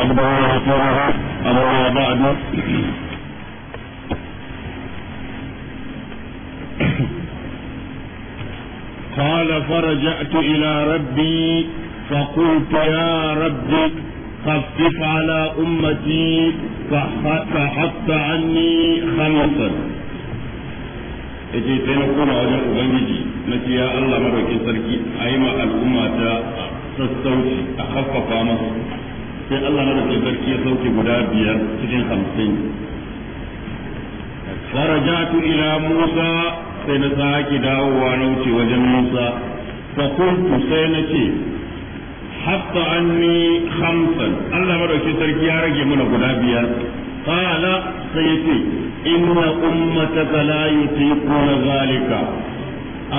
قال فرجعت إلى ربي فقلت يا ربي خفف على أمتي فحط عني خمسا إذا تنقل على أبنجي نتي يا الله مبكي سركي أيما الأمة تستوشي أخفف عنه sai Allah na rufe sarki ya sauke guda biyar cikin hamsin farajatu ila Musa sai na sake dawowa na wuce wajen Musa ta kuntu sai na ce hatta ni hamsin Allah rufe sarki ya rage mana guda biyar qala sai yace inna ummataka la na zalika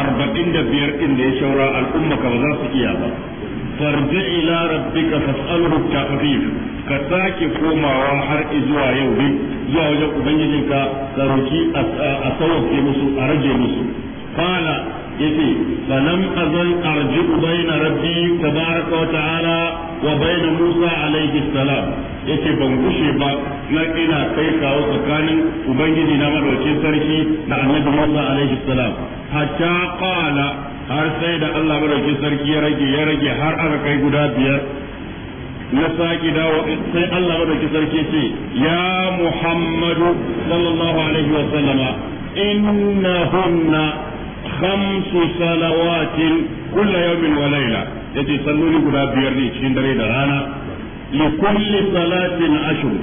arba'in da biyar inda da ya shaura al'umma ka ba za su iya ba farji ila rabbika fas'alhu ta'fif ka sake komawa har zuwa yau dai zuwa wajen ubangijinka ka roki a sauke musu a rage musu kana yace falam azal arji bayna rabbi tabaraka wa ta'ala wa bayna musa alayhi salam yace ban bushe ba na ina kai kawo tsakanin ubangiji na madaukin sarki da annabi musa alayhi salam hatta har sai da Allah madauki sarki ya rage ya rage har aka kai guda biyar na saki dawo sai Allah madauki sarki ce ya Muhammadu sallallahu alaihi wa sallama innahunna khamsu salawatin kulla yawmin wa layla yace salloli guda biyar ne cikin dare da rana li kulli salatin ashru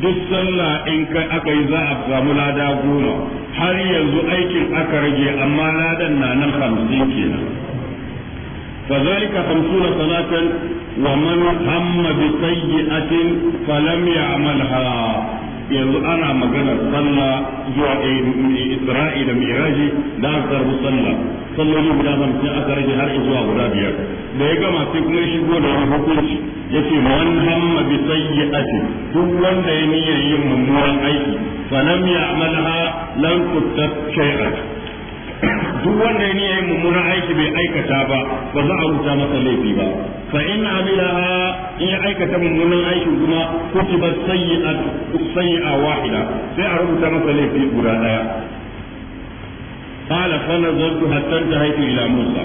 duk sallah in kai aka yi za a samu lada goma har yanzu aikin aka rage amma ladan na nan hamsin kenan فذلك خمسون صلاة ومن هم بسيئة فلم يعملها yanzu ana magana sallah zuwa isra'i da miraji da aka karbi sallah salloli guda hamsin aka rage har zuwa guda biyar da ya gama sai kuma ya shigo da wani hukunci ya ce man hamma bi sayyi'ati duk wanda ya niyyar yin mummunan aiki fa lam ya'malha lam tuttab shay'an duk wanda ne yayin mummunan aiki bai aikata ba ba za a rubuta masa laifi ba fa in amila in ya aikata mummunan aiki kuma kutiba sayyi'atu sayyi'a wahida sai a rubuta masa laifi guda daya qala fa nazartu hatta tahaytu ila musa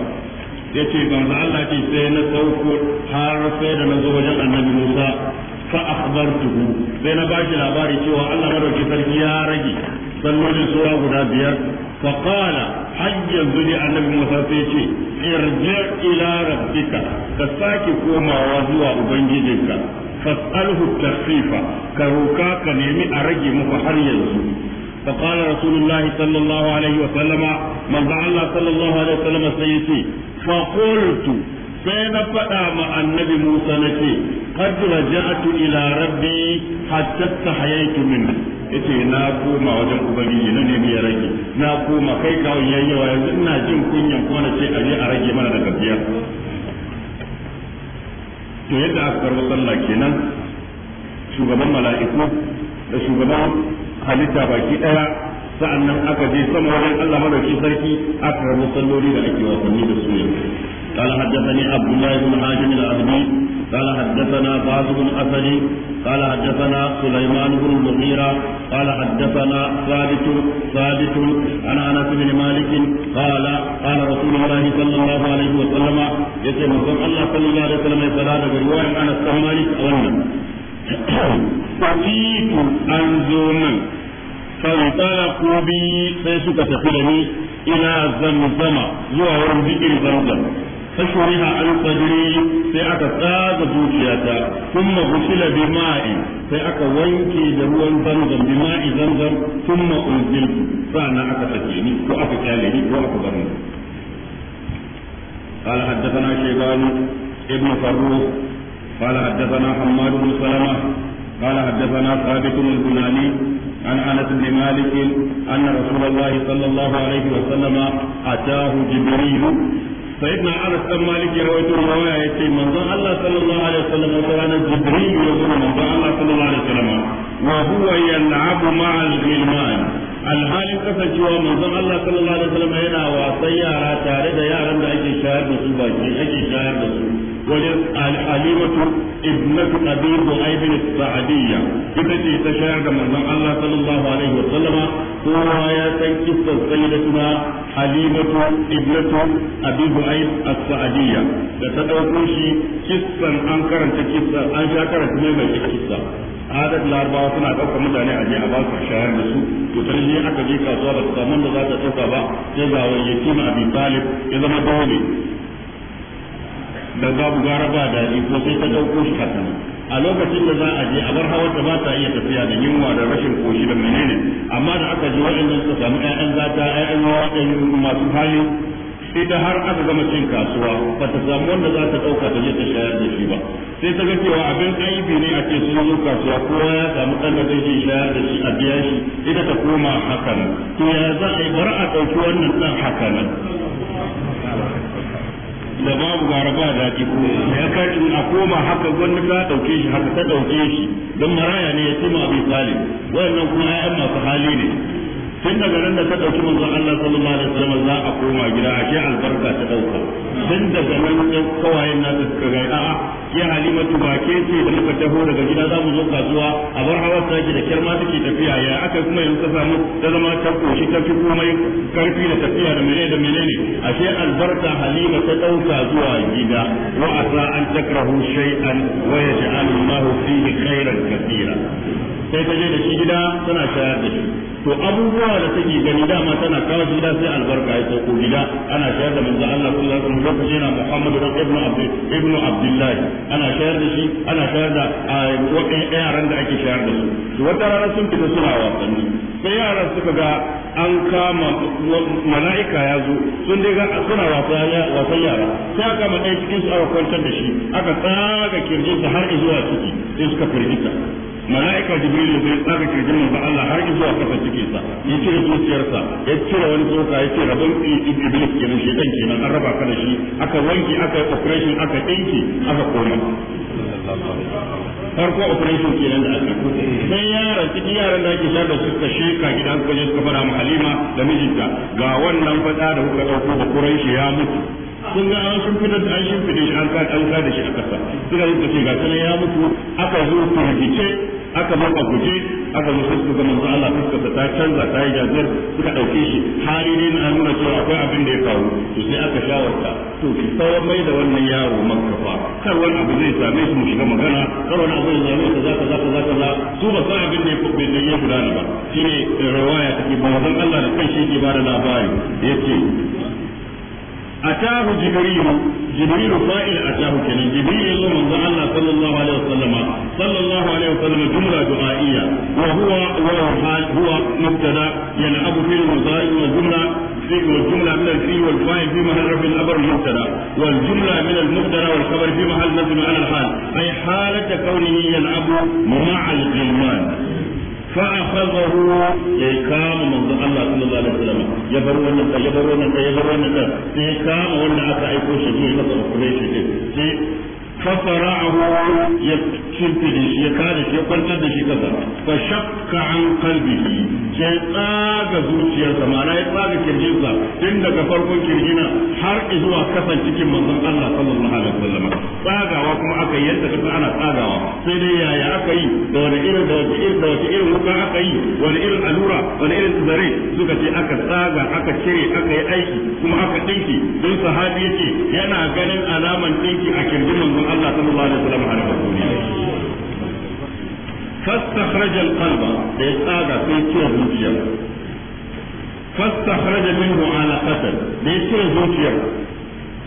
yace banza Allah ce sai na sauko har sai da na zo wajen annabi Musa fa akhbartuhu sai na bashi labari cewa Allah madauki sarki ya rage sallolin sura guda biyar فقال حيا زلي النبي موسى تيجي ارجع الى ربك فساكي كوما وزوى ubangijinka فاساله التخفيف كروكا كنيمي ارجي مكو har yanzu فقال رسول الله صلى الله عليه وسلم من الله صلى الله عليه وسلم سيتي فقلت sai na faɗa ma annabi Musa na ce qad raja'tu ila rabbi hatta hayaitu min yace na koma wajen ubangiji na nemi ya rage na koma kai kawai yayyawa yanzu ina jin kunyan kuma na ce a je a rage mana daga biyar to yadda aka karɓi sallah kenan shugaban mala'iku da shugaban halitta baki ɗaya nan aka je sama wajen Allah madauki sarki aka karɓi salloli da ake wasanni da su قال حدثني عبد الله بن حاتم العبدي قال حدثنا بعض بن أسد قال حدثنا سليمان بن المغيرة قال حدثنا ثابت ثابت عن انس بن مالك قال قال رسول الله صلى الله عليه وسلم يتم الله صلى الله عليه وسلم يتلاذ برواية انس بن مالك اولا فقيت انزونا فانطلقوا بي فيسك تفلني الى زمزم زوى بئر زمزم fashuriha an sadri sai aka tsaga zuciyata thumma ghusila bima'i sai aka wanke da ruwan zamzam bima'i zamzam thumma unziltu sa'ana aka sake ni ko aka kyale ni ko aka قال حدثنا شيبان ابن فروخ قال حدثنا حماد بن سلمه قال حدثنا ثابت البناني عن انس بن مالك ان رسول الله صلى الله عليه وسلم اتاه جبريل سيدنا انس بن مالك يروي روايه يتي من الله صلى الله عليه وسلم وكان جبريل يقول من الله صلى الله عليه وسلم وهو يلعب مع الغلمان alhalin kasancewa manzon Allah sallallahu alaihi wasallam yana wasan yara tare da yaran da ake shayar da su ba baki ake shayar da su wajen al-halimatu ibnatu abi du'ayb as-sa'diyya ita ce ta shayar da manzon Allah sallallahu alaihi wasallam kowa ya san kissan sayyidatuna halimatu ibnatu abi du'ayb as-sa'diyya da ta dauko shi kissan an karanta kissan an sha karanta mai kissa adad larabawa suna ɗaukar mutane a je a ba su shayar da su to sai ne aka je kasuwa da samu da za ta ɗauka ba sai ga wayyaki na abin talib ya zama dole da babu gara ba daɗi ko sai ta ɗauko shi haka a lokacin da za a je a bar hawar da ba ta iya tafiya da yunwa da rashin koshi da menene amma da aka ji da suka samu ƴaƴan zata ƴaƴan masu hali sai da har aka gama cin kasuwa ba ta samu wanda za ta ɗauka ta je ta shayar da shi ba sai ta ga cewa abin aibi ne a ce sun zo kasuwa kowa ya samu ɗan da zai shayar da shi a biya shi idan ta koma hakan to ya za a yi bari a ɗauki wannan ɗan hakan da babu gara ba daɗi ko ya kaci a koma haka wanda ta ɗauke shi haka ta ɗauke shi don maraya ne ya ce ma abin salim wannan kuma ya'yan masu hali ne tun daga nan da ta ɗauki manzon Allah sallallahu alaihi wasallam za a koma gida a ce albarka ta ɗauka, tun daga nan ɗan kawayen na da suka gai a'a ya halimatu ba ke ce da muka taho daga gida za mu zo kasuwa a bar hawa ta da kyar ma take tafiya ya aka kuma yanzu ta samu ta zama ta koshi ta fi kuma karfi da tafiya da menene da menene ashe albarka halima ta ɗauka zuwa gida wa asa an takrahu shay'an wa yaj'alu Allahu fihi khairan katira sai ta je da shi gida tana shayar da shi to abubuwa dawa da take gani dama tana kawo gida sai albarka ya sauko gida ana shayar da manzo Allah sallallahu alaihi wasallam yana Muhammadu ibnu Abdul ibnu Abdullah ana shayar da shi ana shayar da waɗannan yaran da ake shayar da su wata rana sun fita suna wasanni sai yaran suka ga an kama mala'ika ya zo sun dai ga suna wasan yara sai aka kama dai cikin su aka kwantar da shi aka tsaga sa har zuwa ciki sai suka firgita mala'ika jibril zai tsaga kirjin manzo Allah har zuwa kafa cikin sa cire zuciyarsa ya cire wani tsoka ya ce rabon iblis kenan ke kenan an raba ka da shi aka wanki aka yi operation aka ɗinki aka kori farko operation kenan da aka sai yaran cikin yaran da ake shar da suka sheka gidan suka suka fara mu halima da mijinta ga wannan fada da kuka dauko da shi ya mutu sun ga an sun fitar da an shimfide shi an ka da shi a kasa suka yi ce ga sanar ya mutu aka zo firgice aka maka guje aka zo suka ga manzo Allah suka ta canza ta yi jazir suka dauke shi hali ne na nuna cewa akwai abin da ya faru to sai aka shawarta to ki tsawon mai da wannan yaro makka fa kar wani abu zai same shi mu shiga magana kar wani abu zai same shi za ka za ka za ka su ba sai abin da ya kubbe da ya gudana ba shine riwaya take manzon Allah da kanshi ke ba da labari yace أتاه جبريل جبريل فائل أتاه كنا جبريل من الله صلى الله عليه وسلم صلى الله عليه وسلم جملة دعائية وهو هو مبتدا ينأب في المضارع والجملة والجملة من الفي والفاعل في محل رفع الأمر المبتدا والجملة من المبتدا والخبر في محل نصب على الحال أي حالة كونه يلعب مع الغلمان فأخذه إيكام من الله صلى الله عليه وسلم يبرون أنت يبرون أنت يبرون أنت إيكام ولا أتعيكوش في مصر قريش في فصرعه يكتب دشي يكاد يكون دشي كذا فشق عن قلبه sai tsaga zuciyarsa ma'ana ya tsaga kirjinsa tun daga farkon kirjina har zuwa kasan cikin manzon Allah sallallahu alaihi wasallam tsagawa kuma aka yi yadda kasa ana tsagawa sai dai yaya aka yi da wani irin da wani irin da wani aka yi wani irin alura wani irin zare suka ce aka tsaga aka cire aka yi aiki kuma aka dinki don sahabi yace yana ganin alaman dinki a kirjin الله صلى الله عليه وسلم على رسوله فاستخرج القلب بإسعادة في كل زوجية فاستخرج منه على قتل بكل زوجية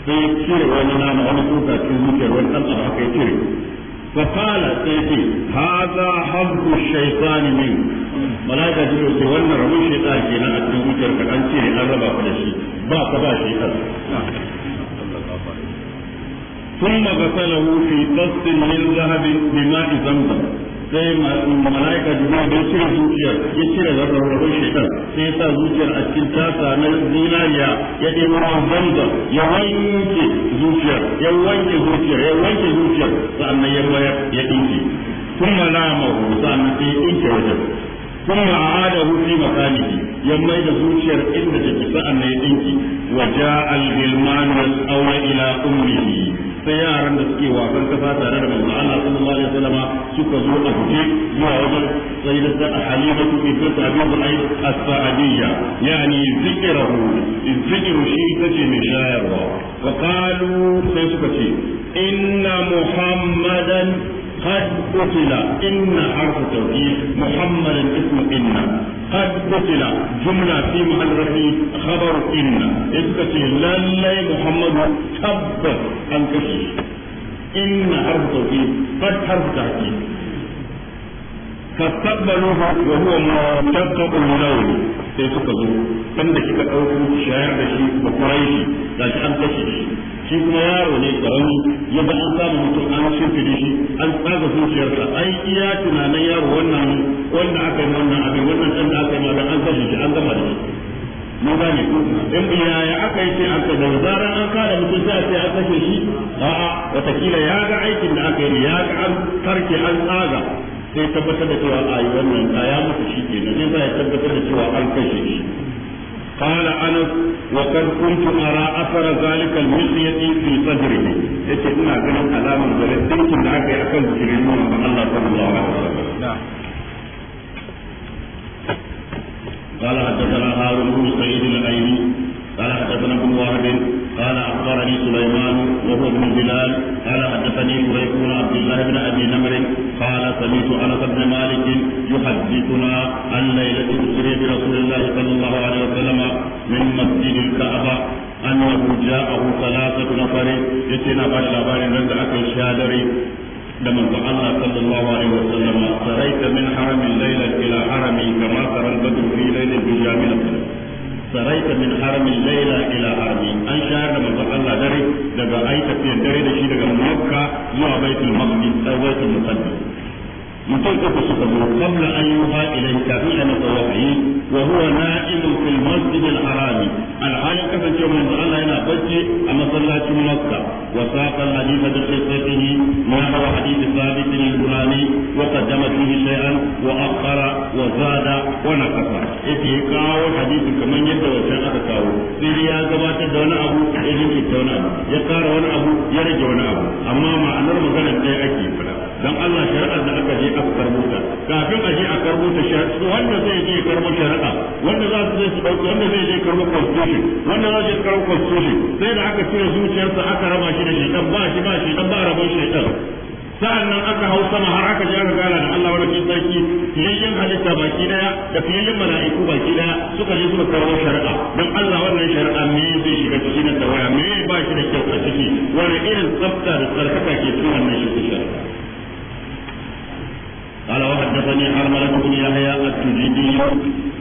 في كل ونام ونسوكا في زوجية والقلب حكي كل فقال سيدي هذا حظ الشيطان منك ملائكة جلو سي وانا رمو الشيطان كينا أتنو زوجية كالأنسيري أربا فلشي باقبا شيطان ثم غسله في قص من ذهب بماء زمزم sai mala'ika jibril da cire zuciyar ya cire rarrabar shaitan sai sa zuciyar a cikin tasa na zinariya ya ɗebo ruwan zamzam ya wanke zuciyar ya wanke zuciyar ya wanke zuciyar sa'annan ya bayar ya ɗinke kuma na mahu sa'annan sai ya ɗinke wajen ثم أعاده في مكانه يما إذا زوجير إن جبساء أن يدنك وجاء الغلمان والأول إلى أمه sai yaran da suke wasan kasa tare da manzo Allah sallallahu alaihi wasallam suka zo a guje zuwa wajen sayyidatu halimatu bint abi zulayl as-sa'diyya yani zikruhu zikru shi tace mai shayarwa wa qalu sai suka ce inna muhammadan قد قتل إن حرف توكيد محمد اسم إن قد قتل جملة في محل رفيع خبر إن إذ لله محمد تبت الكشيش إن حرف توكيد قد حرف تأكيد فاستقبلوه وهو مرتبط الملون sai suka zo kan da kika ɗauko shayar da shi ba kwarai shi da shi an kashe shi shi kuma yaro ne karami yadda an samu mutum an shirfide shi an tsaga zuciyarsa ai iya tunanin yaro wannan wanda aka yi wannan abin wannan can da aka yi ma an kashe shi an gama da shi mun gane ko in yaya aka yi sai aka da zaran an kada mutum sai sai an kashe shi a'a watakila ya ga aikin da aka yi ya ga an tarke an tsaga sai tabbatar da cewa a yi wannan da ya mutu shi ke nan ya tabbatar da cewa an kashe shi قال انس وقد كنت ارى اثر ذلك المسيئ في صدره yace ina ganin alamar zare dinkin da aka yi akan jirin manzon Allah sallallahu alaihi wasallam قال حدثنا هارون بن سعيد الايلي قال حدثنا ابن وهب قال اخبرني سليمان وهو ابن بلال قال حدثني بريك بن عبد الله بن ابي نمر قال سمعت انس بن مالك يحدثنا عن ليله اسري برسول الله صلى الله عليه وسلم من مسجد الكعبه انه جاءه ثلاثه نفر يتنا بعد لبارين عند اكل شادري لما الله صلى الله عليه وسلم سريت من حرم الليله الى حرمي كما ترى البدر في ليله بجامله saraita min haramin laila ila harami an shahar da manzon Allah dare daga ai tafiyar dare da shi daga Makka zuwa Baitul Maqdis sai Baitul Muqaddas mutum uku suka zo qabla an yuha ilayhi kafin an masa wahayi wa huwa yana bacci a masallacin Makka wa saqa al hadith bi qissatihi ma huwa hadith hadisi kaman yadda wancan aka kawo sai ya gabatar da rage wani abu ma'anar da ake dan Allah shari'ar da aka je aka karbo ta kafin a je a karbo ta shari'a wanda zai je karbo shari'a wanda za su je su dauki wanda zai je karbo constitution wanda za su je karbo constitution sai da aka cire zuciyarsa aka raba shi da shaitan ba shi ba shi dan ba rabon shi. sa'an nan aka hau sama har aka ji aka gana da Allah wani sarki fiyayyen halitta baki daya da fiyayyen mala'iku baki daya suka je suka karɓo shari'a don Allah wannan shari'a me zai shiga ciki nan da waya me ba shi da kyau a ciki wani irin tsafta da tsarkaka ke cikin wannan shi shari'a قال وحدثني حرملة بن يحيى التجيبي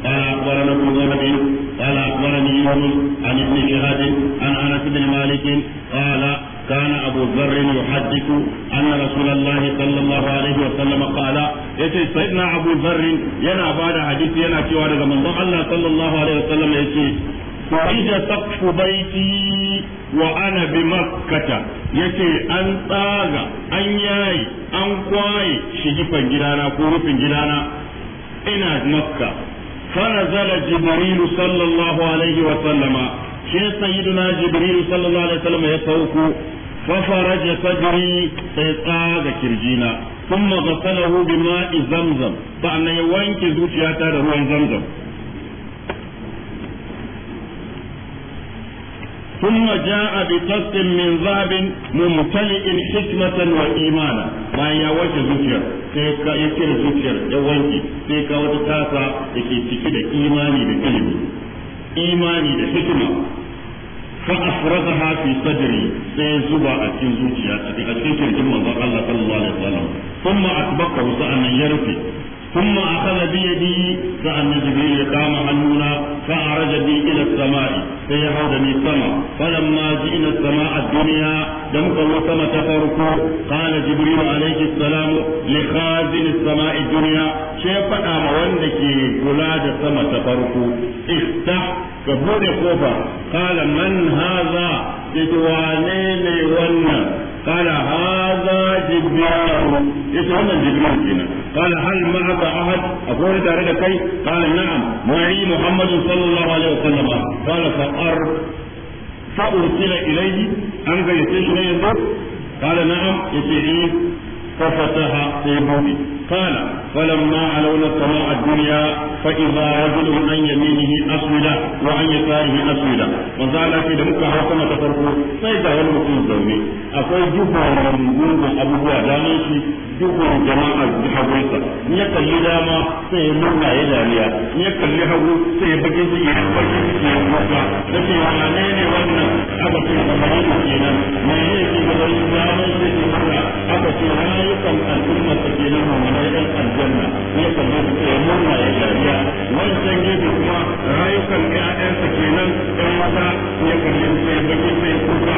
قال أخبرنا ابن وهب قال أخبرني يونس عن ابن شهاب عن أنس بن مالك قال كان أبو ذر يحدث أن رسول الله صلى الله عليه وسلم قال يتي سيدنا أبو ذر ينا بعد حديث ينا كيوانا من الله صلى الله عليه وسلم يتي فرج سقف بيتي وأنا بمكة yace an tsaga an yaye an kwaye shigifan gidana ko rufin gidana ina makka fanazala jibrilu sallallahu alaihi wa sallama shi sayyiduna jibrilu sallallahu alaihi wa sallama ya sauko ففرج صدري سيقاغ كرجينا ثم غسله بماء زمزم فأنا يوانك زوجياتا روح زمزم ثم جاء بقسط من ذهب ممتلئ حكمة وإيمانا ما يوجه زكر سيكا يكر زكر يوانكي سيكا وتكاسا يكي تكد إيماني بكلمة إيماني بحكمة فأفرغها في صدري سيزبع أكين زوجي أكين كرجم الله صلى الله عليه وسلم ثم أطبقه سأنا يرفي ثم أخذ بيدي فأن جبريل قام عنونا فأعرج بي إلى السماء فيعودني السماء فلما جئنا السماء الدنيا دمك وسمى تفرق قال جبريل عليه السلام لخازن السماء الدنيا شيء أما وندك كلاد سما تفرق افتح كبر قبر قال من هذا لتوانيني ونن قال هذا جبريل يسمى جبريل كنا قال هل معك أحد أقول تارك كي قال نعم معي محمد صلى الله عليه وسلم قال فأر فأرسل إليه أنك يسيش قال نعم يسيش ففتح في بوته قال فلما علونا السماء الدنيا فإذا رجل عن يمينه أسودا وعن يساره أسودا وزال في دمك حكمة تفرقه سيدا هو الزومي أقول جبه من أبو دامشي جبه جماعة بحبوسة نيكا داما سيمنع يداليا نيكا حبو سيبكي سيبكي سيبكي لكي وانا نيني وانا أبكي سمعين سينا ما يكي بدل دامشي سيبكي أبكي ayyukan al'umma ta ke nan mamanai ɗan aljanna ya kama su ke murna ya dariya wancan gefe kuma rayukan ƴaƴansa ke nan ɗan mata ya kalli su ya baki sai kuka.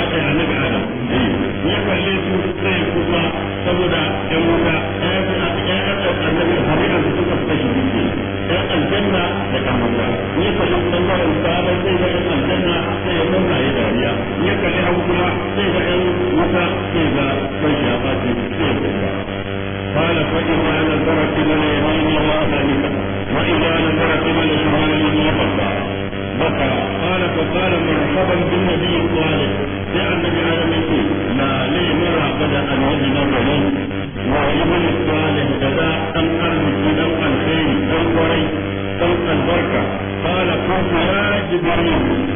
Ake annabi Adam. Eh, ya kalli su sai kuka saboda ɗan wuta ƴaƴansa annabi Hari'an su suka fita shi aljanna da ɗan wuta. Ya kalli ɗan sai ya مرحبا بالنبي الصالح لأن العالم لا لي مرحبا أن وجد الرجل وابن الصالح جزاء أن أرمز لو الخير والوري سوق البركة قال كن يا جبريل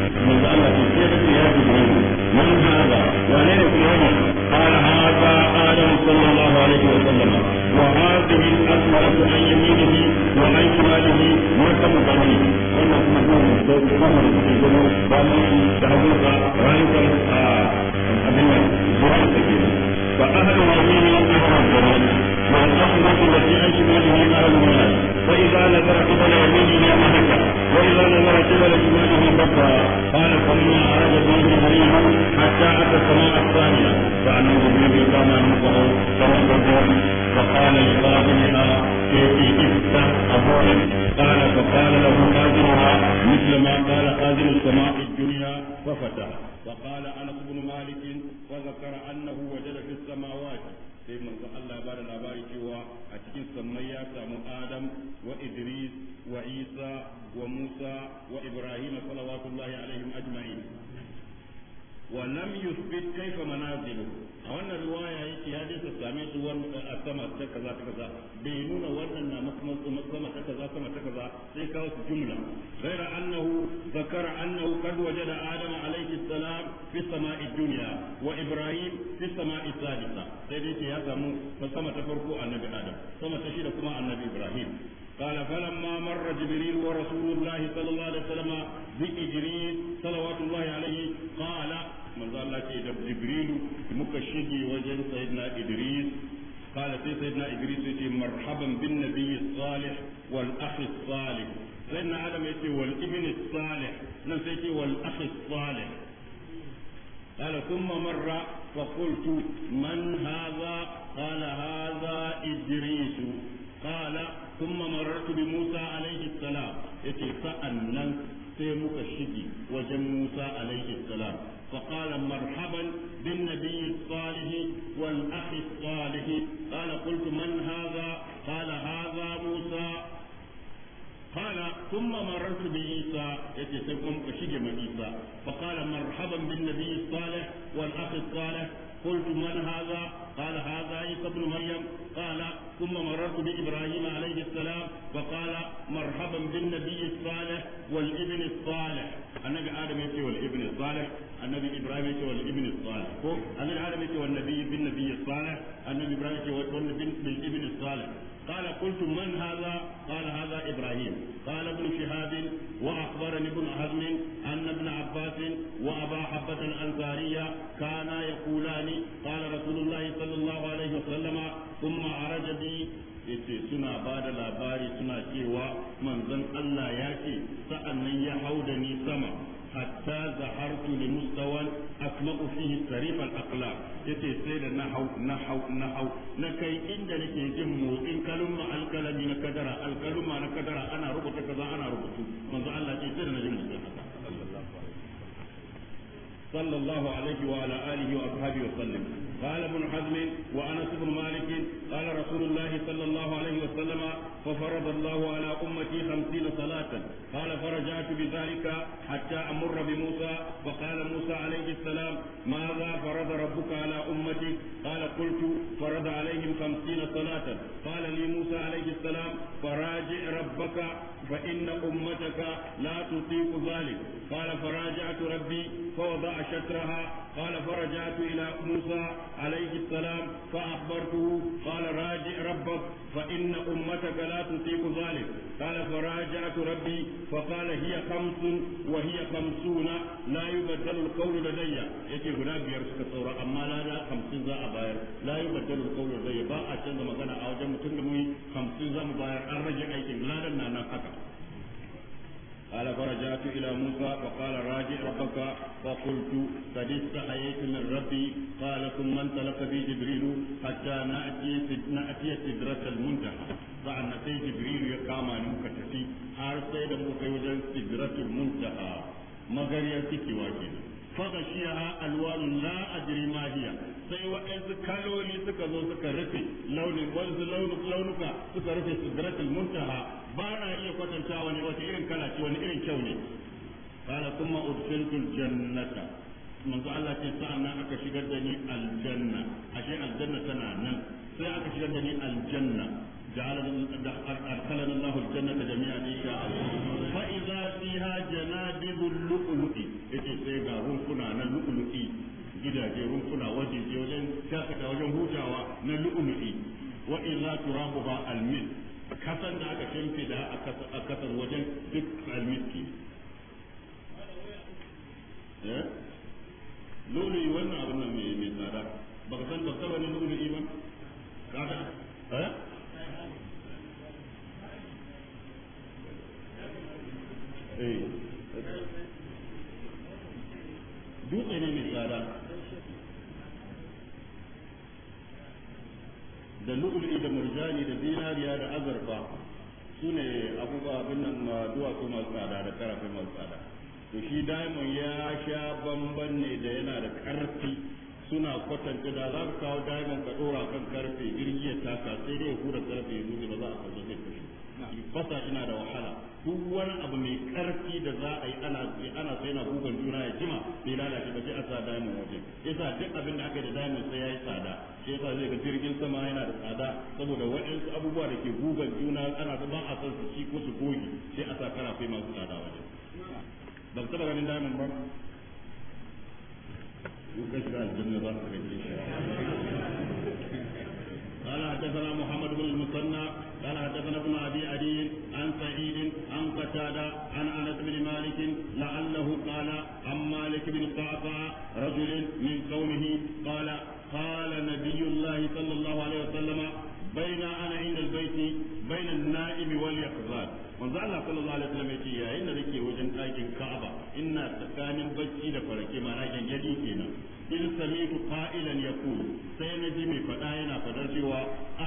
وحده وقال أنس بن مالك وذكر أنه وجد في السماوات sai manzo Allah labari cewa a cikin sammai ya samu Adam wa Idris wa Isa wa Musa wa Ibrahim salawatullahi alaihim ajma'in wa lam kayfa manazilu a wannan riwaya yake ya dai same su wannan a sama ta kaza ta kaza bai nuna wannan na makamancin sama ta kaza sama ta kaza sai kawo su jumla ghaira annahu zakara annahu qad wajada في السماء الدنيا وإبراهيم في السماء الثالثة سيدتي يا سمو فسمى تفرقوا النبي آدم سما تشير النبي إبراهيم قال فلما مر جبريل ورسول الله صلى الله عليه وسلم بإدريس صلوات الله عليه قال من ذا لك جبريل مكشجي وجن سيدنا إدريس قال سيدنا إدريس مرحبا بالنبي الصالح والأخ الصالح سيدنا آدم يتي والابن الصالح نسيتي نعم، والأخ الصالح قال ثم مر فقلت من هذا قال هذا إدريس قال ثم مررت بموسى عليه السلام يتي فأنا سيمك الشدي وجم موسى عليه السلام فقال مرحبا بالنبي الصالح والأخ الصالح قال قلت من هذا قال هذا موسى قال ثم مررت بعيسى يتسكم أشجم عيسى فقال مرحبا بالنبي الصالح والاخ الصالح قلت من هذا؟ قال هذا عيسى ابن مريم قال ثم مررت بابراهيم عليه السلام فقال مرحبا بالنبي الصالح والابن الصالح النبي ادم يتي والابن الصالح النبي ابراهيم يتي والابن الصالح النبي ادم يتي والنبي بالنبي الصالح النبي ابراهيم يتي والابن الصالح قال قلت من هذا قال هذا إبراهيم قال ابن شهاب وأخبرني ابن حزم أن ابن عباس وأبا حبة الأنصارية كانا يقولان قال رسول الله صلى الله عليه وسلم ثم عرج بي yace suna ba da labari suna cewa manzon Allah ya ce sa'annan ya hau da ni sama hatta zahartu li mustawan atlaqu yace sai da nahau nahau na kai inda nake jin motsin kalma alkalami na kadara alkalma صلى الله عليه وعلى آله وأصحابه وسلم قال ابن حزم وأنس بن مالك قال رسول الله صلى الله عليه وسلم ففرض الله على أمتي خمسين صلاة قال فرجعت بذلك حتى أمر بموسى فقال موسى عليه السلام ماذا فرض ربك على أمتي قال قلت فرض عليهم خمسين صلاة قال لي موسى عليه السلام فراجع ربك فإن أمتك لا تطيق ذلك قال فراجعت ربي فوضع شطرها قال فرجعت إلى موسى عليه السلام فأخبرته قال راجع ربك فإن أمتك لا لا تطيق ذلك قال فراجعت ربي فقال هي خمس وهي خمسون لا يبدل القول لدي يتي هنا بيار سكتورا أما لا لا خمسين ذا أباير لا يبدل القول لدي باء أتند مغانا أوجم تندمي خمسين ذا مباير أرجع أيتين لا لنا نحكا قال فرجعت إلى موسى فقال راجع ربك فقلت قد استحييت من ربي قال ثم انطلق بي جبريل حتى نأتي نأتي سدرة المنتهى sa'an na sai jibril ya kama ni muka tafi har sai da muka yi wajen sidratul muntaha magariyar faga shi ya alwanun la ajri ma hiya sai waɗansu kaloli suka zo suka rufe launin wanzu launuka suka rufe sidratul muntaha ba na iya kwatanta wani wata irin kala ce wani irin kyau ne kala kuma udkhiltul jannata manzo Allah ce sa'annan aka shigar da ni aljanna ashe aljanna tana nan sai aka shigar da ni aljanna جعلنا أدخلنا الله الجنة جميعا إن شاء الله فإذا فيها جنادب اللؤلؤ يجي سيغا رمكنا اللؤلؤ gidaje rumfuna wajeje wajen shakata wajen hutawa na lu'ulu'i wa idza turabuha almil kasan da aka shimfida a kasar wajen duk almiski lulu wannan abin nan mai tsada baka san da sabani lulu Eh. dutse ne mai tsada da lu'uli da murjani da zinariya da azurfa su ne abubuwa abin nan duwatsu masu tsada da karafin masu tsada to shi diamond ya sha bamban ne da yana da karfi suna kwatanta da za ku kawo diamond ka dora kan karfe jirgi ya taka sai dai ya hura karfe ya zuge ba za a kazo zai fashe fasa ina da wahala duk wani abu mai karfi da za a yi ana yi ana sai na gugan juna ya jima bai lalace ba sai a sa diamond waje yasa duk abin da aka yi da diamond sai yayi tsada shi yasa zai ga jirgin sama yana da tsada saboda waɗansu abubuwa da ke gugan juna ana ba a san su ci ko su goge sai a sa karafai masu tsada waje ba ku taɓa ganin diamond ba يكشف الجنة ظهرك قال حدثنا محمد بن المثنى قال حدثنا ابن ابي عدي عن سعيد عن قتاده عن انس بن مالك لعله قال عن مالك بن قعقاع رجل من قومه قال قال نبي الله صلى الله عليه وسلم بين انا عند البيت بين النائم واليقظان manzo Allah sallallahu alaihi wasallam yace yayin da nake wajen ɗakin Ka'aba ina tsakanin bacci da farke ma na gangadi kenan in sami'tu qa'ilan yaqul sai na ji mai fada yana fadar cewa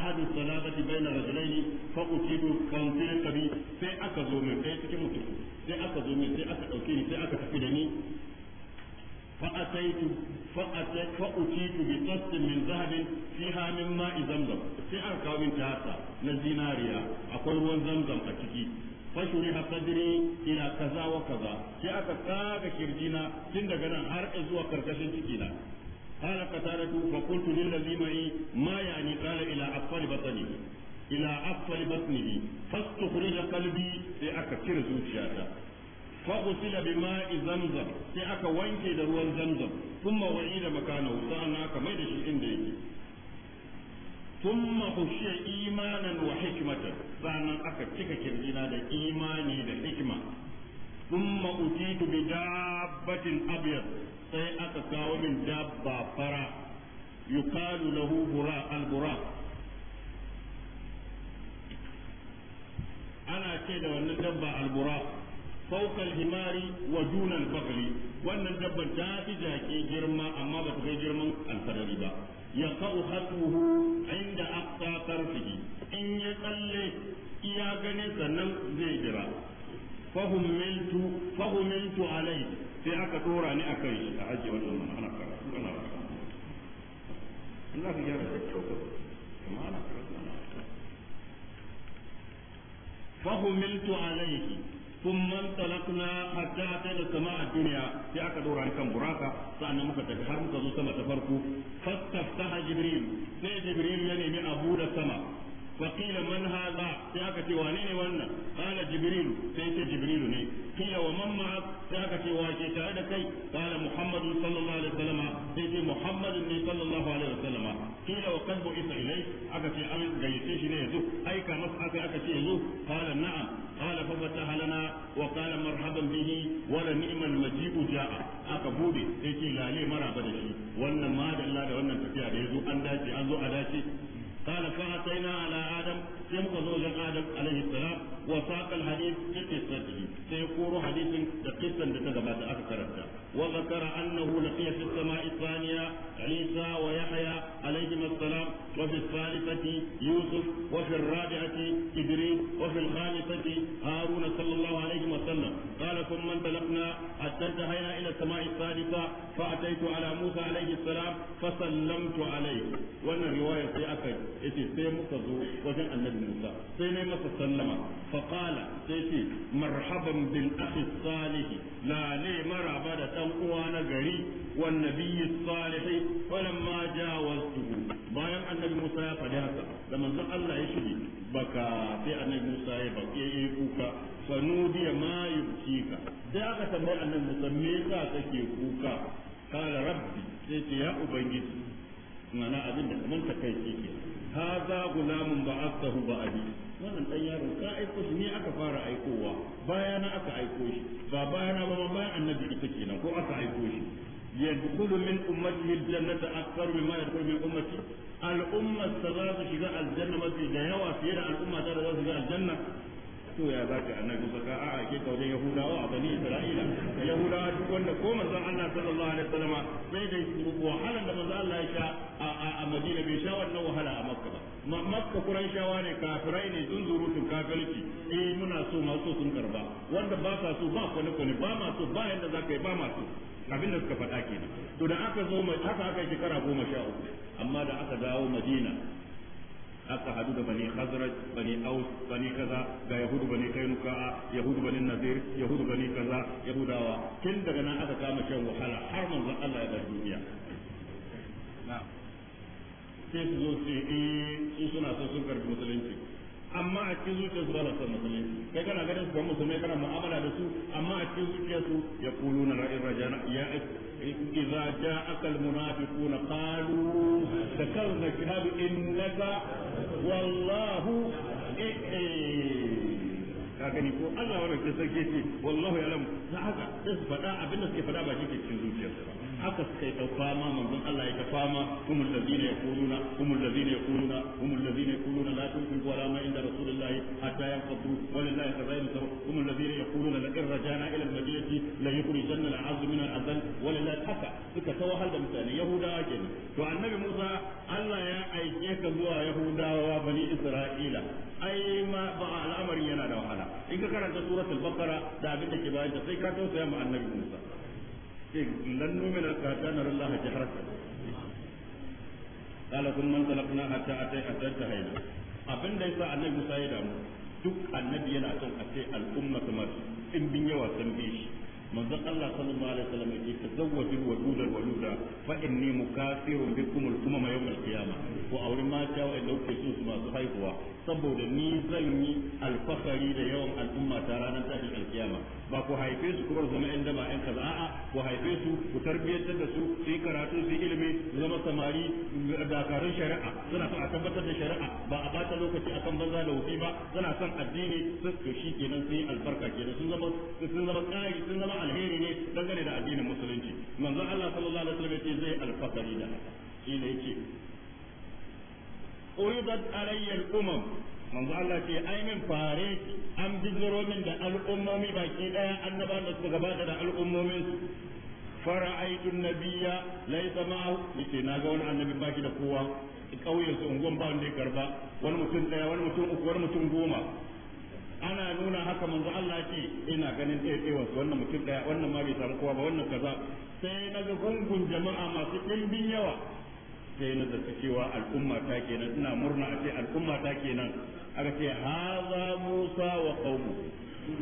ahadu salabati bayna rajulaini fa usidu kan fi sai aka zo min sai cikin mutum sai aka zo min sai aka dauke ni sai aka tafi da ni fa ataitu fa ataitu fa utitu bi qastin min zahabin fiha min ma'i zamzam sai aka kawo min tasa na zinariya akwai ruwan zamzam a ciki fashuriha sadri ila kaza wa kaza sai aka tsaga kirjina tun daga nan har zuwa karkashin cikina قال قتادة فقلت للذي معي ما يعني قال إلى أسفل بطنه إلى أسفل بطنه فاستخرج قلبي لأكثر زوجياته فغسل بماء زمزم sai aka wanke da ruwan zamzam kuma wa'i da makana sa'an aka da shi inda yake thumma hushiya imanan wa hikmata sa'an aka cika kirjina da imani da hikma thumma utitu bi habbatin abyad sai aka kawo min dabba fara yuqalu lahu bura al-bura ana ce da wannan dabba al-bura himari wa dunan al wannan dabba ta fi jaki girma amma ba ta kai girman alfarari ba yaqau hatuhu inda aqsa tarfihi in ya tsalle iya ganin sannan zai jira fahimmentu fahimmentu alai sai aka tsora ni a kan shi a hajji wannan mana ana fara ana fara Allah ya gyara da kyau kuma ana alai sun man talakuna hajja ta da sama a duniya sai aka dora ni kan buraka sa'annan muka tafi har muka zo sama ta farko fastafta ha jibril sai jibril ya nemi abu da sama فقيل من هذا سيأكتي وانين وانا قال جبريل سيأتي جبريل ني قيل ومن معك سيأكتي واكي تعدكي قال محمد صلى الله عليه وسلم سيأتي محمد صلى الله عليه وسلم قيل وقد بئس إليك أكتي أمس جيتيش نيزو أي كمس أكي أكتي يزو قال نعم قال ففتح لنا وقال مرحبا به ولنعم المجيء جاء أكبودي سيأتي لالي مرحبا به wannan ma da Allah da wannan tafiya da yazo an dace an zo a dace قال فأتينا على آدم سمق زوج آدم عليه السلام وساق الحديث بقصته سيقول حديث قصة لتدبات أكثر وذكر أنه لقي في السماء الثانية عيسى ويحيى عليهما السلام وفي الثالثة يوسف وفي الرابعة إدريس وفي الخامسة هارون صلى الله عليه وسلم قال ثم انطلقنا حتى انتهينا إلى السماء السادسة فأتيت على موسى عليه السلام فسلمت عليه وأن رواية في أكد إتي سي مكزو وجن النبي موسى سي مكة سلم فقال سيتي مرحبا بالأخ الصالح لا لي مرحبا تنقوانا غري والنبي الصالح falamma jawaztuhu bayan annabi Musa ya faɗi haka da manzon Allah ya shiri baka sai annabi Musa ya baki kuka fa nudiya ma ka. da aka tambayi annabi Musa me yasa kake kuka kala rabbi sai ce ya ubangiji mana abin da kaman takaici ke haza gulamun ba'athahu ba'adi wannan dan yaro ka aiko shi ne aka fara aikowa bayana aka aiko shi ba bayana ba ma bayan annabi ita kenan ko aka aiko shi يدخل من أمته الجنة أكثر مما يدخل من أمتي الأمة استغاث شجاء الجنة ما في دهوة في الأمة ترى شجاء الجنة to ya za ka annabi saka a a ke kaujen yahudawa a bani isra'ila da yahudawa duk wanda ko manzon Allah sallallahu alaihi wasallam sai da wahalan da manzon Allah ya sha a Madina bai sha wannan wahala a Makka ba Makka Qurayshawa ne kafirai ne sun zurutun kafirci eh muna so masu sun karba wanda ba sa so ba kwane kwane ba ba yanda za ka ba masu. abin da suka faɗa ke to da aka zo mai aka aka yi kara goma sha uku amma da aka dawo madina aka hadu da bani khazraj bani aus bani kaza ga yahudu bani kainuka yahudu bani nazir yahudu bani kaza yahudawa tun daga nan aka kama shan wahala har manzon Allah ya bar duniya sai su zo su eh su suna so sun karbi musulunci amma a cikin zuciya su ba sa son musulmi kai kana ganin su kan musulmi kana mu'amala da su amma a cikin zuciya su ya kulu na ra'in rajana ya idza ja'aka almunafiquna qalu dakarna shahadu innaka wallahu eh, eh. ka ni ko Allah wannan sarki ce wallahu ya lamu haka sai su faɗa abinda suke faɗa ba shi ke cikin zuciyarsu haka suka yi ɗauka ma manzon Allah ya tafa ma da ladina ya humul ladina da humul ya yaquluna la tunfiqu wala ma inda rasulillah hatta zai walillahi khazairu da humul ya yaquluna la irjana ila al-madinati la janna la azm min al-azal walillahi haka suka tawahal da mutane yahudawa kenan to annabi Musa Allah ya aike ka zuwa yahudawa bani Isra'ila ai ma ba al'amari yana da wahala in ka karanta suratul baqara da abin da ke bayan ta sai ka tausaya ma annabi Musa lan numina ka ta na Allah jaharka kala kun man talaqna hatta atai hatta hayna abin da yasa annabi Musa ya damu duk annabi yana son a ce al'umma kamar in bin yawa san bi shi manzon Allah sallallahu alaihi wasallam ya ce tazawwaju waduda waluda ko auri mata wa'anda kuke su masu haihuwa saboda ni zan yi alfahari da yawan al'umma ta ranar tashin alkiyama ba ku haife su kuma zama yan dama yan kaza a'a ku haife su ku tarbiyyantar da su su yi karatu su yi ilimi su zama samari dakarun shari'a suna son a tabbatar da shari'a ba a bata lokaci akan banza da wufi ba suna son addini su to shi kenan sun yi albarka kenan sun zama sun zama sun zama alheri ne dangane da addinin musulunci manzon Allah sallallahu alaihi wasallam ya ce zai alfahari da shi ne yake uridat alayya al-umam manzo Allah ce ai min fare an bijiro min da al'ummomi baki daya annaba da suka gabata da al'ummomin fara'aitu nabiyya laysa ma'ahu yace naga wani annabi baki da kowa kauyen su ungon ba wanda ya karba wani mutum daya wani mutum uku wani mutum goma ana nuna haka manzo Allah ce ina ganin ɗaya ɗaya wasu wannan mutum ɗaya wannan ma bai samu kowa ba wannan kaza sai na ga gungun jama'a masu ɗimbin yawa sai na zaci cewa al'umma ta kenan ina murna a ce al'umma ta kenan aka ce haza musa wa qaumu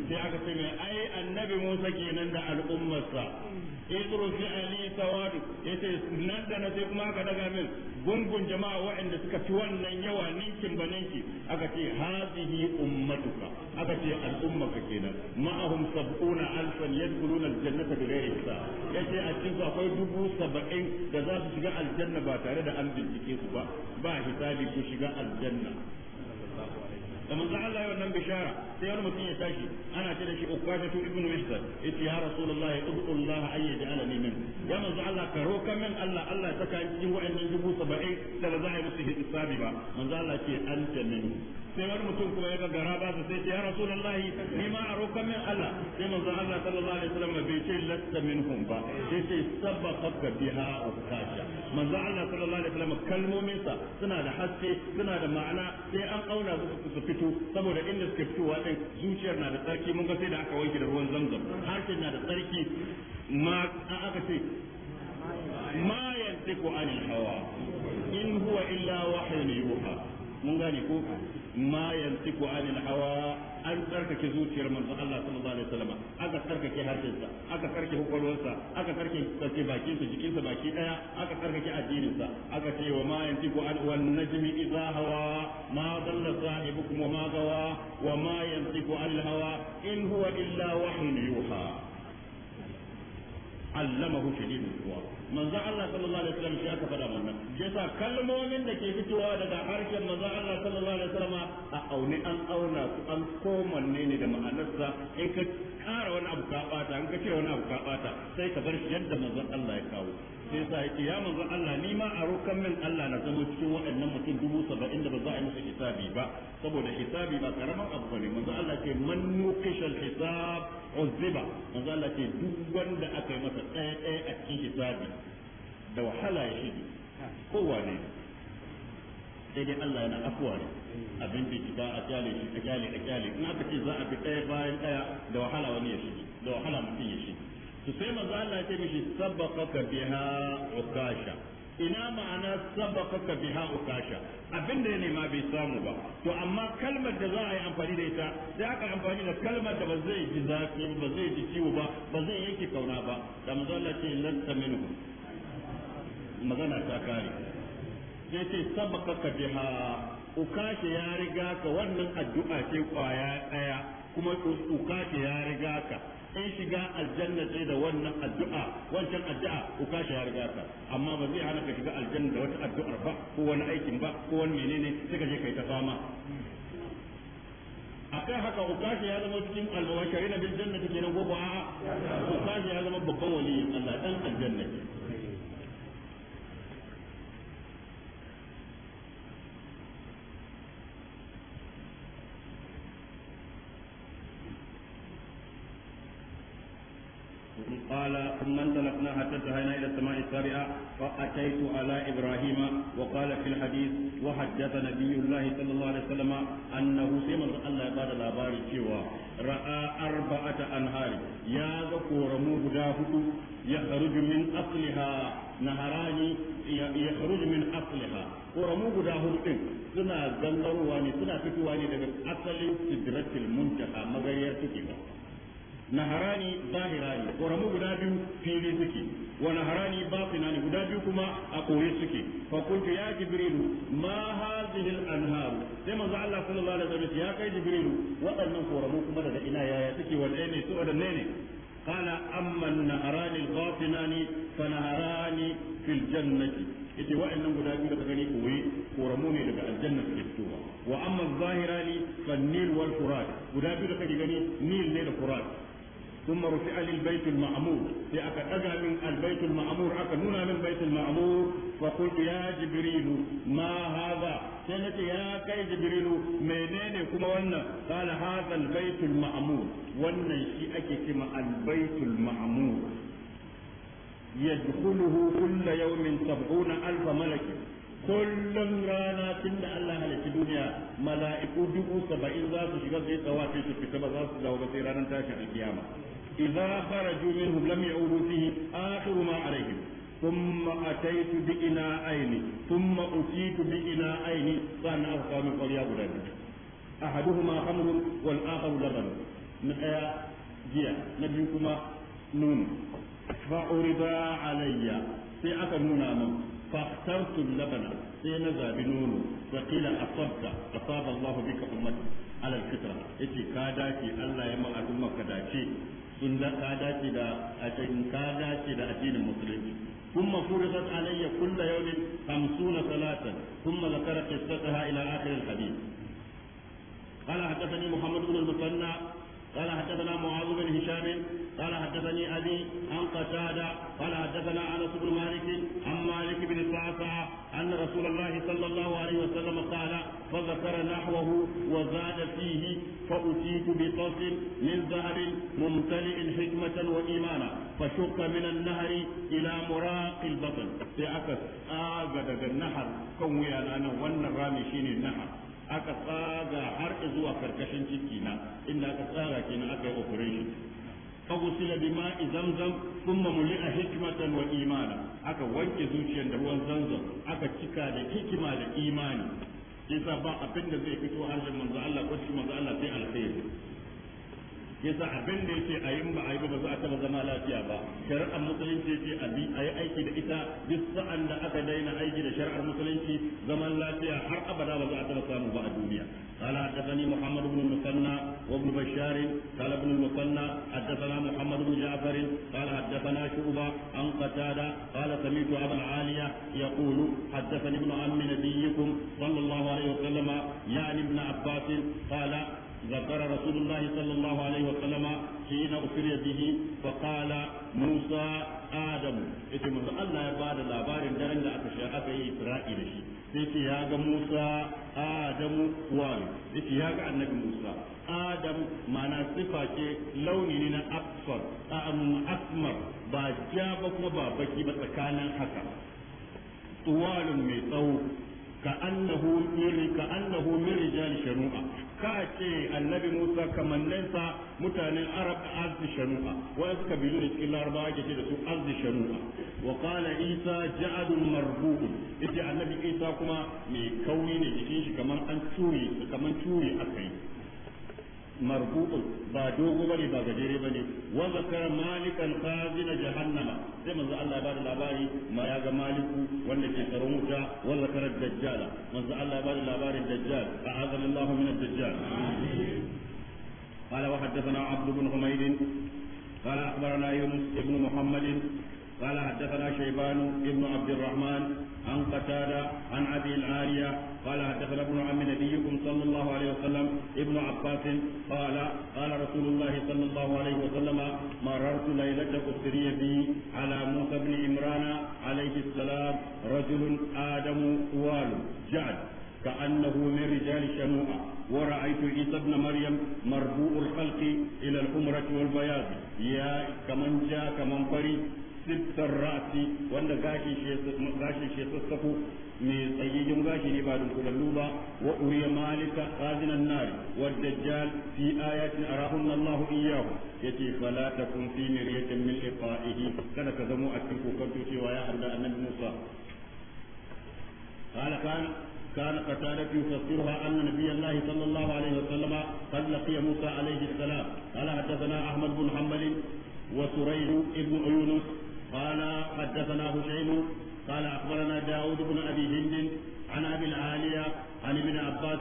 sai aka ce mai ai annabi musa kenan da al'ummarsa idru fi ali tawadu yace nan da na sai kuma aka daga min gungun jama'a waɗanda suka ci wannan yawa ninkin ba ninki aka ce hazihi ummatuka aka ce al'ummaka kenan ma'ahum sab'una alfan yadkhuluna aljannata bighairi hisab ya ce a cikin akwai dubu saba'in da za su shiga aljanna ba tare da an bincike su ba ba hisabi ku shiga aljanna da manzo Allah ya wannan bishara sai wani mutum ya tashi ana ce da shi ukwata tu ibnu mihsan yace ya rasulullah ud'u Allah an yaj'alani min ya manzo Allah ka roka min Allah Allah ya saka cikin wa'annan dubu saba'in da ba za a yi musu hisabi ba manzo Allah ce ta min sai wani mutum kuma ya gagara ba su sai ce ya lallahi ni ma a roƙon min Allah sai manzon Allah sallallahu alaihi wasallam bai ce lasta minhum ba sai ce sabaqaka biha ukasha manzon Allah sallallahu alaihi wasallam kalmomin sa suna da haske suna da ma'ana sai an auna su su fito saboda inda suke fitowa din zuciyar na da tsarki mun ga sai da aka wanke da ruwan zamzam harshen na da tsarki ma aka ce ما ينطق عن الهوى إن هو إلا وحي يوحى mun gane ko ma yantiku anil hawa an tsarkake zuciyar manzo Allah sallallahu alaihi wasallam aka tsarkake harshensa aka tsarkake hukwalwarsa aka tsarkake bakin sa jikin sa baki daya aka tsarkake addinin sa aka ce wa ma yantiku an wan najmi idha hawa ma dalla sahibukum wa ma gawa wa ma yantiku anil hawa in huwa illa wahyun yuha allamahu shadidul quwa manzo Allah sallallahu alaihi wasallam shi aka faɗa wannan yasa kalmomin da ke fitowa daga harshen manzo Allah sallallahu alaihi wasallam a auni an auna su an komanne ne da ma'anarsa in ka kara wani abu ka bata in ka ce wani abu ka bata sai ka bar shi yadda manzon Allah ya kawo sai sa yake ya manzo Allah ni ma a rokan min Allah na zama cikin waɗannan mutum dubu saba'in da ba za a yi musu hisabi ba saboda hisabi ba karaman abu bane manzo Allah ke man nukishal hisab uzziba manzo Allah ke duk wanda aka yi masa ɗaya ɗaya a cikin hisabi da wahala ya shige kowa ne sai dai Allah yana afuwa ne abin bincika a kyale shi a kyale a kyale in aka ce za a bi ɗaya bayan ɗaya da wahala wani ya shige da wahala mutum ya shige to sai manzo Allah ya ce mishi sabaqaka biha ukasha ina ma'ana sabaqaka biha ukasha da ya nema bai samu ba to amma kalmar da za a yi amfani da ita sai aka amfani da kalmar da ba zai ji zafi ba zai ji ciwo ba ba zai yanke kauna ba da manzo Allah ce lanta minhu magana ta kare sai ce sabaqaka biha ukasha ya riga ka wannan addu'a ce kwaya daya kuma ukasha ya riga ka in shiga aljanna sai da wannan addu'a wancan addu'a ku kashi ya riga ka amma ba zai hana ka shiga aljanna da wata addu'ar ba ko wani aikin ba ko wani menene sai ka je kai ta fama akan haka ukashi ya zama cikin albawashari na bil jannati kenan ko ba ukashi ya zama babban waliyin Allah dan aljanna قال ثم انطلقنا حتى انتهينا الى السماء السابعه فاتيت على ابراهيم وقال في الحديث وحدث نبي الله صلى الله عليه وسلم انه سيما الله بعد الاباري سوى راى اربعه انهار يا ذكور مبداه يخرج من اصلها نهران يخرج من اصلها ƙoramu guda hudu suna zangarwa ne suna fitowa ne daga asalin sidratul muntaha magayar take ba naharani zahirani ƙoramu guda biyu fili suke wa naharani batinani guda biyu kuma a koye suke fa kuntu ya jibrilu ma hadhihi al-anhar sai manzo Allah sallallahu alaihi wasallam ya kai jibrilu waɗannan ƙoramu kuma daga ina yaya suke wanda ne su waɗanne ne قال أما النهران الباطنان فنهران في الجنة yace wa'annan guda biyu daga gani koyi koramu ne daga aljanna suke fitowa wa amma zahirani fan nil wal furat guda biyu daga gani nil ne da furat ثم رفع لي البيت المعمور في أكتجع من البيت المعمور أكنونا من بيت المعمور فقلت يا جبريل ما هذا سنت يا كي جبريل منين كما وانا قال هذا البيت المعمور وانا شيء كما البيت المعمور يدخله كل يوم سبعون ألف ملك kullum rana tun da Allah halitta duniya mala'iku dubu saba'in za su shiga zai tsawace su fita ba za su dawo ba sai ranar tashin alkiyama إذا خرجوا منهم لم يعودوا فيه آخر ما عليهم ثم أتيت بإناءين ثم أتيت بإناءين فأنا أبقى من قرية بلاد أحدهما خمر والآخر لبن نحيا جيا نبيكما نون فعرضا علي في أكل نونا فاخترت اللبن sai na zabi nono wa kila asabta asaba Allah bika ummati ala alfitra yace ka dace Allah in ga ka dace da a cikin ka dace da addinin musulunci ثم فرضت علي كل يوم خمسون صلاة ثم ذكر قصتها إلى آخر الحديث قال حدثني محمد بن المثنى قال حدثنا معاذ بن هشام قال حدثني ابي عن قتاده قال حدثنا انس بن مالك عن مالك بن الصعصع ان رسول الله صلى الله عليه وسلم قال فذكر نحوه وزاد فيه فاتيت بقص من ذهب ممتلئ حكمه وايمانا فشق من النهر الى مراق البطن في عكس اجد النهر كم انا وانا رامي شيني النهر aka tsaga har zuwa karkashin ciki na inda aka tsaga kenan aka yi operation fagusila bima'i zamzam thumma a hikmatan wa imana aka wanke zuciyar da ruwan zamzam aka cika da hikima da imani yasa ba abin da zai fito harshen manzo Allah ko shi manzo Allah sai alkhairi yasa abin da yake a yin ba a yi ba za a taba zama lafiya ba shari'ar musulunci yake a bi a yi aiki da ita duk sa'an da aka daina aiki da shari'ar musulunci zaman lafiya har abada ba za a taba samu ba a duniya قال حدثني محمد بن المثنى وابن بشار قال ابن المثنى حدثنا محمد بن جعفر قال حدثنا شعبة عن قتادة قال سمعت يقول حدثني ابن عم نبيكم صلى الله عليه وسلم يعني ابن عباس قال ذكر رسول الله صلى الله عليه وسلم حين أفري به فقال موسى آدم إذن من الله يبعد الأبار دعن لأتشاء في إسرائيل إذا ياغ موسى آدم وان إذا ياغ النبي موسى آدم معنى صفة لوني لنا أكثر أم أسمر باجابك وبابكي بتكانا حكا طوال من كأنه من كأنه من رجال شنوعة ka ce annabi Musa kamanninsa mutanen Arab arzi shanu'a wa suka bilu da cikin Larabawa ke ce da su arzi shanu'a wa Isa ja'adun marbu'un ita annabi Isa kuma mai kauri ne jikin shi kaman an ture kaman cure akai مربوط با دوغو بني با غجيري بني وذكر مالكا خازن جهنم زي ما الله بعد الاباري ما يا مالك ولا في وذكر الدجال ما الله بعد الاباري الدجال اعاذنا الله من الدجال قال وحدثنا عبد بن حميد قال اخبرنا يونس بن محمد قال حدثنا شيبان بن عبد الرحمن عن قتادة عن أبي العالية قال حدثنا ابن عم نبيكم صلى الله عليه وسلم ابن عباس قال قال رسول الله صلى الله عليه وسلم مررت ليلة أسري بي على موسى بن عمران عليه السلام رجل آدم طوال جعد كأنه من رجال شنوءة ورأيت عيسى ابن مريم مربوء الخلق إلى الحمرة والبياض يا كمن جاء كمن فري sittar ra'asi wanda gashi shi sassafu mai tsayayyun gashi ne ba dunkulallu ba wa uriya malika qazinan nari wa dajjal fi ayatin arahunna Allahu iyyahu yace fala takun fi miryatin min liqa'ihi kada ka zamo a cikin kokanto cewa ya harda annabi Musa قال كان كان قتادة يفسرها أن نبي الله صلى الله عليه وسلم قد لقي موسى عليه السلام قال حدثنا أحمد بن حنبل وسريج بن يونس قال حدثنا هشيم قال أخبرنا داود بن أبي هند عن أبي العالية عن ابن عباس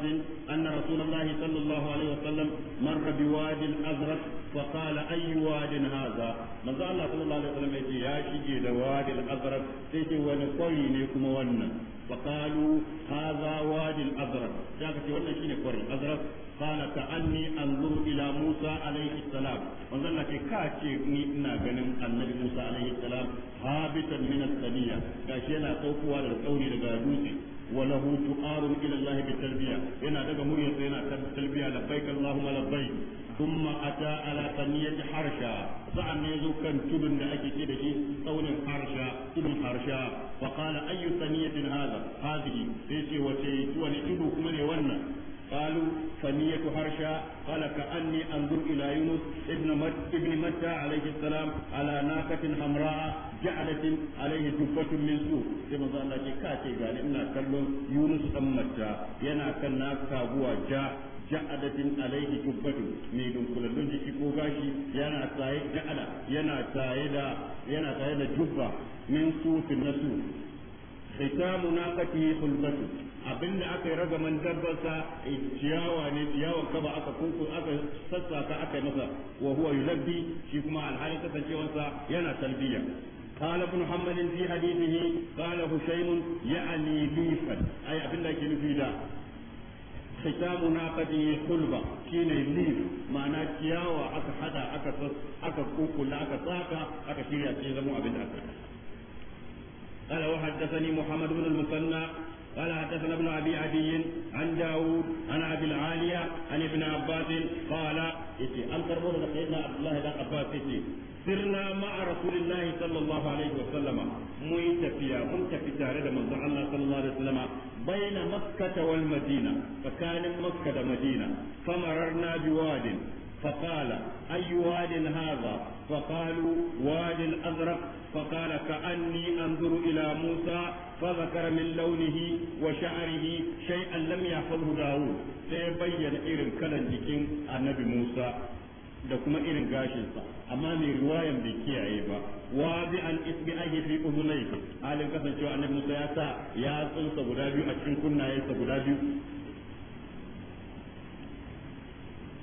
أن رسول الله صلى الله عليه وسلم مر بواد أزرق فقال أي واد هذا من الله صلى الله عليه وسلم يا شجي واد الأزرق تيجي ونقيني كما ونقيني وقالوا هذا وادي الأزرق ذاك في ولا شيء قري أزرق قال كأني أنظر إلى موسى عليه السلام وظل في كاتي نينا غنم النبي موسى عليه السلام هابتا من الثانية كاشينا توقوا على القول لغادوسي وله تؤار إلى الله بالتلبية هنا دقى مريض هنا تلبية لبيك اللهم لبيك ثم أتى على ثنية حرشا فعن يزو كان تبن لأكي كده قول حرشا تبن حرشا فقال أي ثنية هذا هذه ليسي وسيت ولتدو كمري ون قالوا ثنية حرشا قال كأني أنظر إلى يونس ابن مت ابن متى عليه السلام على ناقة حمراء جعلت عليه جبة من سوء كما قال لك كاتي قال إنا كلهم يونس أم متى ينا كان ناقة هو جاء ja'adatin alaihi kubbatu mai dunkulallun jiki ko gashi yana tsaye ja'ada yana tsaye da yana tsaye da jubba min sufin nasu khitamu naqati abinda aka yi ragaman dabbarsa eh, ciyawa ne ciyawar kaba aka kunku aka aka yi masa wa huwa yulabbi shi kuma alhalin kasancewarsa yana talbiya قال ابن محمد في حديثه قال هشيم يعني ليفا اي عبد الله في hitamu qadi hulba shine leaf ma'ana ciyawa aka hada aka aka kukula aka tsaka aka shirya sai zama abin da aka قال وحدثني محمد بن المثنى قال حدثنا ابن ابي عدي عن داوود عن ابي العاليه عن ابن عباس قال اتي انكر رضي سيدنا عبد الله بن عباس اتي سرنا مع رسول الله صلى الله عليه وسلم ميت فيها منت في تارد من الله صلى الله عليه وسلم بين مكة والمدينة فكان مكة مدينة فمررنا بواد فقال أي واد هذا فقالوا واد الأزرق فقال كأني أنظر إلى موسى فذكر من لونه وشعره شيئا لم يحفظه داود سيبين إرم كلا النبي موسى da kuma irin gashinsa amma mai ruwayan bai kiyaye ba wa bi an isbi ahi fi uzunai halin kasancewa annabi Musa ya sa ya tsunsa guda biyu a cikin kunnayensa guda biyu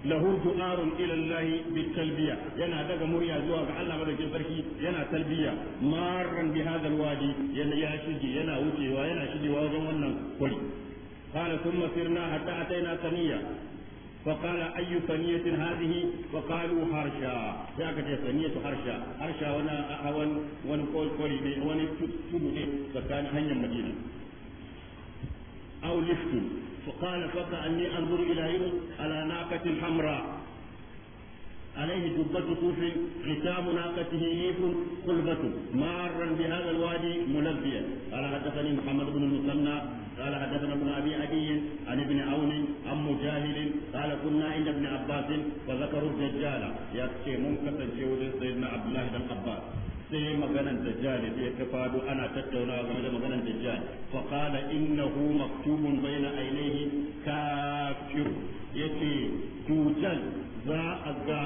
lahu du'arun ila Allah talbiya yana daga murya zuwa ga Allah madaukin sarki yana talbiya marran bi hadha alwadi yana ya shige yana wucewa yana shigewa wajen wannan kwari قال ثم سرنا hatta ataina saniya فقال أي ثنية هذه وقالوا هرشا ذاك ثنية هرشا هرشا وانا أحوان وانا قول قولي بي وانا تبني فكان هنيا مدينة أو لفت فقال فكأني أنظر إلى يوم على ناقة حمراء عليه جبة صوف ختام ناقته ليف قلبة مارا بهذا الوادي ملبيا قال حدثني محمد بن المثنى قال حدثنا ابن ابي عدي عن ابن عون عن مجاهد قال كنا عند ابن عباس فذكروا الدجال يكفي منكسر جود سيدنا عبد الله بن عباس sai maganan dajjal ya ka fado ana tattaunawa game da maganan dajjal fa qala innahu maktubun baina ainihi kafir yace dujal za a ga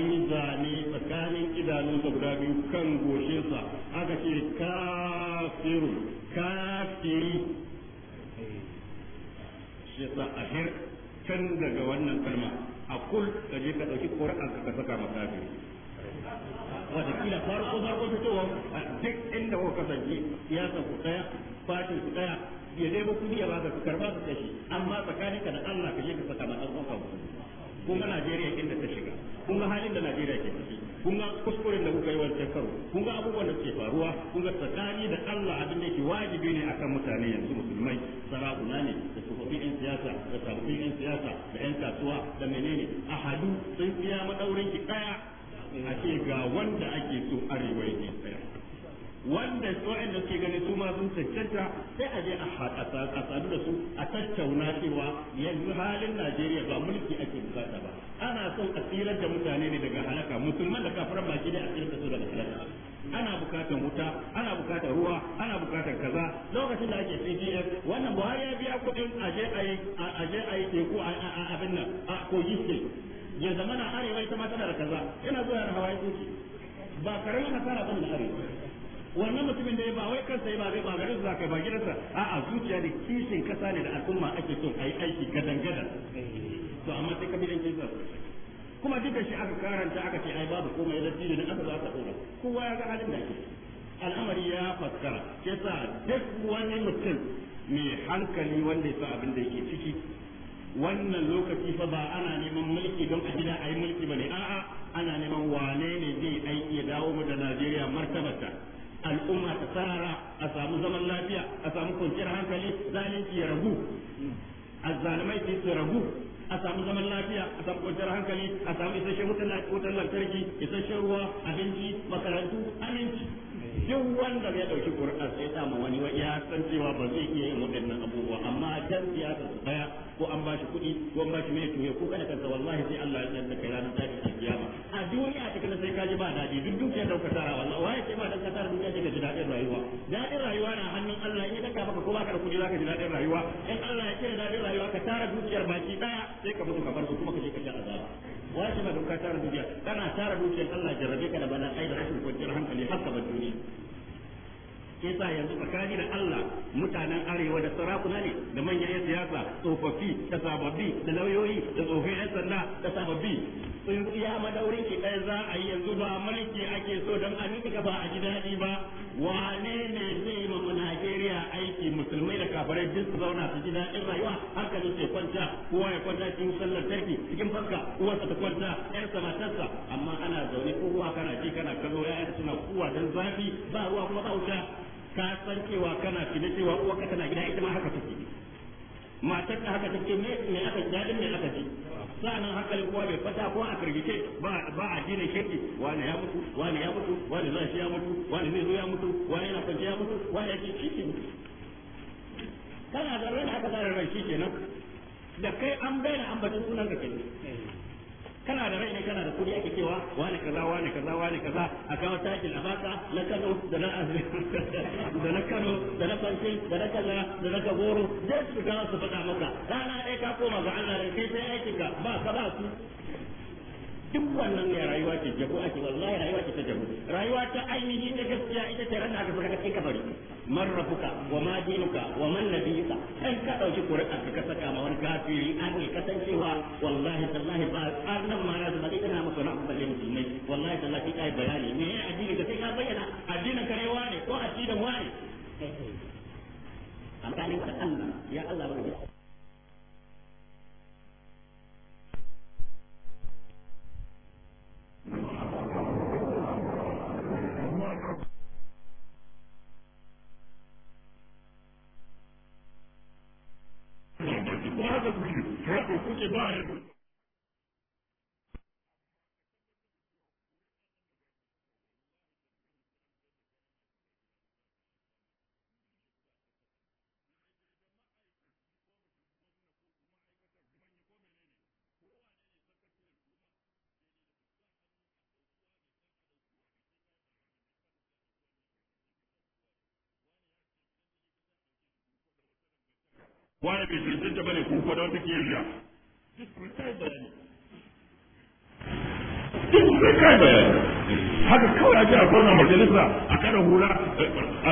ayi zane tsakanin idanunsa guda biyu kan goshinsa aka ce kafirun kafiri shi yasa ahir can daga wannan kalma a kul ka je ka dauki qur'an ka saka masafi wata kila farko farko a duk inda kuka kasance ya san ku daya fatin ku daya ya ba ku ya baka ka karba ka kashi amma tsakanin ka da Allah ka je ka saka masa kokon kun Najeriya inda ta shiga kun halin da Najeriya ke ciki kun kuskuren da kuka yi wancan karo kun abubuwan da suke faruwa kun tsakani da Allah abin da yake wajibi ne akan mutane yanzu musulmai sarakuna ne tsofaffin 'yan siyasa da sabbin 'yan siyasa da 'yan kasuwa da menene a hadu sun siya madaurin ki daya a ce ga wanda ake so arewa yake tsaya wanda tsohon da suke gani su ma sun cancanta sai a je a sadu da su a tattauna cewa yanzu halin Najeriya ba mulki ake bukata ba ana son a tsirar da mutane ne daga halaka musulman da kafiran baki ne a tsirar da su ana bukatar wuta ana bukatar ruwa ana bukatar kaza lokacin da ake CDF wannan Buhari ya biya kuɗin aje ayi aje ayi teku a abin nan a kogi state ya zama na arewa ita ma da kaza ina zuwa na hawaye kuki ba karamin nasara ban da arewa wannan mutumin da ya ba wai kansa ba zai ba garin su kai ba gidansa a zuciya da kishin kasa ne da al'umma ake son ayi aiki gadan gadan to amma sai kabilan kisa kuma duka shi aka karanta aka ce ai babu komai da tijo da aka za ka dora kowa ya ga halin da ke al'amari ya fassara sa duk wani mutum mai hankali wanda ya abin da yake ciki wannan lokaci fa ba ana neman mulki don a gida a yi mulki ba ne a'a ana neman wane ne zai aiki ya dawo mu da Najeriya martabarta al'umma ta tsara a samu zaman lafiya a samu kwanciyar hankali zalunci ya ragu azzalumai su ragu a samu zaman lafiya a samu kwanciyar hankali a samu isasshen wutar lantarki isasshen ruwa abinci makarantu aminci duk wanda ya dauki Qur'an sai ta wani wani ya san cewa ba zai iya yin waɗannan abubuwa amma dan siyasa su daya ko an bashi kuɗi ko an bashi mai tuye ko kada kansa wallahi sai Allah ya tsare kai ranar tashi a kiyama a duniya ta kana sai kaji ba dadi duk duk ya dauka tara wallahi wai sai ba dan ka tara duniya ka ji dadin rayuwa dadin rayuwa na hannun Allah in ka baka ko baka da kuɗi zaka ji dadin rayuwa in Allah ya kira dadin rayuwa ka tara dukiyar baki daya sai ka mutu ka bar su kuma ka je ka sha azaba wai sai ba dan ka tara dukiya kana tara dukiyar Allah jarrabe ka da bala'i da rashin kwanciyar hankali har ka bar duniya ke sa yanzu tsakani da Allah mutanen arewa da sarakuna ne da manyan 'yan siyasa tsofaffi da sababbi da lauyoyi da tsofaffi 'yan sanda da sababbi sun ya madaurin ki ɗaya za a yi yanzu ba mulki ake so don an yi ba a ji daɗi ba wane ne zai ma Najeriya aiki musulmai da kafirai duk su zauna su ji daɗin rayuwa hankalin su kwanta kowa ya kwanta cikin sallar tarki cikin fuska uwarsa ta kwanta ƴar tassa amma ana zaune kowa kana ji kana kallo ya'yan suna kuwa don zafi ba ruwa kuma ba wuta ka san cewa kana shine cewa uwarka tana gida ita ma haka take matar ta haka take me me aka dadin me aka ji sanan hankalin kuwa bai fata ko a firgice ba ba a jina shirki wani ya mutu wani ya mutu wani zai ya mutu wani zai ya mutu wani na kwanciya ya mutu wani yake shi ke mutu kana da ran haka da ran shi kenan da kai an bayyana an batun sunan da kai kana da rai ne kana da kudi ake cewa wani kaza wani kaza wani kaza a kawo takin a baka na Kano da na da na Kano da na fanshi da na kalla da na kaboro zai su ga su faɗa maka rana ɗaya ka koma ga Allah da kai sai aikin ka ba ka ba su duk wannan ne rayuwa ce jabu ake wallahi rayuwa ce ta jabu rayuwa ta ainihi ta gaskiya ita ce ran da aka saka kai kabari man rabbuka wa ma dinuka wa man nabiyuka kai ka dauki qur'an ka saka ma wani kafiri an yi kasancewa wallahi tallahi ba annan ma na zama kana maka na balle musulmai wallahi tallahi kai bayani me a addini ka kai ka bayyana addinin karewa ne ko addinin wani amfani da Allah ya Allah ba Thank you. کے چاہ wani bai cancanta bane ko kuma da wata ke riya duk kai bayani duk sun kai bayani haka kawai ake a kwanan majalisa a kada hula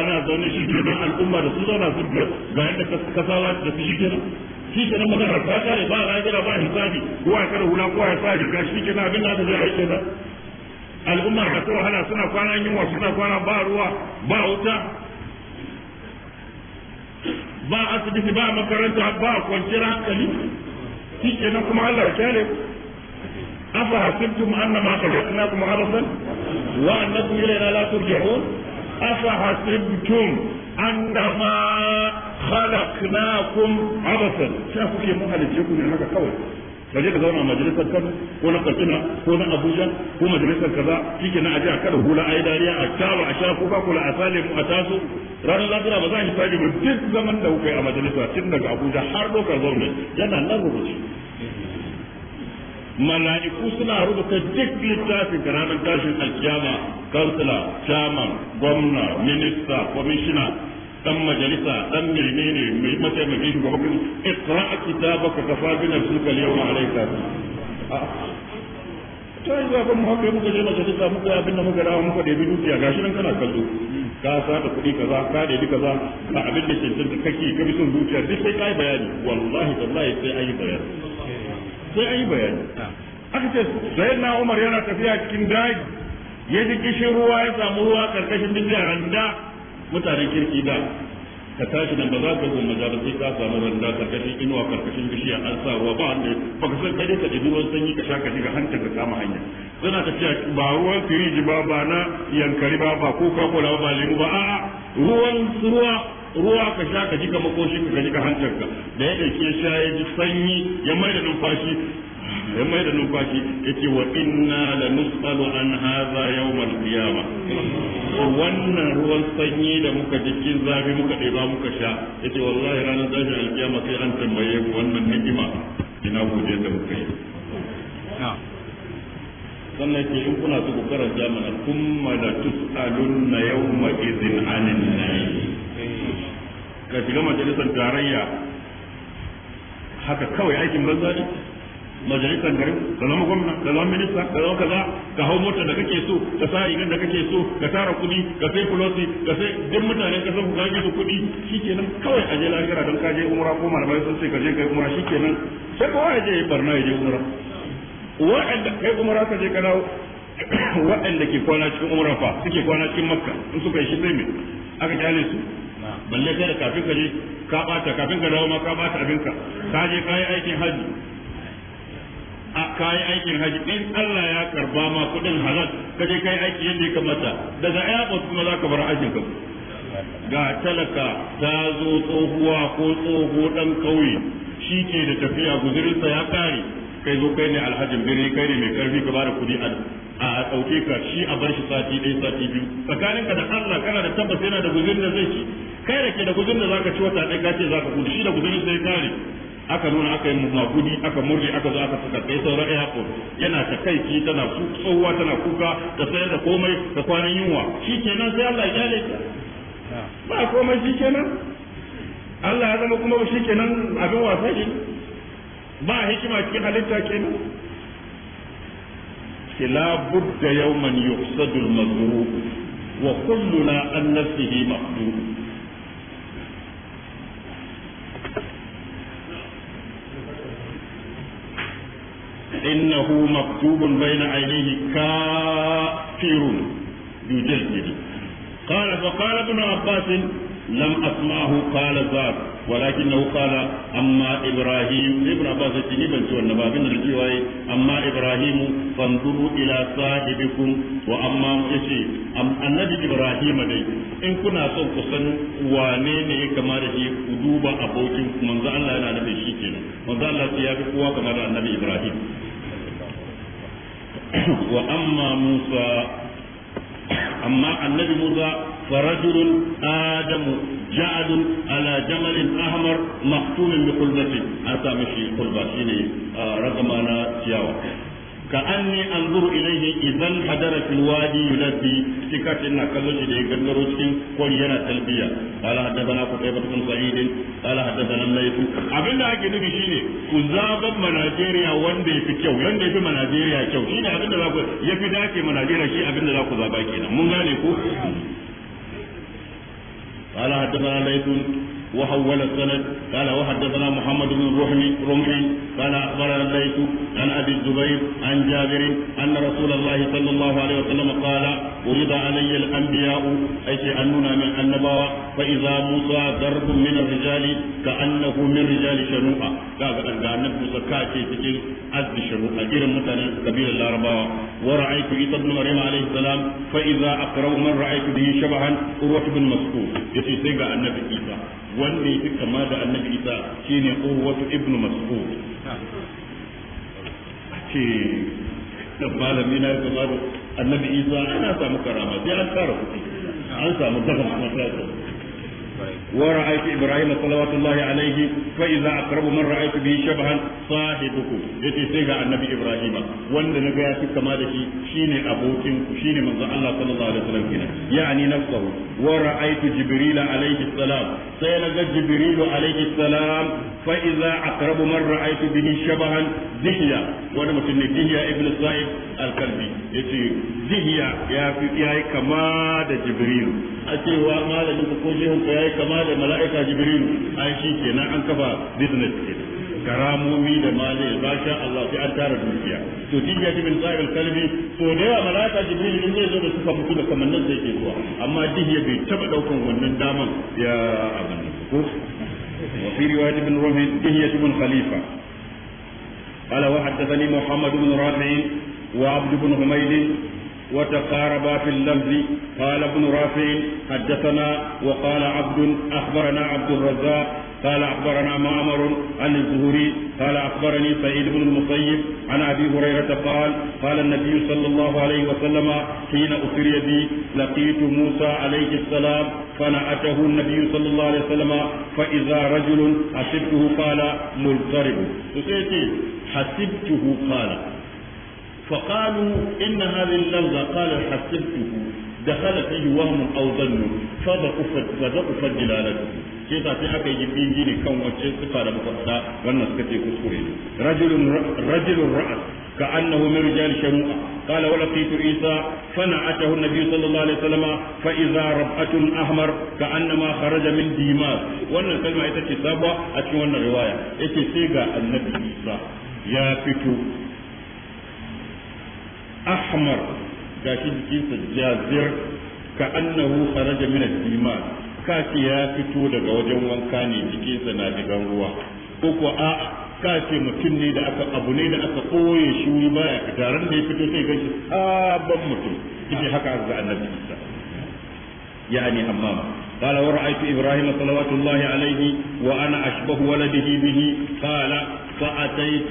ana zaune shi ke nan al'umma da su zauna su biyar ga yadda kasala da su shi ke nan shi ke nan magana ta kare ba a rajira ba hisabi kowa ya kada hula kowa ya sa jika shi ke nan abin da zai aike nan al'umma da ta wahala suna kwana yunwa suna kwana ba ruwa ba wuta ba asibiti ba makaranta ba kwanciyar hankali shi kenan kuma Allah ya kyale afa hasibtum khalaqnakum wa annakum ilayna la turji'un afa hasibtum khalaqnakum kuke halice ku ne haka kawai ka je ka zauna a majalisar kan ko na Katsina ko na Abuja ko majalisar kaza shike na aje a kada hula ayi dariya a tawa a sha kuka kula a sale mu a taso ranar lahira ba za a yi sabi ba duk zaman da kuka yi a majalisa tun daga Abuja har dokar gwamnati yana nan rubuce mala'iku suna rubuta duk littafin ka ranar tashin alkiyama kansila chairman gwamna minista kwamishina dan majalisa dan menene mai mataimakin shugaban kasa ikra kitabaka kafa bi nafsika al-yawma alayka ah. to yi ba mu hakuri muka je majalisa muka yi abin da rawa dawo muka ɗebi dukiya gashi nan kana kallo ka sa ta kudi kaza ka da ɗebi kaza ka abin da ke cancanta kake ka bi son zuciya duk sai kai bayani wallahi tallahi sai an bayani sai an bayani aka ce sai na umar yana tafiya cikin daji ya ji kishin ruwa ya samu ruwa karkashin duk randa mutanen kirki da ka tashi nan ba za ka zo maza ba sai ka samu randa karkashin inuwa karkashin bishiya an sa ruwa ba ne. ba ka san kai dai ka ji ruwan sanyi ka sha ka shiga hancin ka kama hanya suna tafiya ba ruwan firiji ba ba na yankari ba ba ko kakola ba lemu ba a'a ruwan ruwa ruwa ka sha ka ka makoshin ka ka hancin ka da ya ɗauki ya sha ya ji sanyi ya mai da numfashi sai mai da numfashi ce wa inna da nusalu an haza yau al wannan ruwan sanyi da muka jikin zafi muka ɗeba muka sha Ya ce, wallahi ranar zafi al sai an tambaye wannan ni'ima ina gode da muka yi sannan ke in kuna su kukarar jami'a. kuma da tus'alun na yau ma'izin anin yi ka shiga majalisar tarayya haka kawai aikin banza ne majalisar gari ka zama gwamna ka zama minista ka zama kaza ka hau mota da kake so ka sa rigar da kake so ka tara kuɗi ka sai kulosi ka sai duk mutanen ka san ku gaje su kuɗi shikenan kawai a je lahira don ka je umra ko malamai sun ce ka je kai umra shikenan sai kowa ya je barna ya je umra wa'anda kai umra ka je ka dawo wa'anda ke kwana cikin umra fa suke kwana cikin makka in suka yi shi sai me aka kyale su balle kai da kafin ka je ka bata kafin ka dawo ma ka bata abinka ka je ka yi aikin hajji kayi aikin haji in Allah ya karba ma kudin halal ka je kai aiki yadda ya kamata daga airport kuma za ka bar ajin ka ga talaka ta zo tsohuwa ko tsoho dan kauye shi ke da tafiya guzurinsa ya kare kai zo kai ne alhajin biri kai ne mai karfi ka bada kudi a a ɗauke ka shi a bar shi sati ɗaya sati biyu tsakaninka da Allah kana da tabbas yana da guzurin da zai ci kai da ke da guzurin da zaka ci wata ɗaya ka ce zaka kudi shi da guzurin sai kare aka nuna aka yi magudi aka murje aka zo aka saka kai sauran ya ko yana ta kai ki tana ku tsowa tana kuka ta sayar da komai da kwanan yunwa shi kenan sai Allah ya kyale ka ba komai shi kenan Allah ya zama kuma kenan abin wasa ne ba hikima cikin halitta kenan kila budda yawman yuhsadu al wa kulluna an nafsihi maqdur إنه مكتوب بين عينيه كافر يجلد قال فقال ابن عباس لم أسمعه قال ذاك ولكنه قال أما إبراهيم ابن عباس بن من الرجوعي أما إبراهيم فانظروا إلى صاحبكم وأما يشي أم النبي إبراهيم دي إن كنا سوف سن وانين كما رشي قدوب أبوكم من ذا الله أنا نبي شيكنا من ذا الله سيابي قوة كما النبي إبراهيم وأما موسى أما النبي موسى فرجل آدم جعد على جمل أحمر مقتول بقلبته أتى مشي قلبة شيني رقمنا سياوة كأني أنظر إليه إذا انحدر في الوادي يلبي شكاك إن كذلك دي قدر وشكين قولينا تلبية قال حدثنا قطيبة بن سعيد قال حدثنا الليث أبدا أكيد نبي شيني كذابا مناجيريا وندي في كيو يندي في مناجيريا كيو شيني أبن لك يفي داكي مناجيريا شي أبدا لك ذابا كينا من قال قال حدثنا الليث وحول السند قال وحدثنا محمد بن رمح رمح قال اخبرنا الليث عن ابي الزبير عن جابر ان رسول الله صلى الله عليه وسلم قال ورد علي الانبياء اي شاننا من النبوة فاذا موسى ضرب من الرجال كانه من رجال شنوءة قال ان النبي موسى كاتي تجي عز شنوءة غير مثلا كبير الاربعه ورايت عيسى بن مريم عليه السلام فاذا اقرب من رايت به شبها روح بن مسكوت يتي سيغا النبي عيسى wanda fi kama da annabi isa shi ne shine urwatu ibn mas'ud ce da malami na kama da annabi isa ana samu karama sai an kara kuɗi an samu dafa masu ورأيت إبراهيم صلوات الله عليه فإذا أقرب من رأيت به شبها صاحبكم يتي سيغا النبي إبراهيم وأن نبيات كما لكي شيني أبوكم شيني من الله صلى الله عليه وسلم كنا يعني نفسه ورأيت جبريل عليه السلام سيلقى جبريل عليه السلام فإذا أقرب من رأيت به شبها دهيا وأنا متن دهيا ابن الصائب الكلبي يتي دهيا يا في يا كما جبريل a cewa malamin ko jihun ka yayi kama da mala'ika jibrilu ai shi kenan an kafa business kenan karamomi da mali ba sha Allah sai an tara dukiya to din ya jibin sa'il kalbi to da yawa malaka jibril in zai zo da suka fito da nan zai yake zuwa amma dihiya bai taba daukan wannan daman ya abin ko wa fi riwayat ibn ruhi dihiya ibn khalifa قال وحدثني محمد بن رافع وعبد بن حميد وتقاربا في اللفظ قال ابن رافع حدثنا وقال عبد اخبرنا عبد الرزاق قال اخبرنا معمر عن الزهري قال اخبرني سعيد بن المسيب عن ابي هريره قال قال النبي صلى الله عليه وسلم حين اسري بي لقيت موسى عليه السلام فنعته النبي صلى الله عليه وسلم فاذا رجل حسبته قال مضطرب حسبته قال فقالوا إن هذه اللفظة قال حسبته دخل فيه وهم أو ظن فضعف دلالته shi yasa sai aka yi biyu kan wacce sifa da makwabta wannan suka ce kuskure ne rajulun rajulun ra'as ka annahu min rijal sharu'a qala wa laqitu isa fa na'atahu an-nabi sallallahu alaihi wasallam fa rab'atun ahmar ka annama kharaja min dimas wannan kalma ita ce sabwa a cikin wannan riwaya yace sai ga annabi isa ya fito ahmar gashi jikinsa jazir ka annahu kharaja min ad-diman kace ya fito daga wajen wanka ne jikinsa na digan ruwa ko ko a'a kace mutum ne da aka abu ne da aka koye shi wuri baya taron da ya fito sai gashi sabon mutum kike haka azza annabi Isa yani amma قال ورأيت إبراهيم صلوات الله عليه وأنا أشبه ولده به قال فأتيت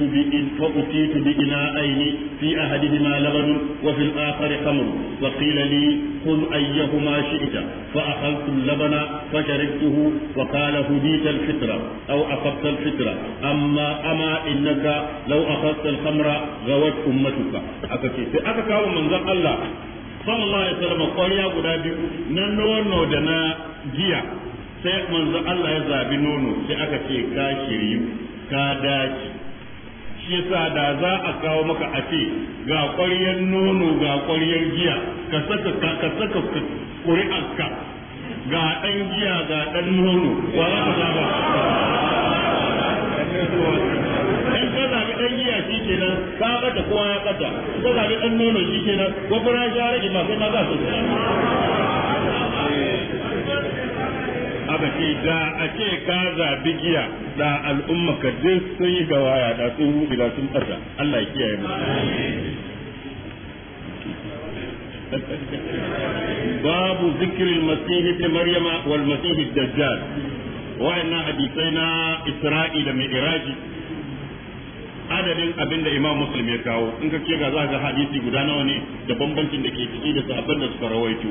فأتيت بإناءين في أحدهما لبن وفي الآخر خمر وقيل لي خذ أيهما شئت فأخذت اللبن فشربته وقال هديت الفطرة أو أخذت الفطرة أما أما إنك لو أخذت الخمر غوت أمتك أكتي أكتي من الله sallallahu alaihi wasallam kwariya guda biyu na nono da na jiya sai manzo Allah ya zabi nono sai aka ce ka shiryu ka dace shi yasa da za a kawo maka a ce ga ƙwaryar nono ga ƙwaryar giya ka saka ka saka ƙuri'arka ga ɗan giya ga ɗan nono wa za ka zaba in ka zaɓi ɗan giya shi ka kowa ya bata ka zaɓi ɗan nono shi kenan gwagwara ya rage ma sai ma za su eh, ce da a ce ka zaɓi giya da al'umma ka sun yi gawaya da sun rubi da sun Allah ya kiyaye mu باب ذكر المسيح ابن مريم والمسيح الدجال وإن حديثنا إسرائيل من إراجي adadin abin da imam muslim ya kawo in ka ce ga za ga hadisi guda nawa ne da bambancin da ke ciki da sahabban da suka rawaito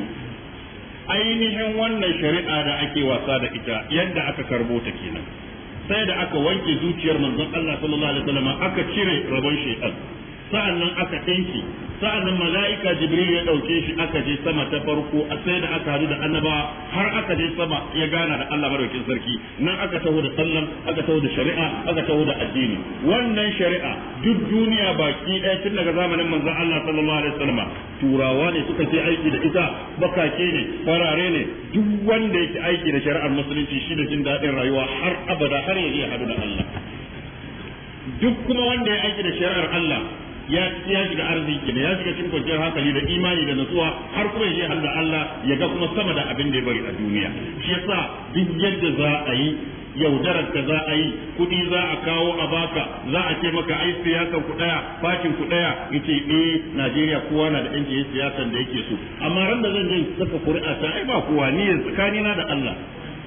ainihin wannan shari'a da ake wasa da ita yadda aka karbo ta kenan sai da aka wanke zuciyar manzon Allah sallallahu alaihi wasallam aka cire rabon shaytan sa'an nan aka tanki sa'an nan mala'ika jibril ya ɗauke shi aka je sama ta farko a sai da aka hadu da annaba har aka je sama ya gana da Allah madaukin sarki nan aka taho da sallan aka taho da shari'a aka taho da addini wannan shari'a duk duniya baki ɗaya tun daga zamanin manzon Allah sallallahu alaihi wasallam turawa ne suka je aiki da ita bakake ne farare ne duk wanda yake aiki da shari'ar musulunci shi da jin daɗin rayuwa har abada har ya iya hadu da Allah duk kuma wanda ya aiki da shari'ar Allah ya ya shiga arziki da ya shiga cikin kwanciyar hankali da imani da nutsuwa har kuma ya Allah Allah ya ga kuma sama da abin da ya bari a duniya shi yasa duk yadda za a yi yaudarar ka za a yi kuɗi za a kawo a baka za a ce maka ai siyasan ku ɗaya fakin ku ɗaya yace eh Najeriya kowa na da ɗan siyasan da yake so amma ran da zan je saka kuri'a ta ai ba kowa ni tsakanina da Allah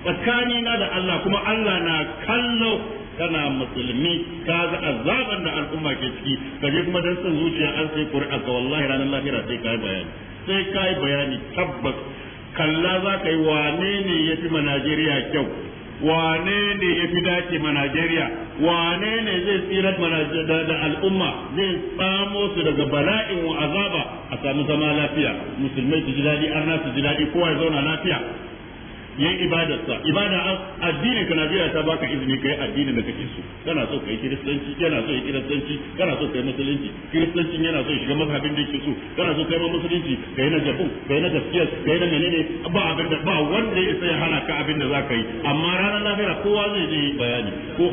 tsakanina da Allah kuma Allah na kallo kana musulmi ka ga azaban da al'umma ke ciki ka je kuma dan zuciya an sai qur'a ka wallahi ranar lahira sai kai bayani sai kai bayani tabbas kalla za ka yi wane ne ya fi ma Najeriya kyau wane ne ya fi dace ma Najeriya wane ne zai tsirar ma da al'umma zai tsamo su daga bala'in wa azaba a samu zama lafiya musulmai su ji daɗi arna su ji daɗi kowa ya zauna lafiya yayi ibadarsa ibada addinin ka Najeriya ta baka izini kai addinin da kake so kana so kai kiristanci kana so kai kristanci kana so kai musulunci kiristanci yana so shiga mazhabin da kake so kana so kai ma musulunci kai na jabu kai na gaskiya kai na menene ba abin da ba wanda ya sai hana ka abin da zaka yi amma ranar lafiya kowa zai je bayani ko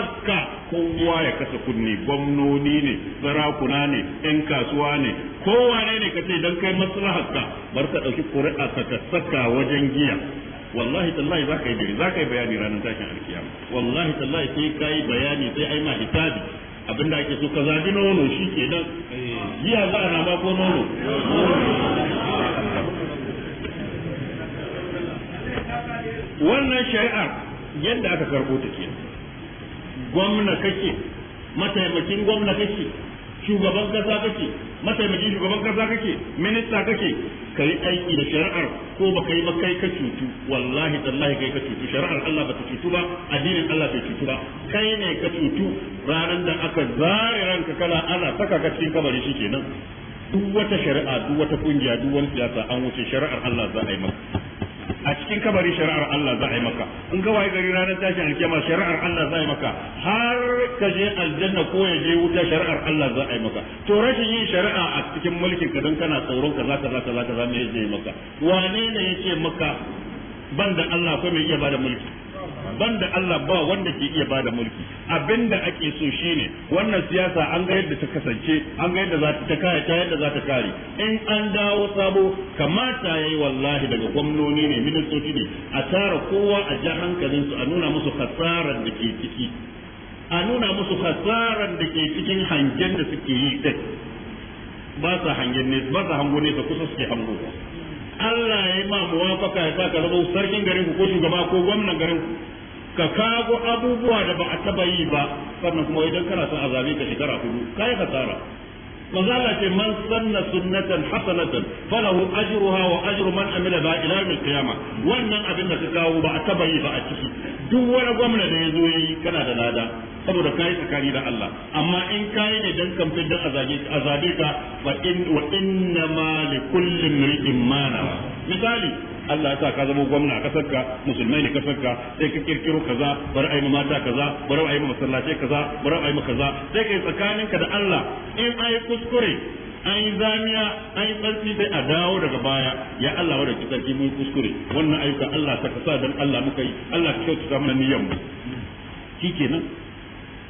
aska kowa ya kasa kunne gwamnoni ne sarakuna ne 'yan kasuwa ne kowane ne ka ce dan kai ka, bar ka dauki ƙuri'a ka saka wajen giya wallahi tallahi za ka yi dare za ka yi bayani ranar tashin alkiyama wallahi tallahi sai ka yi bayani sai ai ma hitabi abinda ake so ka zabi nono shi ke nan giya za a ba ko nono wannan shari'ar yadda aka karɓo ta ke gwamna kake mataimakin gwamna kake shugaban kasa kake mataimakin shugaban kasa kake minista kake kai aiki da shari'ar ko ba kai ba kai ka cutu wallahi tallahi kai ka cutu shari'ar Allah ba ta cutu ba addinin Allah bai cutu ba kai ne ka cutu ranar da aka zare ranka kala ana saka ka cikin kabari shikenan duk wata shari'a duk wata kungiya duk wani siyasa an wuce shari'ar Allah za a yi maka a cikin kabari shari'ar Allah za a yi maka in ka waye gari ranar tashin alkiyama shari'ar Allah za a yi maka har ka je aljanna ko ya je wuta shari'ar Allah za a yi maka to rashin yin shari'a a cikin mulkin ka don kana tsoron kaza kaza kaza kaza me yake maka wane ne yake maka banda Allah ko mai iya bada mulki banda Allah ba wanda ke iya bada mulki abinda ake so shine wannan siyasa an ga yadda ta kasance an ga yadda za ta kare ta yadda za ta kare in an dawo sabo kamata yayi wallahi daga gwamnoni ne ministoci ne a tara kowa a ja hankalin su a nuna musu kasaran da ke ciki a nuna musu kasaran da ke cikin hangen da suke yi din ba sa hangen ne ba sa hango ne da kusa suke hango Allah ya yi ma muwafaka ya sa ka zama sarkin garin ku ko shugaba ko gwamnan garin ku ka kago abubuwa da ba a taba yi ba sannan kuma idan kana son azabi ka shekara kudu kai kasara manzo Allah ce man sanna sunnatan hasanatan falahu ajruha wa ajru man amila ba ila yawm qiyama wannan abin da ka kawo ba a taba yi ba a ciki duk wani gwamna da yazo yi kana da lada saboda kai tsakani da Allah amma in kai ne dan kamfin da azabi azabi ka wa in wa inna ma li kulli ma misali Allah ya sa ka zama gwamna a kasar ka musulmai ne kasar ka sai ka kirkiro kaza bar ai ma mata kaza bar ai ma masallaci kaza bar ai ma kaza sai kai tsakaninka da Allah in ayi kuskure an yi zamiya an yi tsarki sai a dawo daga baya ya Allah wa ki tsarki mun kuskure wannan ayyuka Allah ta kasa dan Allah muka yi Allah ka kyautata mana niyyar mu shikenan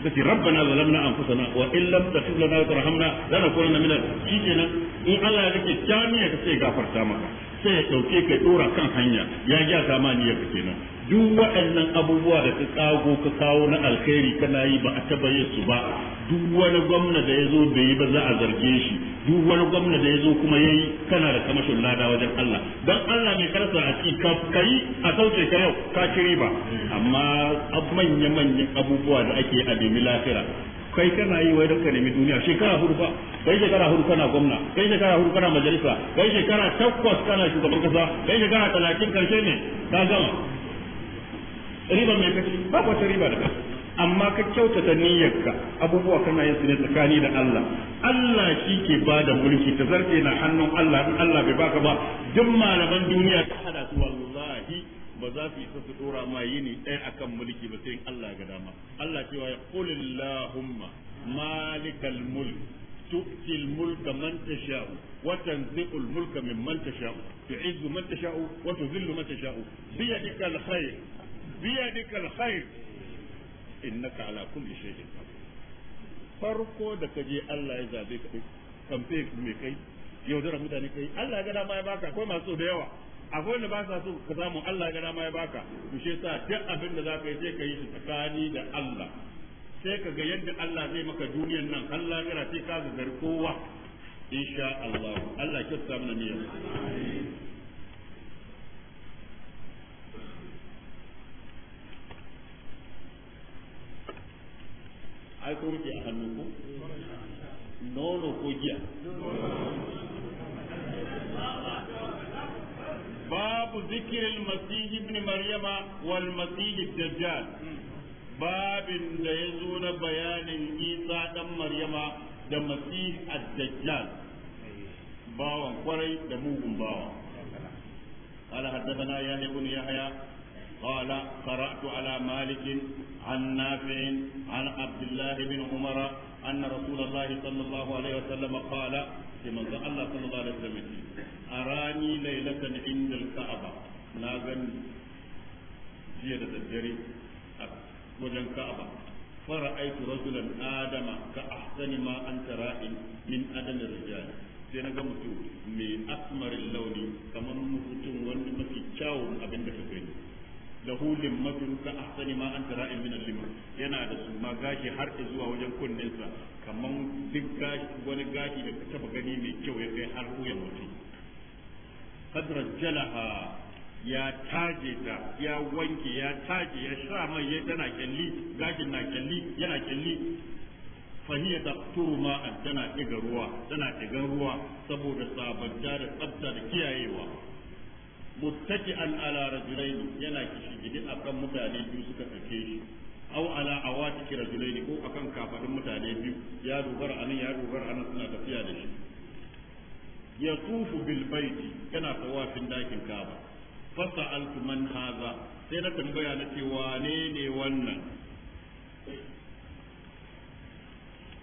kace rabbana zalamna anfusana wa in lam taghfir lana wa tarhamna lanakunanna minal kenan in Allah ya rike ka kace gafarta maka sai ya ɗauke ka ɗora kan hanya ya ja ta ma niyyar kenan duk waɗannan abubuwa da ka kago ka kawo na alkhairi kana yi ba a taba yin su ba duk wani gwamna da ya zo bai yi ba za a zarge shi duk wani gwamna da ya zo kuma ya yi kana da kamashin lada wajen Allah dan Allah mai karsa a ci ka kai a sauke ka yau ka ci riba amma manya manyan abubuwa da ake a demi lafira kai kana yi wai don ka nemi duniya shekara hudu ba kai shekara hudu kana gwamna kai shekara hudu kana majalisa kai shekara takwas kana shugaban kasa kai shekara talatin karshe ne ka gama riba mai kaci ba wata riba da kaci amma ka kyautata niyyarka abubuwa kana yin su ne tsakani da Allah Allah shi ke ba da mulki ta zarce na hannun Allah in Allah bai baka ba duk malaman duniya ta hada su wallahi ba za su isa su dora ma yini ɗaya akan mulki ba sai in Allah ga dama Allah cewa ya qul allahumma malikal mulk tu'ti al mulka man tasha'u wa tanzi'u al min mimman tasha'u tu'izzu man tasha'u wa tuzillu man tasha'u bi yadika al khair bi yadika al khair innaka ala kulli shay'in farko da kaje Allah ya zabe ka kamfe mai kai yaudara mutane kai Allah ya ga dama ya baka akwai masu da yawa akwai wanda ba sa so ka samu Allah ya ma ya baka to shi yasa duk abin da zaka yi sai ka yi shi tsakani da Allah sai ka ga yadda Allah zai maka duniyar nan Allah ya sai ka ga kowa insha Allah Allah ya kyauta mana niyya ai ko muke a hannu ko nono ko giya babu zikirin masih ibn maryama wal masih dajjal babin da ya zo na bayanin isa ɗan maryama da masih ad-dajjal bawan kwarai da bugun bawa قال حدثنا قال قرأت على مالك عن نافع عن عبد الله بن عمر أن رسول الله صلى الله عليه وسلم قال لمن الله صلى الله عليه وسلم أراني ليلة عند الكعبة ناغن جيدة الجري وجن كعبة فرأيت رجلا آدم كأحسن ما أنت رائن من أدم الرجال sai na ga mutum mai asmarin launi kamar mutum wanda mafi kyawun abin da ka gani lahu limmatu ka ahsani ma anta ra'in min al-limma yana da suma gashi har zuwa wajen kunninsa kamar duk gashi wani gashi da taba gani mai kyau ya kai har wuyan mutum qad rajjalaha ya taje ya wanke ya taje ya sha mai ya tana kyalli gashin na kyalli yana kyalli fahiya da tana diga ruwa ruwa saboda sabanta da tsafta da kiyayewa muttaki'an ala rajulaini yana kishigidi akan mutane biyu suka sake shi aw ala awatiki rajulaini ko akan kafadin mutane biyu ya dogara anan ya dogara anan suna tafiya da shi ya tufu bil baiti yana tawafin dakin kaba fasa'altu man haza sai na tambaya na ce wane ne wannan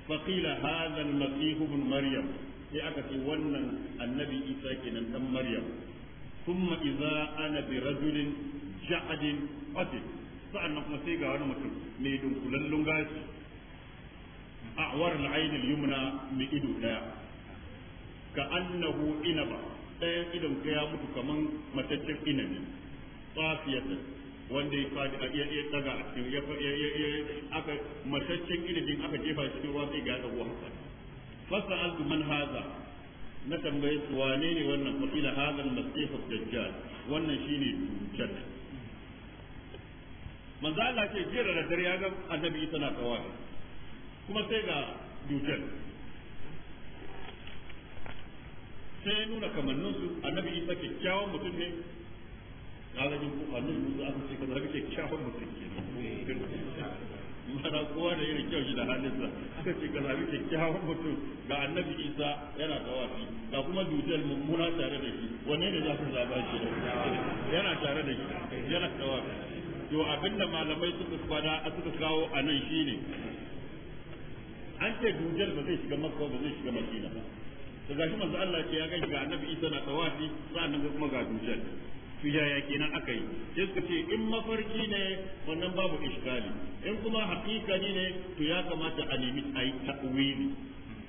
Fakila هذا المسيح ابن Maryam, sai aka ce wannan annabi isa kenan dan maryam ثم إذا ana برجل جعد ja'adin qatil sa'annan kuma sai ga wani mutum mai dunkulallun gashi a'war al-ayn al-yumna mai ido daya ka annahu inaba ɗayan idon ka ya mutu kaman mataccen inabi wanda ya daga ya aka mataccen ilimin aka jefa cikin ruwa sai ga dago haka fasa man haza na tambaye su wane ne wannan fa'ila hadar masifar dajjal wannan shi ne dujjal Manza Allah ce jira da dare ya ga annabi tana kawai kuma sai ga dujjal sai nuna kamanninsu su annabi isa kyakkyawan mutum ne galibin ku annabi musu aka ce kamar kyakkyawan mutum ke mara kowa da irin kyau shi da halinsa aka ce ka zabi kyakkyawan mutum ga annabi isa yana tawafi ga kuma dujal mummuna tare da shi wanne ne za ka zaba shi da yana tare da shi yana tawafi to abinda malamai suka fada suka kawo a nan shi ne an ce dujal ba zai shiga makka ba zai shiga makina ba to gashi manzo Allah ce ya ga annabi isa na tawafi nan kuma ga dujal yaya kenan aka yi sai suka ce in mafarki ne wannan babu iskali in kuma haƙiƙani ne to ya kamata a nemi a yi ta'wili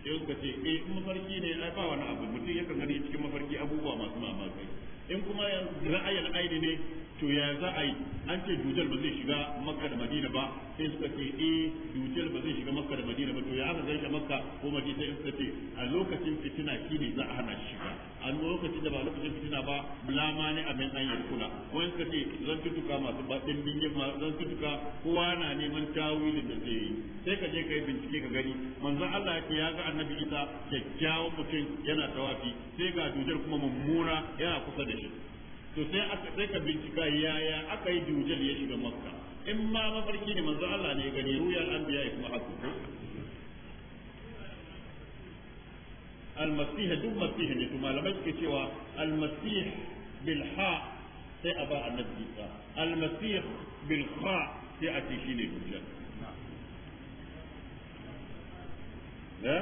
sai suka ce eh in mafarki ne ai ba wani abu mutum yakan gani cikin mafarki abubuwa masu mamaki in kuma ra'ayin aini ne to ya za a yi an ce dutar ba zai shiga makka da madina ba sai suka ce eh dutar ba zai shiga makka da madina ba to ya aka zai shiga makka ko madina sai suka ce a lokacin fitina shine za a hana shiga a lokacin da ba lokacin fitina ba lama ne abin an yi kula ko yanka ce zan tutuka masu baɗin bingin ma zan tutuka kowa na neman tawilin da zai yi sai ka je ka yi bincike ka gani manzon Allah ya ce ya ga annabi Isa kyakkyawan mutum yana tawafi sai ga dujar kuma mummuna yana kusa da shi to sai aka sai ka bincika yaya aka yi dujar ya shiga makka in ma mafarki ne manzo Allah ne ya gani ruya al ya kuma haka المسيح دون مسيح ne to malamai suke cewa المسيح بالحاء sai a ba annabi Isa المسيح بالخاء sai a ce shine hujja ne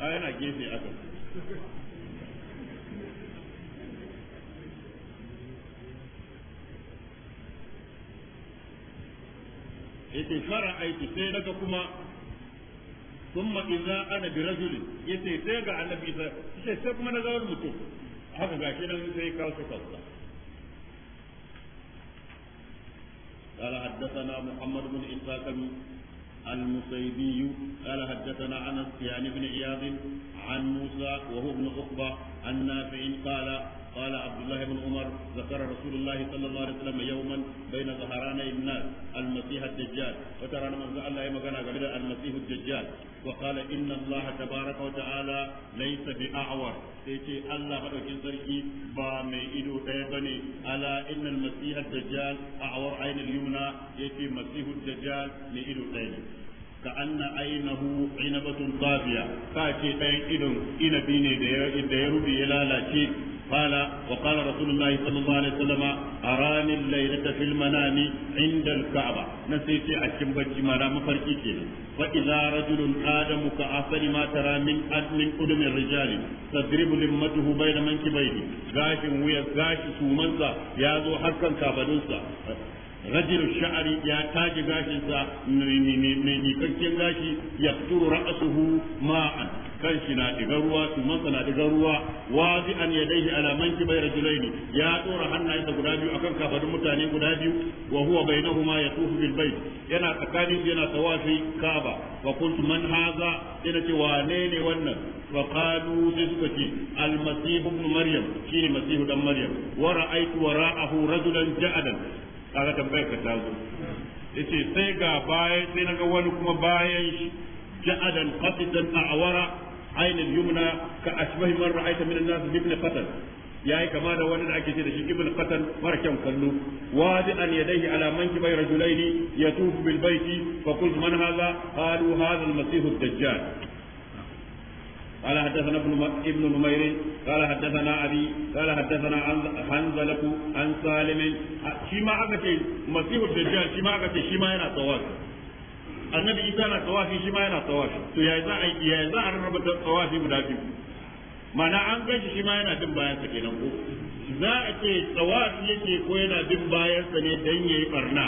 a yana gefe aka yake fara aiki sai daga kuma thumma idza ana bi rajulin yace sai ga annabi sai yace sai kuma na ga wani mutum haka gashi nan sai kawo su kasuwa قال حدثنا محمد بن إسحاق المصيبي قال حدثنا انس يعني بن عياض عن موسى وهو ابن عقبه عن نافع قال قال عبد الله بن عمر ذكر رسول الله صلى الله عليه وسلم يوما بين ظهراني الناس المسيح الدجال فترى من الله يما كان المسيح الدجال وقال إن الله تبارك وتعالى ليس بأعور سيتي الله مدوكين سركي بامي إدو تيبني ألا إن المسيح الدجال أعور عين اليمنى يتي مسيح الدجال لإدو تيبني كأن عينه عنبة طافية فاتي تين إدو إنبيني دير دير بيلالة قال وقال رسول الله صلى الله عليه وسلم أراني الليلة في المنام عند الكعبة نسيت أشم بجي ما رام فإذا رجل آدم كأثر ما ترى من من قدم الرجال تضرب لمته بين منكبيه غاش ويا غاش سومنسا يا ذو حكا كابدنسا rajul sha'ari ya taji gashinsa mai kakken gashi ya turu ra'asuhu ma'an kanshi na diga ruwa tumansa na diga ruwa wazi an yadaihi ala manki bai ne. ya dora hannayensa guda biyu akan kafadun mutane guda biyu wa huwa bainahuma yatufu bil bayt yana tsakanin yana tawafi ka'aba wa kuntu man haza? ina ce wane ne wannan fa qalu suka ce al masih ibn maryam shine masih dan maryam wa ra'aytu wara'ahu rajulan ja'adan kaga tambayar ka ta zo yace sai ga baya sai naga wani kuma bayan shi ja'adan qatidan a'wara ayn al-yumna ka ashbahi man ra'aita yayi kama da wani da ake ce da shi ibn qatan mara kyan kallo wadi an yadayhi ala manki bay rajulaini yatufu bil bayti قال حدثنا ابن ابن نمير قال حدثنا ابي قال حدثنا عن حنزله عن سالم شيما اكتي مسيح الدجال شيما اكتي شيما ينا صواب annabi isa na tawafi shi ma yana tawafi to ya za a ya za a rarraba tawafi guda biyu mana an gashi shi ma yana bin bayan sa kenan ko za a ce tawafi yake ko yana bin bayan sa ne dan yayi barna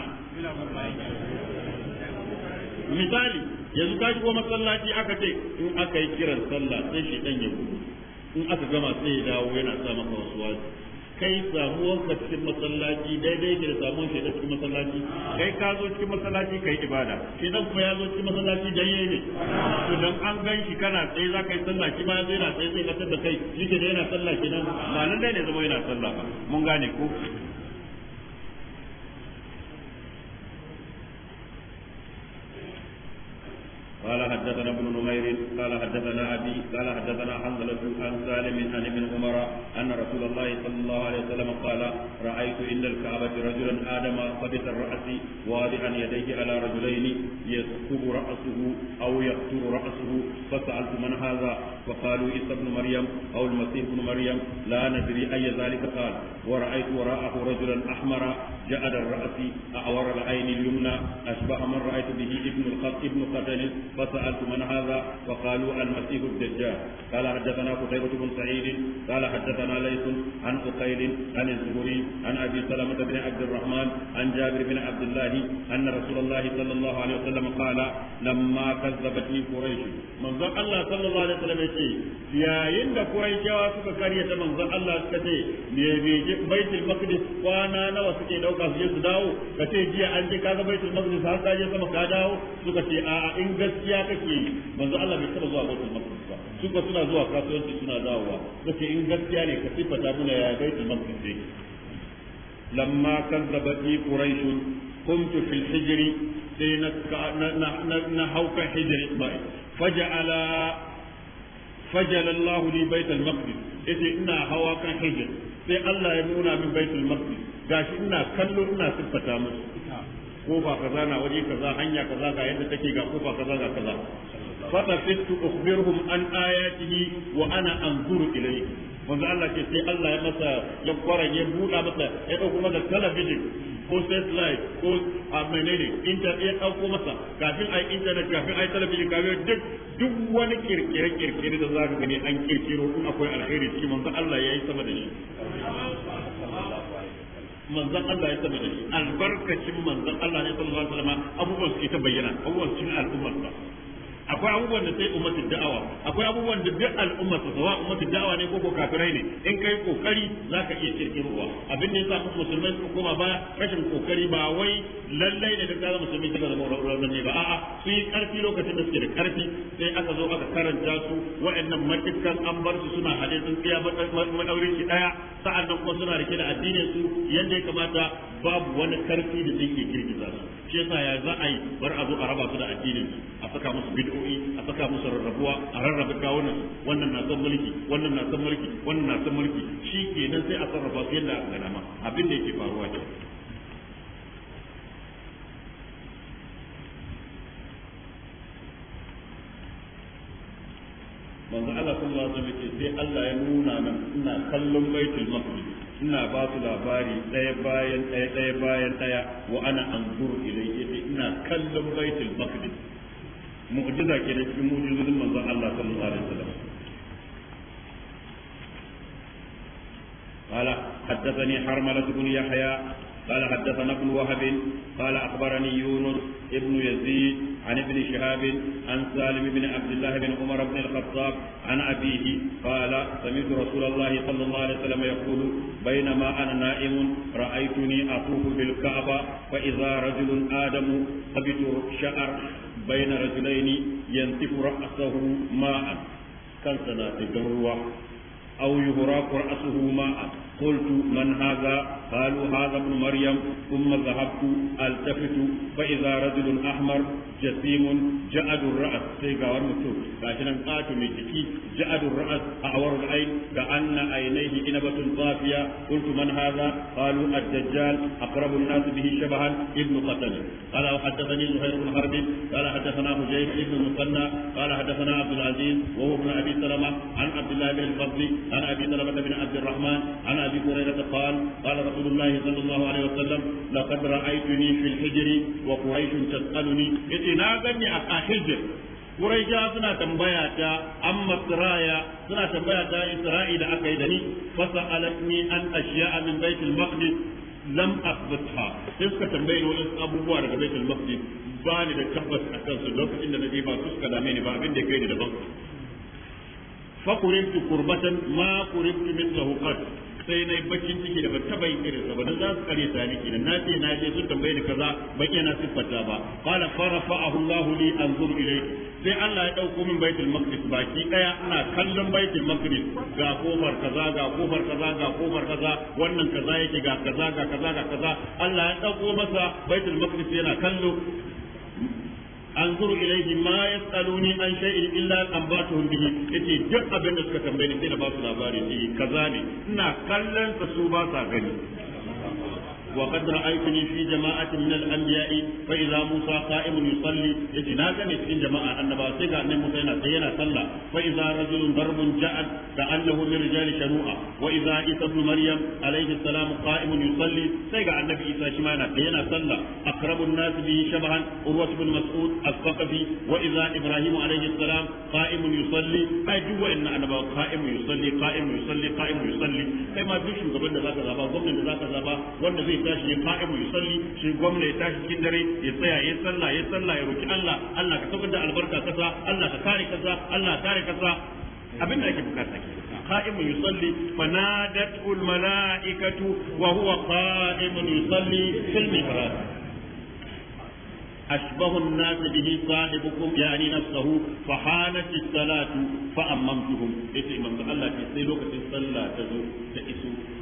misali yanzu ka shigo masallaci aka ce in aka yi kiran sallah sai shi dan ya gudu in aka gama sai ya dawo yana sa maka wasu wasu kai samuwar ka cikin masallaci daidai da samun shi cikin masallaci kai ka zo cikin masallaci kai ibada shi dan kuma ya zo cikin masallaci dan yayi ne to dan an gan shi kana tsaye za ka yi sallah shi ma ya yana tsaye sai ka tada kai shi ke da yana sallah kenan ba nan dai ne zama yana sallah ba mun gane ko قال حدثنا ابن نمير قال حدثنا ابي قال حدثنا حنظله عن سالم عن ابن عمر ان رسول الله صلى الله عليه وسلم قال رايت عند الكعبه رجلا ادم قبس الراس واضعا يديه على رجلين يسكب راسه او يقتل راسه فسالت من هذا فقالوا عيسى ابن مريم او المسيح ابن مريم لا ندري اي ذلك قال ورايت وراءه رجلا احمر جعل الراس اعور العين اليمنى اشبه من رايت به ابن القتل فسألت من هذا وقالوا المسيح الدجال قال حدثنا قتيبة بن سعيد قال حدثنا ليث عن أقيل عن الزهري عن أبي سلمة بن عبد الرحمن عن جابر بن عبد الله أن رسول الله صلى الله عليه وسلم قال لما كذبتني قريش من ذا الله صلى الله عليه وسلم يقول يا إن قريش واسك كرية من ذا الله كتي بيت المقدس وانا نوى سكي نوكا سجد داو كتي جي أنت كذا بيت المقدس هل تاجي سمك داو سكتي آه إنجز gaskiya kake yi manzo Allah bai taba zuwa baitul maqdis ba su ba suna zuwa kasuwanci suna dawowa kace in gaskiya ne ka sifata muna ya baitul maqdis yake lamma kazzabatni quraish kuntu fil hijri sai na na hauka hijri ba faja'ala faja'ala Allah li baitul maqdis yace ina hawa kan hijri sai Allah ya nuna min baitul maqdis gashi ina kallo ina siffata kofa kaza na waje kaza hanya kaza ga yadda take ga kofa kaza ga kaza fatafitu ukhbiruhum an ayatihi wa ana anzuru ilayhi manzo Allah ce sai Allah ya masa ya kwaranye buɗa masa ya dauko masa talabijin ko satellite ko a menene internet ya dauko masa kafin ai internet kafin ai talabijin kafin duk duk wani kirkire kirkire da za ka gani an kirkiro in akwai alheri shi manzo Allah ya yi sama da shi manzan Allah ya saba da shi albarkacin manzan Allah ne sallallahu alaihi wasallam abubuwan suke ta bayyana abubuwan cikin al'ummar akwai abubuwan da sai ummatul da'awa akwai abubuwan da duk al'umma su sawa ummatul da'awa ne ko kafirai ne in kai kokari zaka iya kirkirowa abin da yasa musulmai su koma ba rashin kokari ba wai lallai ne da kaza musulmi kika zama rawar ne ba a'a su yi karfi lokacin da suke da karfi sai aka zo aka karanta su wa'annan matukan an bar su suna hade sun tsaya madaurin shi daya sa'an kuma suna rike da addinin su yadda ya kamata babu wani karfi da zai iya girgiza su shi yasa ya za a yi bar a zo a raba su da addinin a saka musu bid'o'i a saka musu rarrabuwa a rarraba kawunan wannan na san mulki wannan na san mulki wannan na san mulki shi kenan sai a sarrafa su yadda aka dama abin da yake faruwa ke manzo Allah sallallahu alaihi wasallam sai Allah ya nuna nan ina kallon baitul maqdis ina ba su labari ɗaya bayan ɗaya ɗaya bayan ɗaya wa ana anzuru ilayhi ina kallon baitul maqdis mu'jiza ke da cikin mu'jizozin manzon Allah sallallahu alaihi wasallam قال haddathani حرملة ibn yahya قال حدثنا ابن وهب قال اخبرني يونس ابن يزيد عن ابن شهاب عن سالم بن عبد الله بن عمر بن الخطاب عن ابيه قال سمعت رسول الله صلى الله عليه وسلم يقول بينما انا نائم رايتني اطوف بالكعبه فاذا رجل ادم قبض شعر بين رجلين ينتف راسه ماء كان سنه الدروه او يهراق راسه ماء قلت من هذا قالوا هذا ابن مريم ثم ذهبت التفت فاذا رجل احمر جسيم جعد الراس سيغا ورمتو لكن قاتل من جكي جعد الراس اعور العين كان عينيه انبه صافيه قلت من هذا قالوا الدجال اقرب الناس به شبها ابن قتل قال وحدثني زهير بن حرب قال حدثنا حجيج بن المثنى قال حدثنا عبد العزيز وهو ابن ابي سلمه عن عبد الله بن الفضل عن ابي سلمه بن عبد الرحمن عن أبي هريرة قال قال رسول الله صلى الله عليه وسلم لقد رأيتني في الحجر وقريش تسألني اتناغني أخا حجر suna tambaya ta an suna tambaya ta Isra'i da aka yi da ni fa sa'alatni an ashiya'a min baitul maqdis lam akhbitha sai suka abubuwa daga baitul maqdis ba ni da tabbas a kansu lokacin da naje ba su suka dame ni ba abin da kai da daban fa qurimtu kurbatan, ma qurimtu mithlahu qad sai na yi bakin ciki da ban taba yin irin ba dan za su kare ta ni kenan na ce na je sun tambaye ni kaza ban na siffata ba qala farafa'ahu Allah li anzur ilayhi sai Allah ya dauko min baitul maqdis baki daya ina kallon baitul maqdis ga kofar kaza ga kofar kaza ga kofar kaza wannan kaza yake ga kaza ga kaza ga kaza Allah ya dauko masa baitul maqdis yana kallo anzuru ilayhi ma yasaluni an shay'in illa ambatuhum bihi yace duk abin da suka tambaye ni sai na ba su labari kaza ne ina kallon su ba sa gani وقد رأيتني في جماعة من الأنبياء فإذا موسى قائم يصلي يتناجم في جماعة أن باسيقا أن موسى ينسينا صلى فإذا رجل ضرب جعد كأنه من رجال شنوعة وإذا عيسى ابن مريم عليه السلام قائم يصلي سيقع النبي عيسى شمانا ينا صلى أقرب الناس به شبها عروة بن مسعود الثقفي وإذا إبراهيم عليه السلام قائم يصلي أجوا إن أنا قائم يصلي قائم يصلي قائم يصلي كما بيشو قبل ذاك غابا ضمن ذاك غابا والنبي ya tashi ya qa'imu yusalli shi gwamna ya tashi cikin dare ya tsaya ya sallah ya sallah ya roki Allah Allah ka saukar da albarka kasa Allah ka kare kasa Allah ka kare kasa abin da ake bukata ke أشبه الناس به صاحبكم يعني نفسه فحانت الصلاة فأممتهم إذا إمام الله في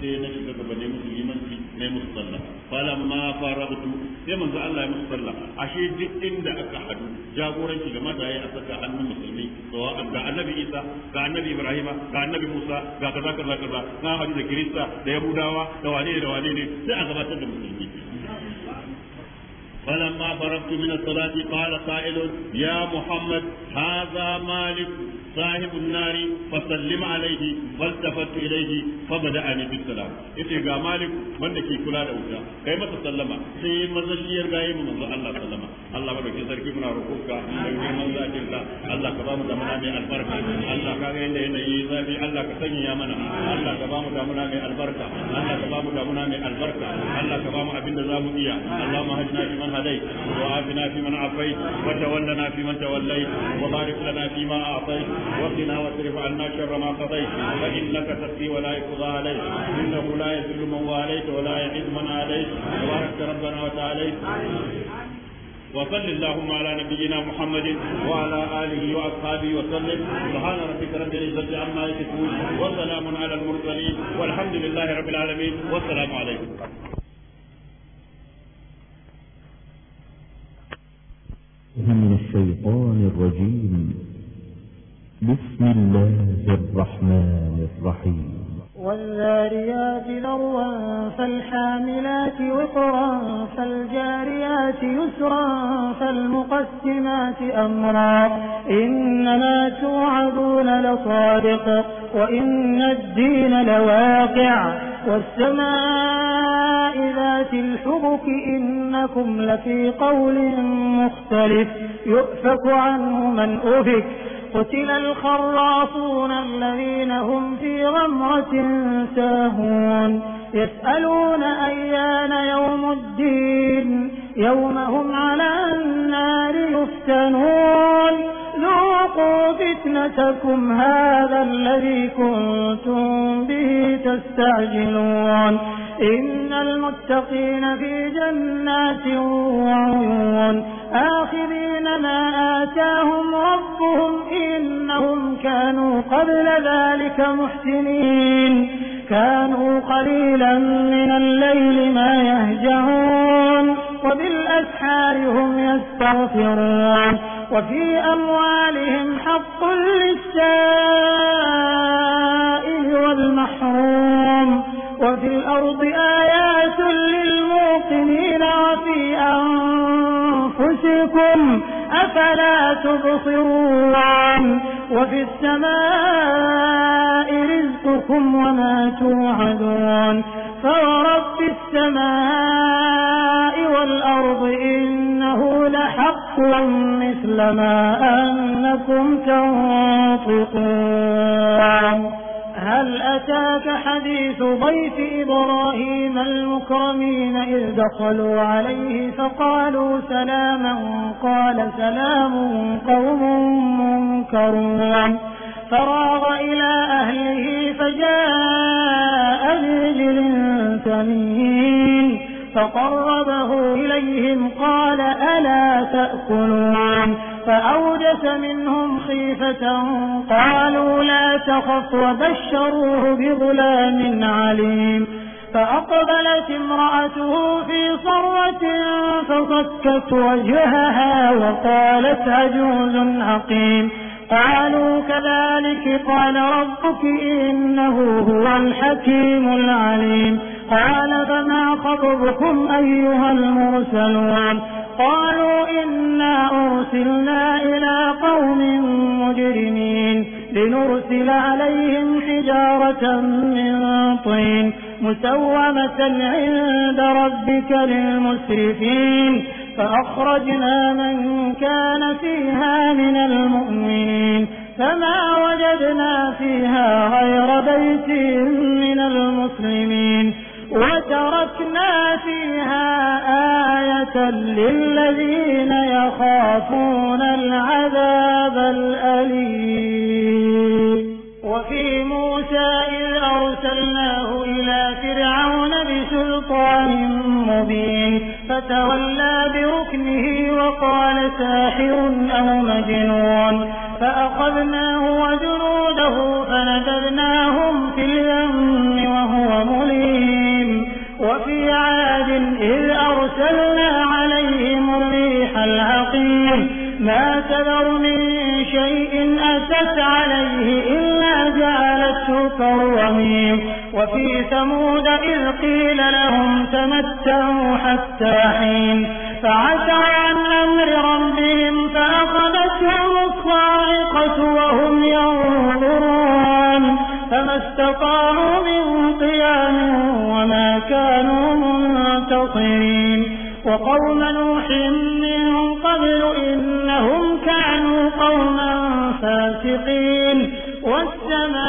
sai na shiga gaba ne musu limanci ne musu sallah fala falamma farabtu sai manzo Allah ya musu sallah ashe duk inda aka hadu jagoranci da mataye a saka hannun musulmi sawa'an ga annabi Isa ga annabi Ibrahima ga annabi Musa ga kaza kaza kaza na hadu da Kirista da Yahudawa da wane da wane ne sai a gabatar da musulmi فلما فرغت من الصلاة قال قائل يا محمد هذا مالك صاحب النار فسلم عليه فالتفت إليه فبدأني بالسلام إذا قال مالك من دكي كلا دوتا كيما تسلم سي مزشير قائم من الله سلم الله ما دكي سركي من ركوبك دكي من ذاتك الله كبام دمنا من البركة الله كاين لنا يزابي الله كسني يا منا الله كبام دمنا من البركة الله كبام دمنا من البركة الله كبام أبن زامو إياه اللهم هدنا في من هديت وعافنا في من عافيت وتولنا في من توليت وبارك لنا فيما أعطيت وقنا واصرف عنا شر ما قضيت فانك تقضي ولا يقضى عليك انه لا يذل من واليت ولا يعز من عليك تبارك ربنا وتعاليت وصل اللهم على نبينا محمد وعلى اله واصحابه وسلم سبحان ربك رب العزه عما يصفون وسلام على المرسلين والحمد لله رب العالمين والسلام عليكم من الشيطان الرجيم بسم الله الرحمن الرحيم والذاريات ذروا فالحاملات وقرا فالجاريات يسرا فالمقسمات أمرا إنما توعدون لصادق وإن الدين لواقع والسماء ذات الحبك إنكم لفي قول مختلف يؤفك عنه من أفك قتل الخرافون الذين هم في غمرة ساهون يسألون أيان يوم الدين يوم هم على النار يفتنون ذوقوا فتنتكم هذا الذي كنتم به تستعجلون إن المتقين في جنات وعيون آخرين ما آتاهم ربهم إنهم كانوا قبل ذلك محسنين كانوا قليلا من الليل ما يهجعون وبالأسحار هم يستغفرون وفي أموالهم حق للسائل والمحروم وفي الأرض آيات للموقنين وفي أنفسكم أفلا تبصرون وفي السماء رزقكم وما توعدون فورب السماء والأرض الأرض إنه لحق مثل ما أنكم تنطقون هل أتاك حديث ضيف إبراهيم المكرمين إذ دخلوا عليه فقالوا سلاما قال سلام قوم منكرون فراغ إلى أهله فجاء برجل سمين فقربه إليهم قال ألا تأكلون فأوجس منهم خيفة قالوا لا تخف وبشروه بظلام عليم فأقبلت امرأته في صرة فصكت وجهها وقالت عجوز عقيم قالوا كذلك قال ربك إنه هو الحكيم العليم قال فما خطبكم أيها المرسلون قالوا إنا أرسلنا إلى قوم مجرمين لنرسل عليهم حجارة من طين مسومة عند ربك للمسرفين فأخرجنا من كان فيها من المؤمنين فما وجدنا فيها غير بيت من المسلمين وتركنا فيها آية للذين يخافون العذاب الأليم وفي موسى إذ أرسلناه إلى فرعون بسلطان مبين فتولى بركنه وقال ساحر أو مجنون فأخذناه وجنوده فنبذناهم في اليم وهو مليم وفي عاد إذ أرسلنا عليهم الريح العقيم ما تذر من شيء أتت عليه إلا جعلته كرميم وفي ثمود إذ قيل لهم تمتعوا حتى حين فعسى عن أمر ربهم فأخذتهم الصاعقة وهم ينظرون فما استطاعوا من قيام وما كانوا وقوم نوح من قبل إنهم كانوا قوما فاسقين والسماء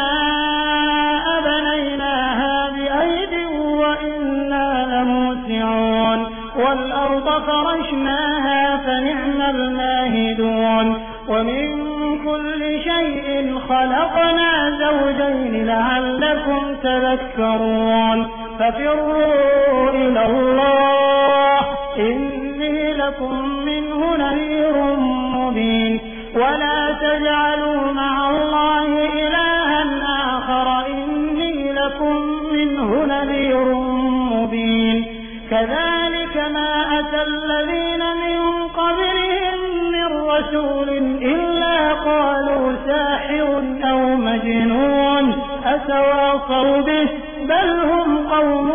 بنيناها بأيد وإنا لموسعون والأرض فرشناها فنعم الماهدون ومن كل شيء خلقنا زوجين لعلكم تذكرون ففروا إلى الله إني لكم منه نذير مبين ولا تجعلوا مع الله إلها آخر إني لكم منه نذير مبين كذلك ما أتى الذين من قبلهم من رسول إلا قالوا ساحر أو مجنون أتواصوا به بل هم قوم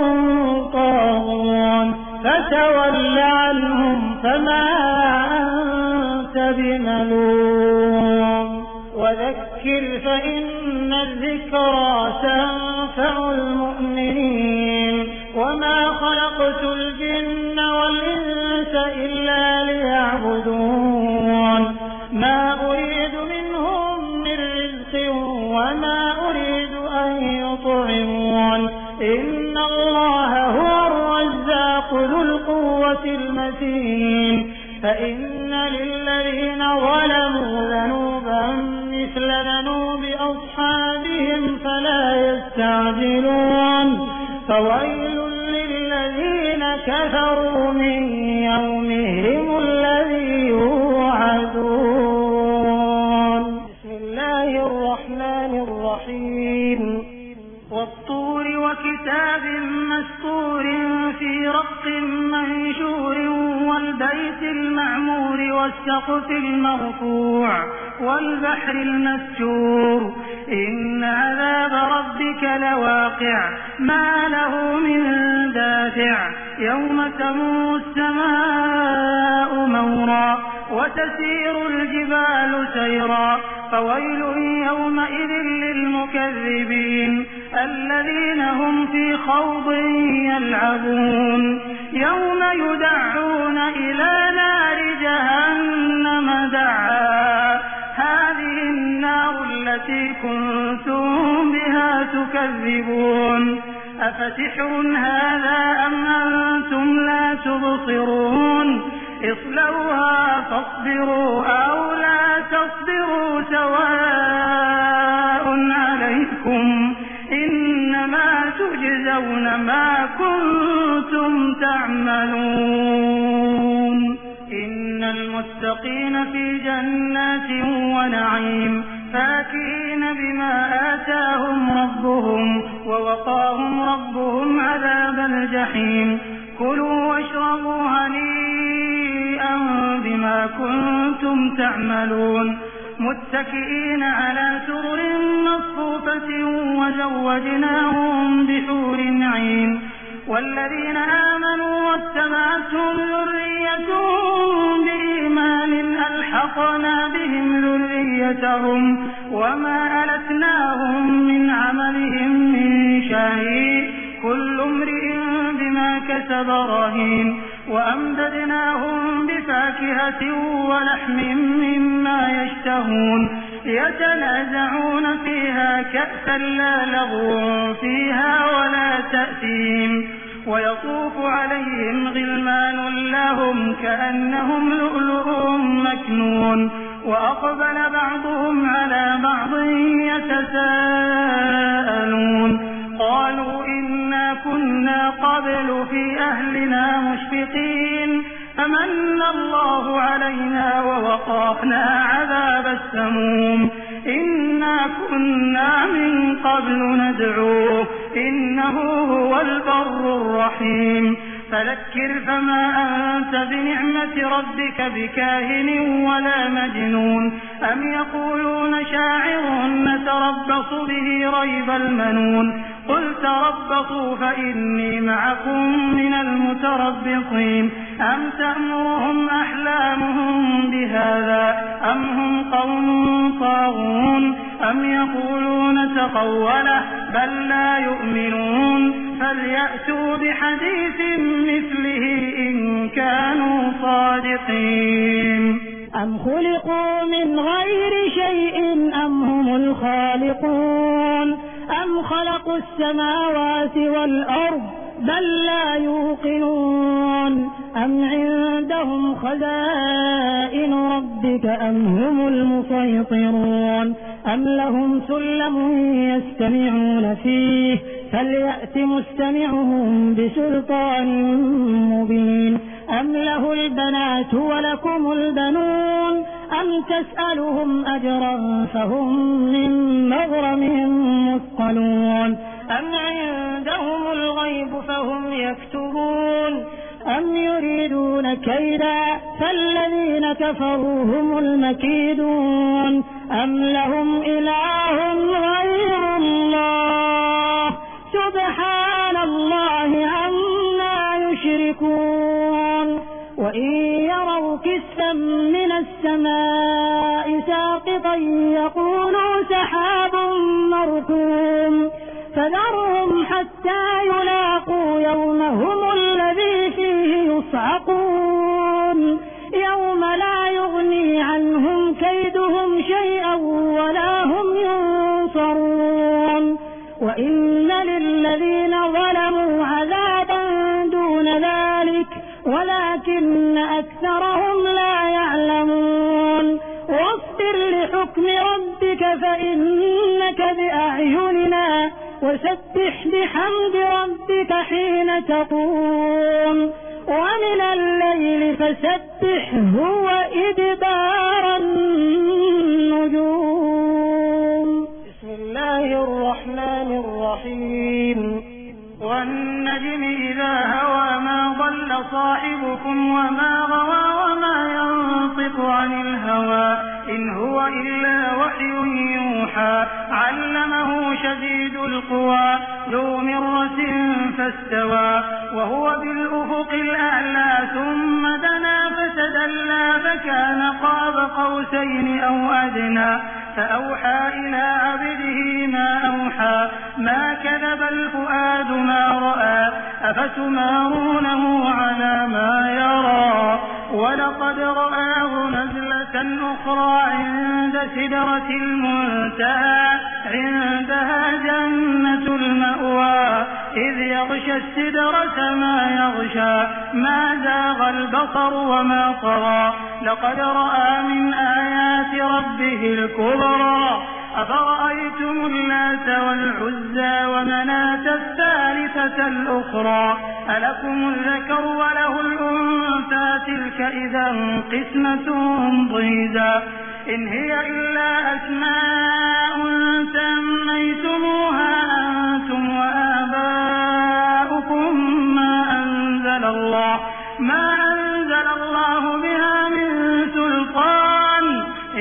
طاغون فتول عنهم فما أنت بملوم وذكر فإن الذكرى تنفع المؤمنين وما خلقت الجن والإنس إلا الصراط فإن للذين ظلموا ذنوبا مثل ذنوب أصحابهم فلا يستعجلون فويل للذين كفروا من يومهم الذي يوعدون بسم الله الرحمن الرحيم والطور وكتاب مسطور في رق منشور والبيت المعمور والسقف المرفوع والبحر المسجور إن عذاب ربك لواقع ما له من دافع يوم تمو السماء مورا وتسير الجبال سيرا فويل يومئذ للمكذبين الذين هم في خوض يلعبون يوم يدعون إلى نار جهنم دعا هذه النار التي كنتم بها تكذبون أفتحوا هذا أم أنتم لا تبصرون اصلوها فاصبروا أو لا تصبروا سواء عليكم تجزون ما كنتم تعملون إن المتقين في جنات ونعيم فاكهين بما آتاهم ربهم ووقاهم ربهم عذاب الجحيم كلوا واشربوا هنيئا بما كنتم تعملون متكئين على سرر مصفوفة وزوجناهم بحور عين والذين آمنوا واتبعتهم ذريتهم بإيمان ألحقنا بهم ذريتهم وما ألتناهم من عملهم من شيء كل امرئ بما كسب رهين وأمددناهم بفاكهة ولحم مما يشتهون يتنازعون فيها كأسا لا لغو فيها ولا تأثيم ويطوف عليهم غلمان لهم كأنهم لؤلؤ مكنون وأقبل بعضهم على بعض يتساءلون قالوا إنا كنا قبل في أهلنا مشفقين أمن الله علينا ووقافنا عذاب السموم إنا كنا من قبل ندعوه إنه هو البر الرحيم فذكر فما أنت بنعمة ربك بكاهن ولا مجنون أم يقولون شاعر نتربص به ريب المنون قل تربصوا فإني معكم من المتربصين أم تأمرهم أحلامهم بهذا أم هم قوم طاغون أم يقولون تقوله بل لا يؤمنون فليأتوا بحديث مِثْلِهِ إِن كَانُوا صَادِقِينَ أَمْ خُلِقُوا مِنْ غَيْرِ شَيْءٍ أَمْ هُمُ الْخَالِقُونَ أَمْ خَلَقُوا السَّمَاوَاتِ وَالْأَرْضَ بل لا يوقنون أم عندهم خزائن ربك أم هم المسيطرون أم لهم سلم يستمعون فيه فليأت مستمعهم بسلطان مبين أم له البنات ولكم البنون أم تسألهم أجرا فهم من مغرم مثقلون أم عندهم الغيب فهم فهم يكتبون أم يريدون كيدا فالذين كفروا هم المكيدون أم لهم إله غير الله سبحان الله عما يشركون وإن يروا كسفا من السماء ساقطا يقولوا سحاب مركوم فذرهم يَرَوْنَهُ فسبح بحمد ربك حين تقوم ومن الليل فسبحه وإدبار النجوم بسم الله الرحمن الرحيم والنجم إذا هوى ما ضل صاحبكم وما غوى وما ينطق عن الهوى إن هو إلا وحي يوحى علمه شديد القوى ذو مرة فاستوى وهو بالأفق الأعلى ثم دنا فتدلى فكان قاب قوسين أو أدنى فأوحى إلى عبده ما أوحى ما كذب الفؤاد ما رأى أفتمارونه على ما يرى ولقد رآه نزلة أخرى عند سدرة المنتهى عندها جنة المأوى إذ يغشى السدرة ما يغشى ما زاغ البصر وما طغى لقد رأى من آيات ربه الكبرى دبرا أفرأيتم الناس والعزى ومناة الثالثة الأخرى ألكم الذكر وله الأنثى تلك إذا قسمة ضيزى إن هي إلا أسماء سميتموها أنتم وآباؤكم ما أنزل الله ما أنزل الله بها من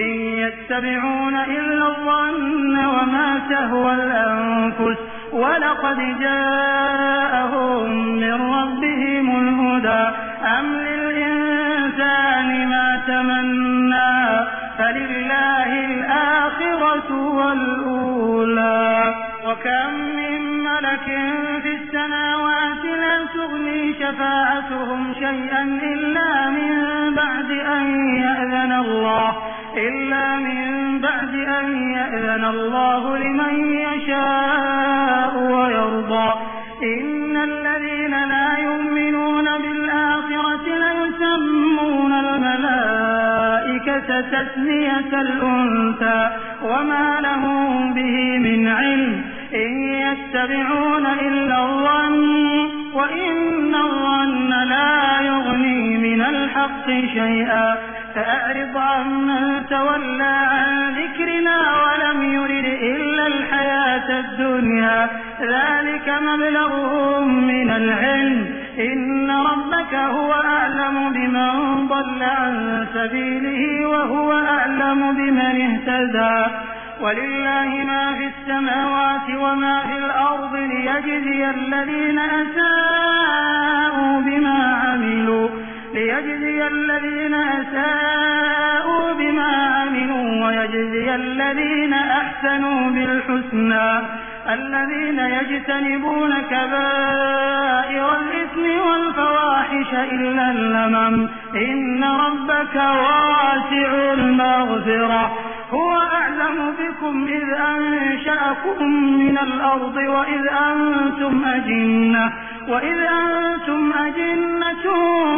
إن يتبعون إلا الظن وما تهوى الأنفس ولقد جاءهم من ربهم الهدى أم للإنسان ما تمنى فلله الآخرة والأولى وكم من ملك في السماوات لا تغني شفاعتهم شيئا إلا من بعد أن يأذن الله إلا من بعد أن يأذن الله لمن يشاء ويرضى إن الذين لا يؤمنون بالآخرة ليسمون الملائكة تسمية الأنثى وما لهم به من علم إن يتبعون إلا الظن وإن الظن لا يغني من الحق شيئا فأعرض عمن تولى عن ذكرنا ولم يرد إلا الحياة الدنيا ذلك مبلغهم من العلم إن ربك هو أعلم بمن ضل عن سبيله وهو أعلم بمن اهتدى ولله ما في السماوات وما في الأرض ليجزي الذين أساءوا بما عملوا ليجزي الذين أساءوا بما عملوا ويجزي الذين أحسنوا بالحسنى الذين يجتنبون كبائر الإثم والفواحش إلا اللمم إن ربك واسع المغفرة هو أعلم بكم إذ أنشأكم من الأرض وإذ أنتم أجنة وإذ أنتم أجنة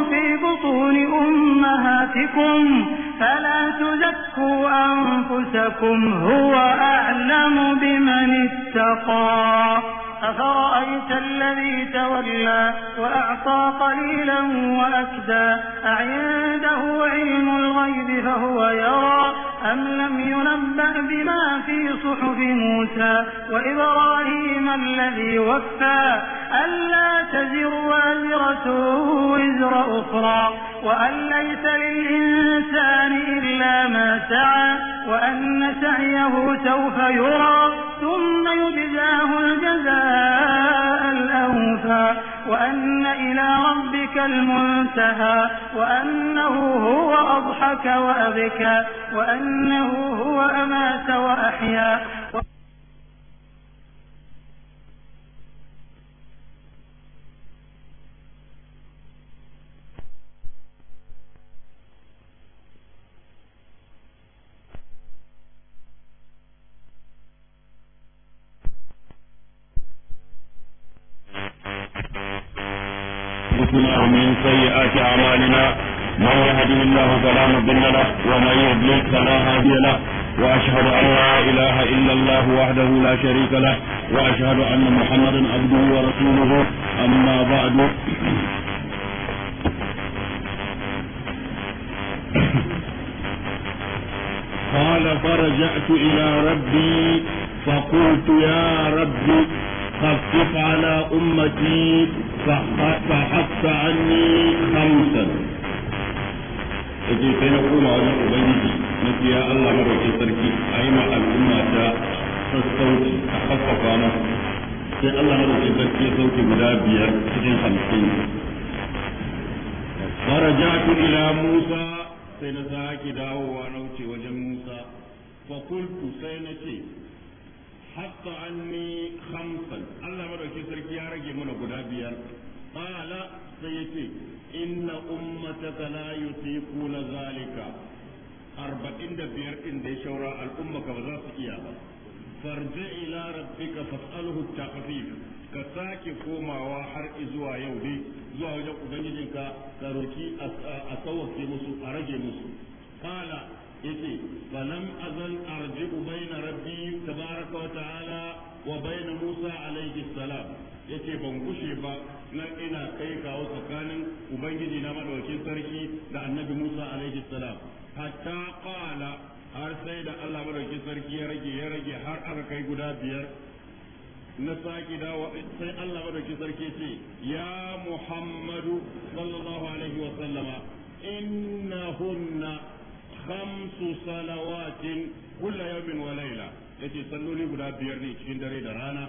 في بطون أمهاتكم فلا تزكوا أنفسكم هو أعلم بمن اتقى أفرأيت الذي تولى وأعطى قليلا وأكدى أعنده علم الغيب فهو يرى أم لم ينبأ بما في صحف موسى وإبراهيم الذي وفى ألا تزر وازرة وزر أخرى وأن ليس للإنسان إلا ما سعى وأن سعيه سوف يرى ثم يجزاه الجزاء شاء الأوفى وأن إلى ربك المنتهى وأنه هو أضحك وأبكى وأنه هو أمات وأحيا أنفسنا ومن سيئات أعمالنا من يهده الله فلا مضل له ومن يضلل فلا هادي له وأشهد أن لا إله إلا الله وحده لا شريك له وأشهد أن محمدا عبده ورسوله أما بعد قال فرجعت إلى ربي فقلت يا ربي خفف على أمتي فحق عني خمسا yake sai na koma wajen ubangiji na ce ya Allah madauki sarki a yi ma al'umma ta sassauci a haffafa mu sai Allah madauki sarki guda biyar cikin hamsin farajatu ila Musa sai na sake dawowa na wuce wajen Musa fa kultu sai na ce حق عني خمسا الله مدوكي سركي يارجي من غدا بيار قال سيتي إن أمتك لا يطيقون ذلك أربعين دبير إن دي شورا الأمة كوزاس إيابا فارجع إلى ربك فاسأله التخفيف كساكي فوما komawa har يودي yau dai أبنجي wajen ubangijinka ka roki a sauwake musu a yace falam azal arji'u bayna rabbi tabaraka wa ta'ala wa bayna musa alayhi salam yace ban kushe ba na ina kai kawo tsakanin ubangiji na madaukin sarki da annabi musa alayhi salam hatta qala har sai da Allah madaukin sarki ya rage ya rage har aka kai guda biyar na sake dawa sai Allah madaukin sarki ce ya muhammadu sallallahu alaihi wa sallama innahunna خمس صلوات كل يوم guda biyar ne بلا dare da rana,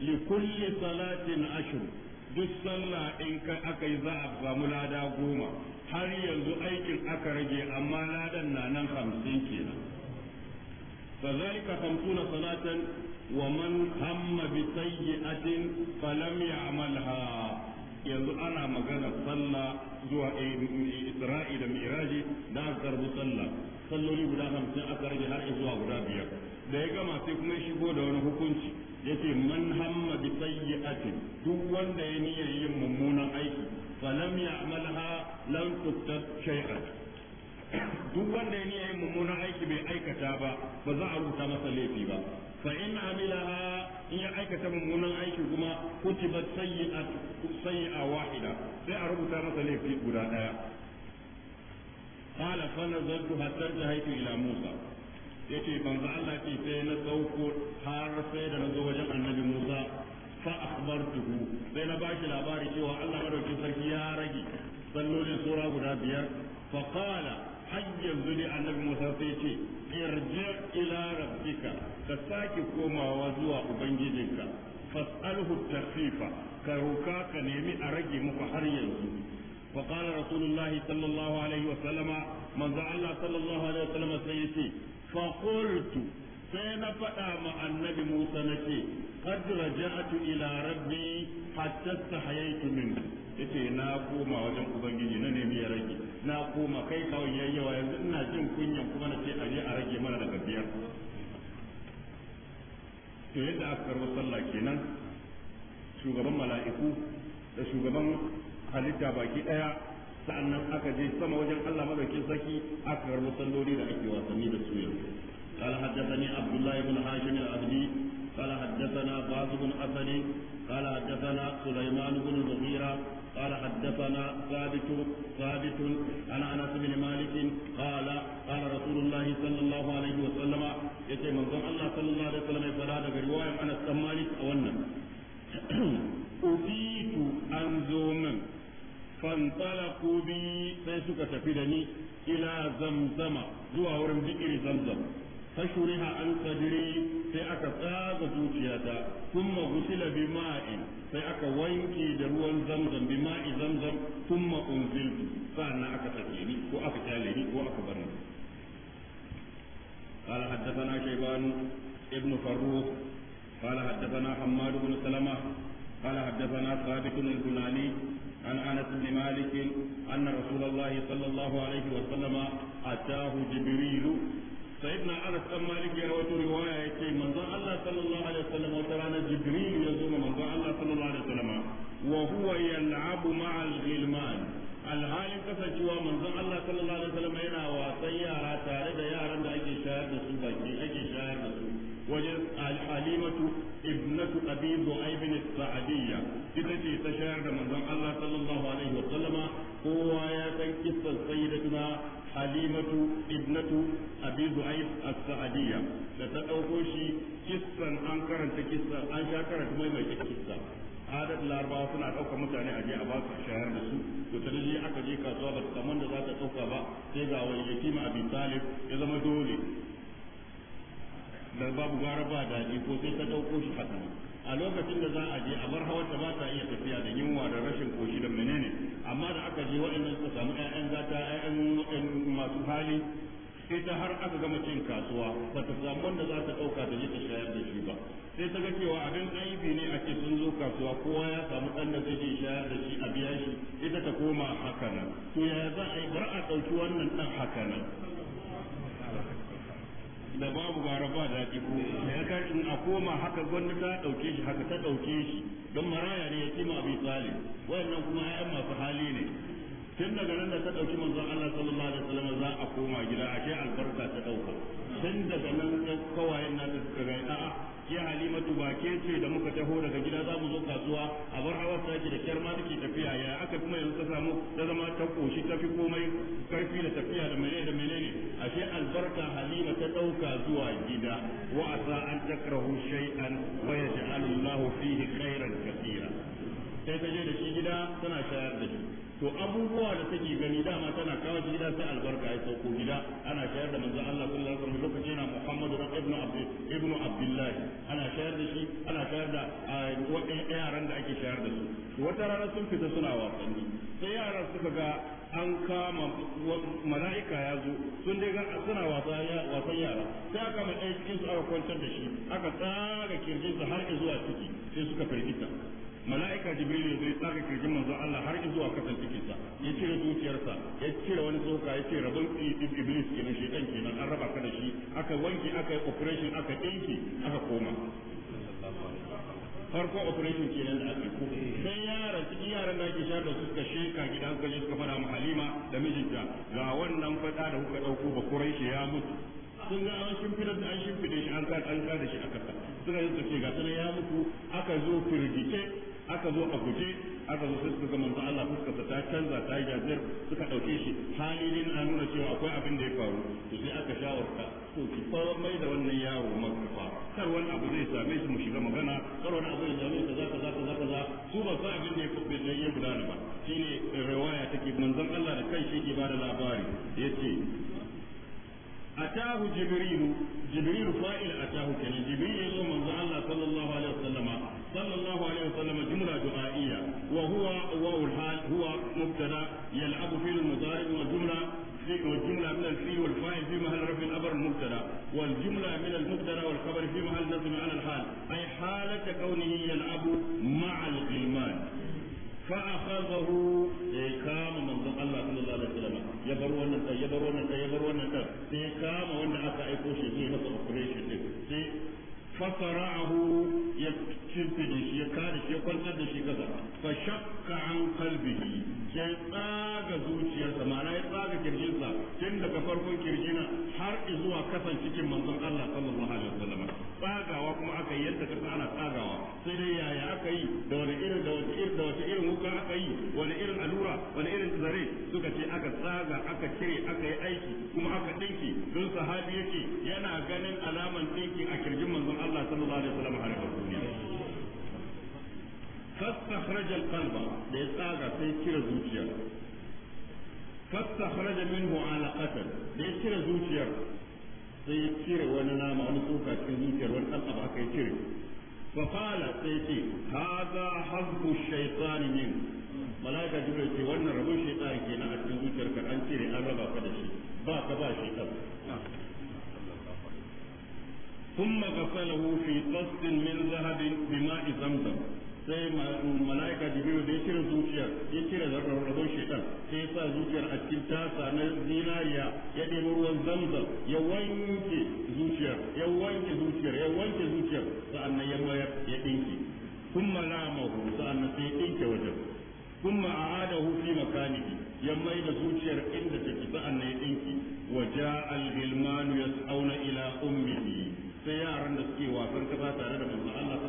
درانا kulle salatin ashiru duk sallah in ka aka yi za a samu lada goma har yanzu aikin aka rage amma ladan na nan hamsin ke nan sazai ka hamsu na salatan wa man hamma bi sayyi'atin falam ya amal yanzu ana magana sallah zuwa eh, isra'i da miraji da karbu sallah salloli guda hamsin aka rage har zuwa guda biyar da ya gama sai kuma shigo da wani hukunci yace man hamma bi sayyi'atin duk wanda ya niyyar yin mummunan aiki falam ya'malha lan tuktab shay'an duk wanda ya niyyar yin mummunan aiki bai aikata ba ba za a rubuta masa laifi ba fa in amilaha in ya aikata mummunan aiki kuma kutiba sayyi'a wahida sai a rubuta masa laifi guda daya qala fa nazaltu hatta tahaytu ila musa yace manzo Allah ce sai na sauko har sai da na zo wajen annabi Musa fa akhbartuhu sai na bashi labari cewa Allah madaukin sarki ya rage sallolin sura guda biyar fa qala har yanzu ne annabi Musa sai ce irji ila rabbika ka sake komawa zuwa ubangijinka fas'alhu takfifa ka roka ka nemi a rage muku har yanzu فقال رسول الله صلى الله عليه وسلم من ذا الله صلى الله عليه وسلم سيتي فقلت sai na faɗa ma annabi Musa na ce qad raja'tu ila rabbi hatta hayaitu min yace na koma wajen ubangiji na nemi ya rage na koma kai kawai yayyawa yanzu ina jin kunya kuma na ce a je a rage mana daga biyar to yadda aka karɓi sallah kenan shugaban mala'iku da shugaban halitta baki ɗaya sa'annan aka je sama wajen Allah madaukin saki aka karɓi salloli da ake wasanni da su yanzu قال حدثني عبد الله بن هاشم العبدي قال حدثنا بعض بن أسد قال حدثنا سليمان بن المغيرة قال حدثنا ثابت ثابت عن انس بن مالك قال قال رسول الله صلى الله عليه وسلم يتي من الله صلى الله عليه وسلم فلا دغ روايه انس بن مالك او أتيت أنزوم فانطلقوا بي سيسك تفيدني إلى زمزم زوا ورم ذكر زمزم fashuriha an sadri sai aka tsaga zuciyata thumma gusila bi ma'in sai aka wanke da ruwan zamzam bi ma'i zamzam thumma unziltu sa'annan aka sake ni ko aka kyale ni قال حدثنا شيبان ابن فروخ قال حدثنا حماد بن سلمة قال حدثنا ثابت البناني عن انس بن مالك ان رسول الله صلى الله عليه وسلم اتاه جبريل sayyidina anas dan malik riwaya yake manzon Allah sallallahu alaihi wasallam wata rana jibril ya zo ma manzon Allah sallallahu alaihi wa huwa alhalin kasancewa manzon Allah sallallahu alaihi wasallam yana wasan yara tare da yaran da ake shayar da su baki ake shayar da su wajen halimatu ibnatu abi du'ayb bin sa'diyya ita ce ta shayar da manzon Allah sallallahu alaihi wasallama kowa ya halimatu ibnatu abi zu'aib as-sa'diyya da ta dauko shi kissan an karanta kissa an sha karanta mai mai kissa larabawa suna ɗaukar mutane a a ba su shayar da su to ta je aka je kasuwa ba ta da za ta ɗauka ba sai ga wani yatima abi talib ya zama dole da babu gara ba daɗi ko sai ta ɗauko shi haka a lokacin da za a je a bar hawar ba ta iya tafiya da yunwa da rashin koshi da menene amma da aka je waɗannan suka samu ƴaƴan zata ƴaƴan masu hali ita har aka gama cin kasuwa ba ta samu wanda za ta ɗauka ta je ta shayar da shi ba sai ta ga cewa abin aibi ne ake sun zo kasuwa kowa ya samu ɗan da zai shayar da shi a biya shi ita ta koma haka nan to yaya za a yi bar a ɗauki wannan ɗan haka nan da babu gara ba daɗi ko ya in a koma haka gwanda ta ɗauke shi haka ta ɗauke shi don maraya ne ya kima abin tsali wayannan kuma 'yan masu hali ne tun daga nan da ta ɗauki manzon Allah sallallahu alaihi wasallam za a koma gida a kai albarka ta ɗauka tun daga nan kawayen na suka ga a'a ya halimatu ba ke ce da muka taho daga gida za mu zo kasuwa a bar hawa taki da kyar ma take tafiya ya aka kuma yanzu ta samu ta zama ta koshi ta fi komai karfi da tafiya da menene da menene ashe albarka halima ta dauka zuwa gida wa asa an takrahu shay'an wa yaj'alullahu fihi khairan katira sai ta je da shi gida tana shayar da shi to abubuwa da take gani dama tana kawo shi gida sai albarka ya sauko gida ana shayar da manzon Allah sallallahu alaihi wasallam lokaci yana Muhammad ibn Abd ibn Abdullah ana shayar da shi ana shayar da ah, wadannan eh, yaran da ake shayar da su wata rana sun fita suna wasanni sai yaran suka ga an kama mala'ika ya zo sun dai ga suna wasan yara sai aka kama ɗaya cikin su aka kwantar da shi aka tsara kirjinsa har zuwa ciki sai suka firgita mala'ika jibril zai tsaka kirjin manzo Allah har zuwa kasan cikin sa ya cire zuciyarsa ya cire wani tsoka ya ce rabon iblis kenan shedan kenan an raba ka da shi aka wanke aka yi operation aka dinki aka koma farko operation kenan da aka ko sai yaran cikin yaran da ake shar da suka sheka gidan suka suka fara mu Halima da mijinta ga wannan fada da kuka dauko ba Quraishi ya mutu sun ga an shimfida da an shimfide shi an ka an ka da shi aka suka yin suke ga sanan ya mutu aka zo firgice aka zo a guje aka zo sai suka ga manzo Allah fuskarsa ta canza ta yi jazir suka dauke shi halilin na nuna cewa akwai abin da ya faru to sai aka shawarta to ki fara mai da wannan yaro maka fa kar wani abu zai same shi mu shiga magana kar wani abu zai same shi kaza kaza kaza kaza su ba sa abin da ya kubbe da ya gudana ba shine riwaya take manzo Allah da kai yake ba da labari yace أتاه جبريل جبريل فائل أتاه كان جبريل يزوم من الله صلى الله عليه وسلم صلى الله عليه وسلم كذا يلعب فعل المضارع والجملة والجملة من الفي والفاعل في محل رفع الأمر المبتدا والجملة من المبتدا والخبر في محل نصب على الحال أي حالة كونه يلعب مع الغلمان فأخذه إيكام من الله صلى الله عليه وسلم يبرون أنت يبرون أنت يبرون أنت إيكام وأن أتى إيكوش يزيه نصر أوبريشن فصرعه يكتب يكارش يقول قدش كذا فشق عن قلبه sai tsaga zuciyarsa ma'ana ya tsaga kirjinsa tun daga farkon kirjina har zuwa kasan cikin manzon Allah sallallahu alaihi wasallam tsagawa kuma aka yi yadda kasa ana tsagawa sai dai yaya aka yi da wani irin da wani irin da wani irin wuka aka yi wani irin allura wani irin zare suka ce aka tsaga aka cire aka yi aiki kuma aka dinki don sahabi yake yana ganin alaman din فاستخرج القلب da ya tsaga sai cire zuciya fastakhraja minhu alaqatan da ya cire zuciyar sai ya cire wani nama wani tsoka cikin zuciyar wani dan abu aka cire fa qala sai ce hadha hazbu shaytan min malaika jibril ce wannan rabon shaytan kenan a cikin zuciyarka an cire an raba ka da shi ba ka ba shaytan ثم غسله في قصد من ذهب بماء زمزم sai mala'ika jibril da ya cire zuciyar ya cire zarrarrazon shaitan sai ya sa zuciyar a cikin tasa na zinariya ya ɗebi ruwan zamzam ya wanke zuciyar ya wanke zuciyar ya wanke zuciyar sa'annan ya mayar ya ɗinki kun malamahu sa'annan sai ya ɗinke wajen kun ma'adahu fi makanihi ya mai da zuciyar inda take sa'annan ya ɗinki wa ja'al hilmanu yas'auna ila ummihi sai yaran da suke wasan kasa tare da manzo Allah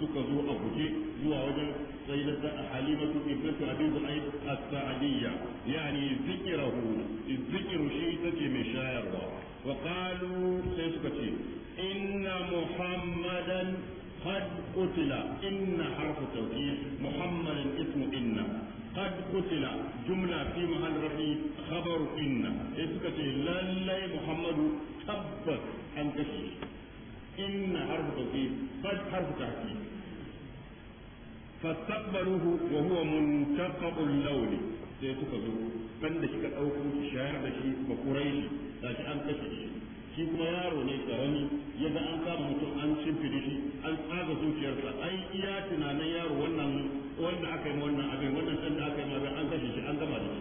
suka zo a guje zuwa wajen sayyidata halimatu ibnatu abi zuhaib as-sa'diyya yani zikruhu zikru shi take mai shayarwa wa qalu sai suka ce inna muhammadan قد قتل إن حرف توكيد محمد اسم إن قد قتل جملة في محل رفيع خبر إن إذ للي محمد تبت أن إن حرف توكيد قد حرف تحكيم fastaqbaluhu wa huwa muntaqabul lawli sai kuka zo kan da kika dauko ki shayar da shi ba quraishi gashi an kashe shi shi kuma yaro ne karami yadda an kama mutum an shimfide shi an tsaga zuciyarsa ai iya tunanin yaro wannan wanda aka yi wannan abin wannan san da aka yi ma an kashe shi an gama da shi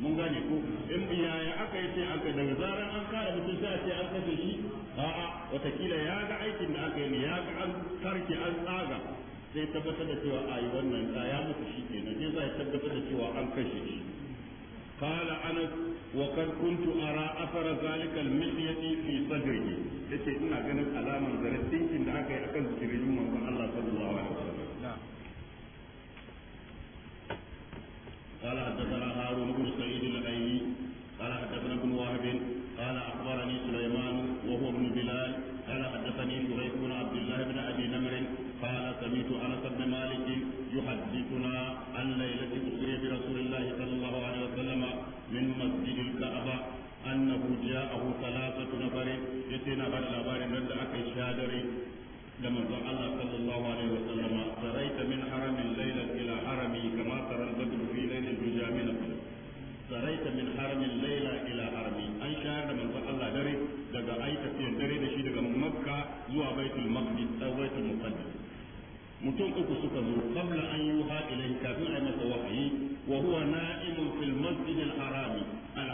mun gane ko in yaya aka yi sai aka daga zaran an kare mutum sai a ce an kashe shi a'a watakila ya ga aikin da aka yi ne ya ga an karke an tsaga zai tabbatar da cewa ayi wannan da ya mutu shi ke nan zai tabbatar da cewa an kashe shi kala ana wa kar kuntu ara asara zalikal mithyati fi sadri yace ina ganin alaman zarar dinkin da aka yi akan jirin manzo Allah sallallahu alaihi wasallam قال حدثنا هارون بن سعيد الايلي سمعت انس بن مالك يحدثنا عن ليله اسري برسول الله صلى الله عليه وسلم من مسجد الكعبه انه جاءه ثلاثه نفر يتنا بل لابارين لن اكل شادري لما الله mutum uku suka zo qabla an yuha ilayhi kafin a masa wahayi wa huwa na'imun fil masjid al haram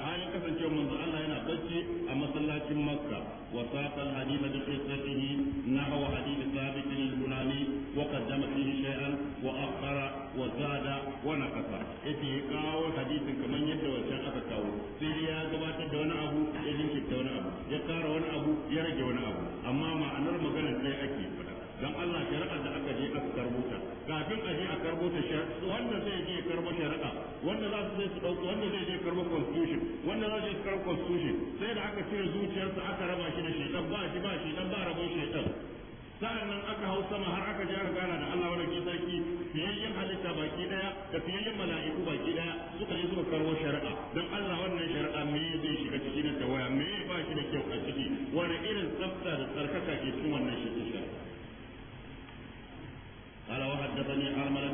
al kasancewa manzo Allah yana bacci a masallacin makka wa saqa al hadith bi qissatihi nahwa hadith thabit al yunani wa qaddama fihi shay'an wa akhara wa zada wa naqasa yace kawo hadisin kaman yadda wancan aka kawo sai ya gabatar da wani abu ya jinkirta wani abu ya kara wani abu ya rage wani abu wanda za su zai su ɗauki wanda zai je karbo constitution wanda za su je karbo constitution sai da aka cire zuciyarsa aka raba shi da shaitan ba shi ba shaitan ba rabon shaitan sa'an nan aka hau sama har aka jihar gana da Allah wani ke sarki fiyayyen halitta baki daya da fiyayyen mala'iku baki daya suka yi suka karwo shari'a don Allah wannan shari'a me zai shiga ciki da tawaya me ba shi da kyau a ciki wani irin tsafta da tsarkaka ke cikin wannan shi shari'a قال وحدثني أرملة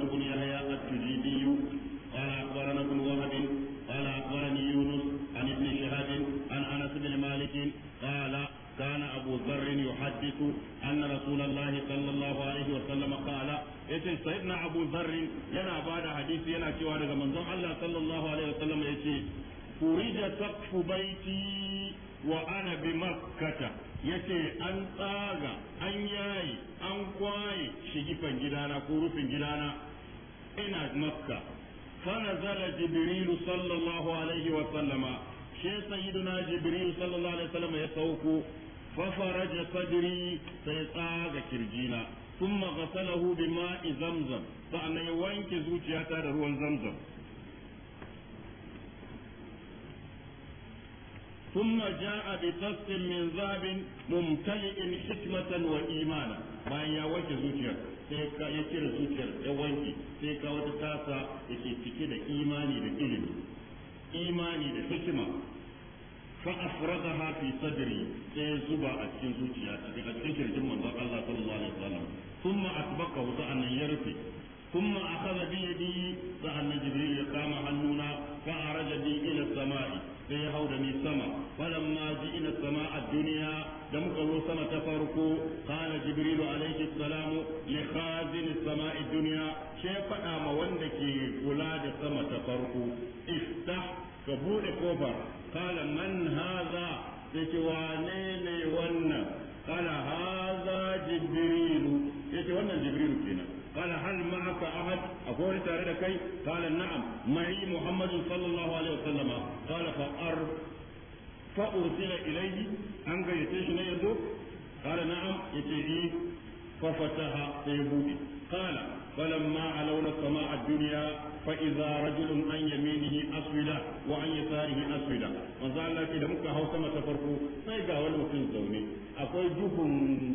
الحديث أن رسول الله صلى الله عليه وسلم قال yace sayyidina Abu yana bada hadisi yana cewa daga manzon Allah sallallahu alaihi wasallam yace furija saqfu baiti wa ana bi makkata yace an tsaga an yayi an kwaye shigifan gidana ko rufin gidana ina makka jibril جبريل صلى الله عليه وسلم شيء ففرج صدري سيصاغ كرجينا ثم غسله بماء زمزم فأنا يوانك زوجي هذا هو زمزم ثم جاء بقص من ذاب ممتلئ حكمة وإيمانا ما يوانك زوجي sai يكير زوجي zuciyar ya wanke sai ka wata tasa da ke cike فأفرغها في صدري سيزبع أتكين زوجيا أتكين كرجم من الله صلى الله عليه وسلم ثم أسبقه سأنا يرفي ثم أخذ بيدي سأنا جبريل قام هنونا فأرج بي إلى السماء سيهودني السماء فلما جئنا السماء الدنيا دمك الله سما تفرقوا قال جبريل عليه السلام لخازن السماء الدنيا شيء فأما وندك ولاد السماء تفرقوا افتح ka buɗe kofa kala man haza yake wane ne wannan kala haza jibrilu yake wannan jibrilu kenan kala hal ma aka ahad akwai tare da kai kala na'am ma'i muhammadin sallallahu alaihi wasallam kala fa ar fa ursila ilayhi an gayyace shi ne yanzu kala na'am yace yi eh, fa fataha sai buɗe kala فلما علونا السماء الدنيا فإذا رجل عن يمينه أسودا وعن يساره أسودا وزال لك إذا مكة هو سما تفرقوا سيقا والمكين زوني أقول جوكم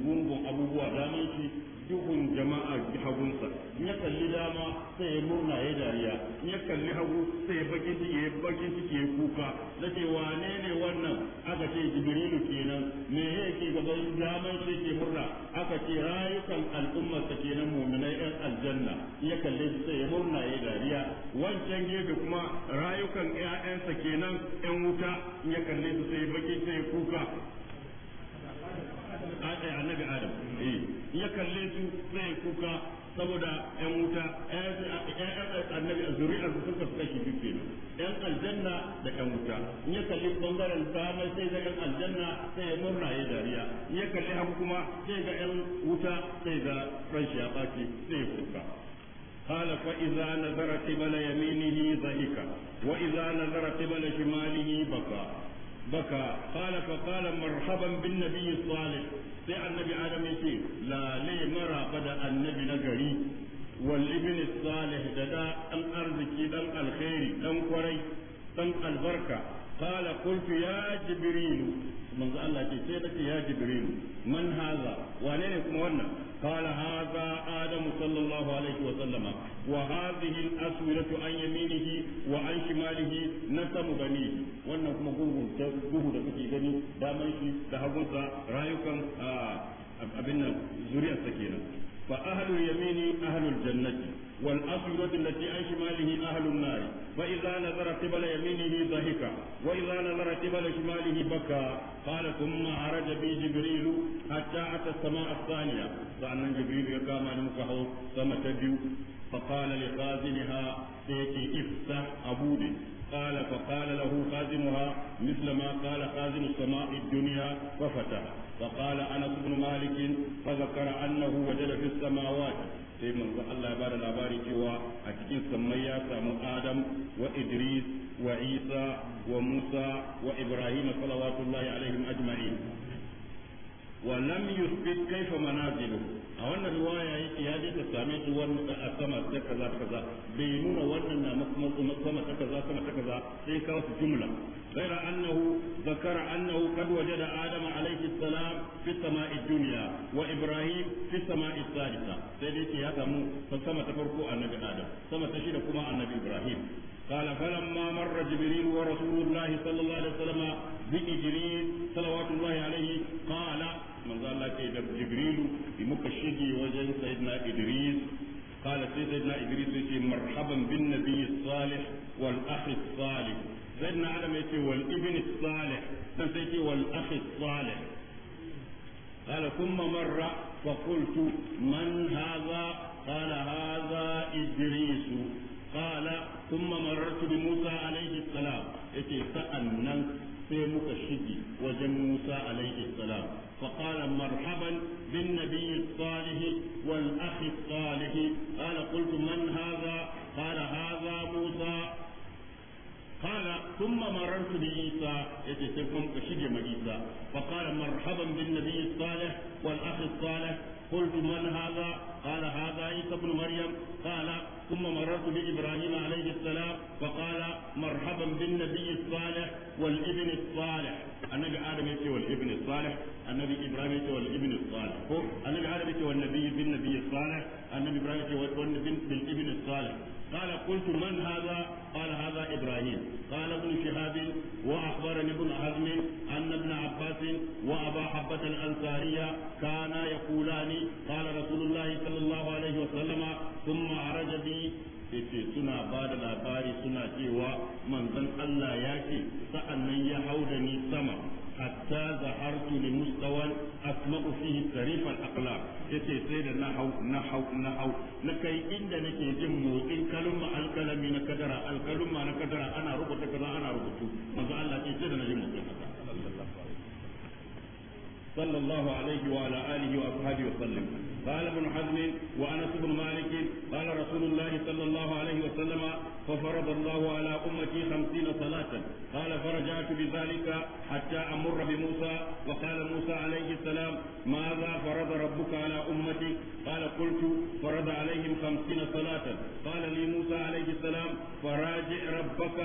بومبو أبوبوا دامنشي duhun jama'a hagunsa in ya kalli dama sai ya murna ya dariya in ya kalli hagu sai ya bakin ciki ya bakin ciki ya kuka na ce wane ne wannan aka ce jibrilu kenan me yake gaban daman shi ke murna aka ce rayukan al'ummarsa kenan muminai yan aljanna ya kalli sai ya murna ya dariya wancan gefe kuma rayukan ƴaƴansa kenan yan wuta in ya kalli su sai ya bakin sai ya kuka annabi adam eh ya kalle su sai kuka saboda yan wuta ƴaƴan annabi a zuri'ar su suka suka shi biyu kenan ƴan aljanna da ƴan wuta in ya kalli ɓangaren dama sai ga ƴan aljanna sai ya murna ya dariya in ya kalli hagu kuma sai ga ƴan wuta sai ga ran shi ya ɓaci sai kuka قال فإذا نظر قبل يمينه ضحك وإذا نظر قبل شماله بكى بكى قال فقال مرحبا بالنبي الصالح sai annabi adam ya ce lale maraba da annabi na gari wal ibn salih da da an arziki dan alkhairi dan kwarai dan albarka qala qultu ya jibril manzo Allah ce sai nace ya jibril man haza wane ne kuma wannan qala haza adam sallallahu alaihi wa sallama wa hadhihi al-aswiratu an yaminihi wa an shimalihi nasamu bani wannan kuma gungun da kuke gani daman shi da hagunsa rayukan ah, abin nan zuriyarsa kenan fa ahlul yamini ahlul jannati والأسود التي عن شماله أهل النار فإذا نظر قبل يمينه ضحك وإذا نظر قبل شماله بكى قال ثم عرج بي جبريل حتى أتى السماء الثانية فأن جبريل يقام نمكه ثم تبيو فقال لخازنها سيتي افتح أبودي قال فقال له خازمها مثل ما قال خازم السماء الدنيا وفتح فقال انس بن مالك فذكر انه وجد في السماوات sai manzo Allah ya bada labari cewa a cikin sammai ya samu Adam wa Idris wa Isa wa Musa wa Ibrahim sallallahu alaihi ajma'in wa lam yusbit kaifa manazilu a wannan riwaya yake ya je ta same shi wannan a sama ta kaza kaza bai nuna wannan na makamancin sama ta kaza sama ta kaza sai kawo su jumla غير أنه ذكر أنه قد وجد آدم عليه السلام في السماء الدنيا وإبراهيم في السماء الثالثة سيديك يا سمو فسما تفرقوا النبي آدم سما تشيركما النبي إبراهيم قال فلما مر جبريل ورسول الله صلى الله عليه وسلم بإجريل صلوات الله عليه قال manzo Allah ke جبريلو jibrilu muka سيدنا إدريس sayyidina قال سيدنا إدريس يتي مرحبا بالنبي الصالح والأخ الصالح سيدنا عالم يتي والابن الصالح سيدنا والأخ الصالح قال ثم مر فقلت من هذا قال هذا إدريس قال ثم مررت بموسى عليه السلام يتي سألنا sai muka shige wajen Musa alaihi salam fa qala marhaban bin nabiy salih wal akh salih ana qultu man hadha qala hadha Musa qala thumma marartu bi Isa yace sai shige ma Isa fa marhaban bin nabiy salih wal akh salih qultu man hadha qala Isa ibn Maryam qala ثم مررت بإبراهيم عليه السلام فقال مرحبا بالنبي الصالح والابن الصالح النبي آدم يتي والابن الصالح النبي إبراهيم يتي والابن الصالح النبي آدم يتي والنبي بالنبي الصالح النبي إبراهيم يتي والابن بالابن الصالح قال قلت من هذا قال هذا إبراهيم قال ابن شهاب وأخبرني ابن حزم أن ابن عباس وأبا حبة الأنصارية كانا يقولان قال رسول الله صلى الله عليه وسلم ثم عرج بي yace suna ba da labari suna cewa manzon Allah ya ce sa'annan ya hau da ni sama hatta zahartu li mustawan asma'u yace sai da na hau na hau na kai inda nake jin motsin kalma alkalami قال ابن حزم وانس بن مالك قال رسول الله صلى الله عليه وسلم ففرض الله على امتي خمسين صلاة قال فرجعت بذلك حتى امر بموسى وقال موسى عليه السلام ماذا فرض ربك على امتي قال قلت فرد عليهم خمسين صلاة قال لي موسى عليه السلام فراجع ربك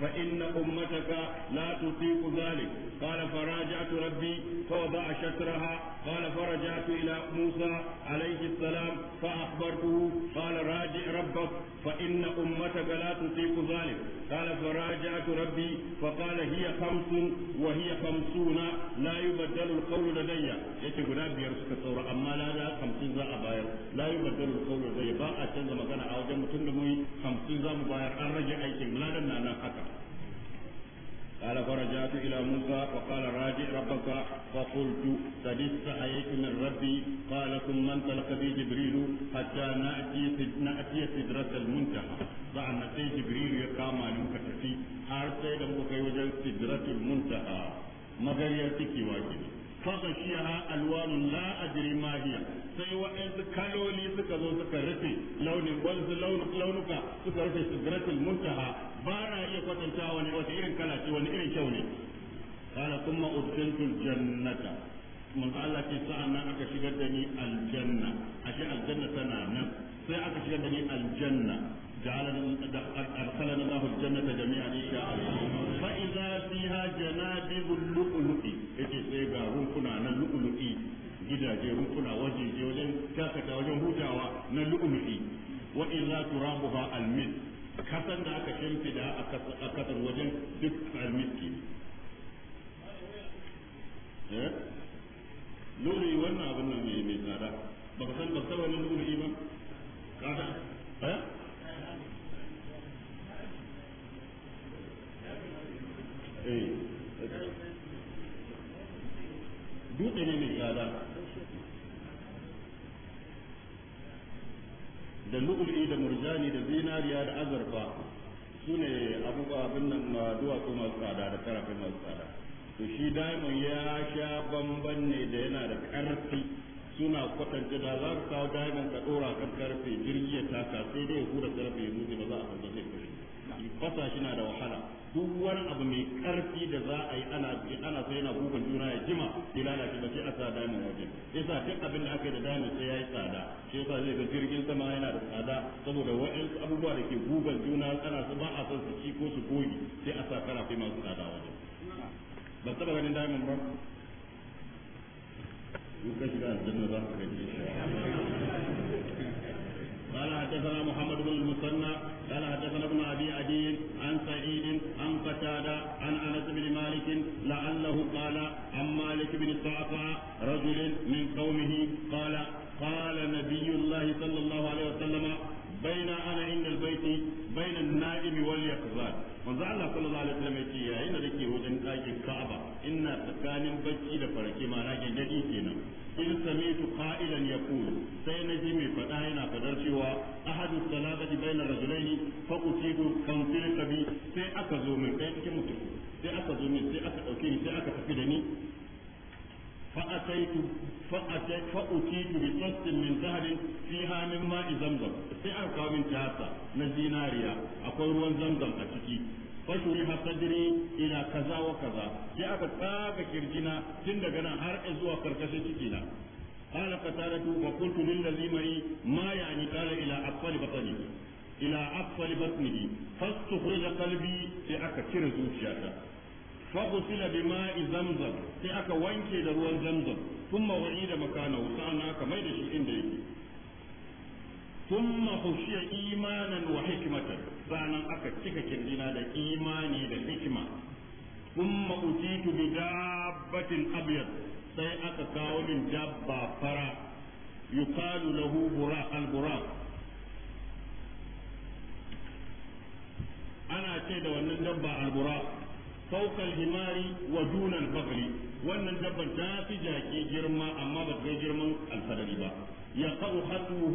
فإن أمتك لا تطيق ذلك قال فراجعت ربي فوضع شطرها قال فرجعت إلى موسى عليه السلام فأخبرته قال راجع ربك فإن أمتك لا تطيق ذلك قال فراجعت ربي فقال هي خمس وهي خمسون لا يبدل القول لدي يتقول أبي رسك الثورة أما لا لا خمسين ذا أبا bayar la yubaddalu al-qawlu zai ba a canza magana a wajen mutum da muyi za zamu bayar an rage aikin ladan na nan haka قال فرجعت إلى موسى وقال راجع ربك فقلت قد استحييت من ربي قال ثم انطلق بي جبريل حتى نأتي نأتي سدرة المنتهى بعد سي جبريل يقام عليك تفي حتى لم وجن سدرة المنتهى تكي واجبي فغشيها ألوان لا أدري ما هي sai waɗansu kaloli suka zo suka rufe launin wasu launuka suka rufe sidratul muntaha ba na iya kwatantawa wani wata irin kala ce wani irin kyau ne qala kuma udkhiltul jannata manzo Allah ce sa'an nan aka shigar da ni aljanna ashe aljanna tana nan sai aka shigar da ni aljanna جعلنا أدخلنا الله الجنة جميعا إن شاء الله فإذا فيها جنادب اللؤلؤ gidaje waje wajeje wajen shakata wajen hutawa na lu'umi wa illa turabuha almis kasan da aka shimfida a kasar wajen duk almiski eh? lu'umi wannan abin nan ne mai tsada ba ka san ba san wannan lu'umi ba kada eh eh dutse ne mai tsada da lu'ul'i da murjani da zinariya da azurfa su ne abubuwa abin nan duwatsu masu tsada da karafin masu tsada to shi diamond ya sha bamban ne da yana da karfi suna kwatanta da za su kawo diamond ka dora kan karfe jirgi ya taka sai dai ya hura karfe ya mutu ba za a fanta zai fasa shi na da wahala duk wani abu mai karfi da za a yi ana ana sai yana gugun juna ya jima ya lalace ba sai a sa damin waje yasa duk abin da aka yi da damin sai ya yi tsada shi yasa zai ga jirgin sama yana da tsada saboda wayansu abubuwa da ke gugun juna ana su ba a son su ci ko su goge sai a sa sai masu tsada waje ba taba ganin damin ba ka shiga aljanna za ka gaji قال حدثنا محمد بن المثنى قال حدثنا ابن ابي عدي عن سعيد عن قتاده عن انس بن مالك لعله قال عن مالك بن الضعفاء رجل من قومه قال قال نبي الله صلى الله عليه وسلم بين انا عند البيت بين النائم واليقظان manzo Allah sallallahu alaihi wasallam yace yayin da nake wajen ɗakin Ka'aba ina tsakanin bacci da farke ma na gaggadi kenan in samitu sai na ji mai faɗa yana fadar cewa ahadu salabati bayna rajulaini fa kan fil bi sai aka zo min ɗaya cikin mutum sai aka zo min sai aka dauke ni sai aka tafi da ni fa ataitu fa ataitu fa utitu bi tasmin min zahabin fiha min ma'i zamzam sai aka kawo min tasa na zinariya akwai ruwan zamzam a ciki fashuriha sadri ila kaza wa kaza sai aka tsaga kirjina tun daga nan har zuwa karkashin cikina قال da فقلت للذي معي ما يعني قال إلى أقفال بطنه إلى أقفال بطنه فاستخرج قلبي لأكثر زوجياته فغسل بماء زمزم sai aka wanke da ruwan zamzam sun mawa'i da makana sa'an mai da shi inda yake sun mahushiya imanan wa hikimatan sa'an aka cika kirjina da imani da hikima sun ma'utitu bi dabbatin abiyar sai aka kawo min dabba fara yukalu lahu bura al ana ce da wannan dabba al-buraq himari wa dunan al wannan dabban ta fi jaki girma amma ba ta girman alfadari ba ya يقع حتمه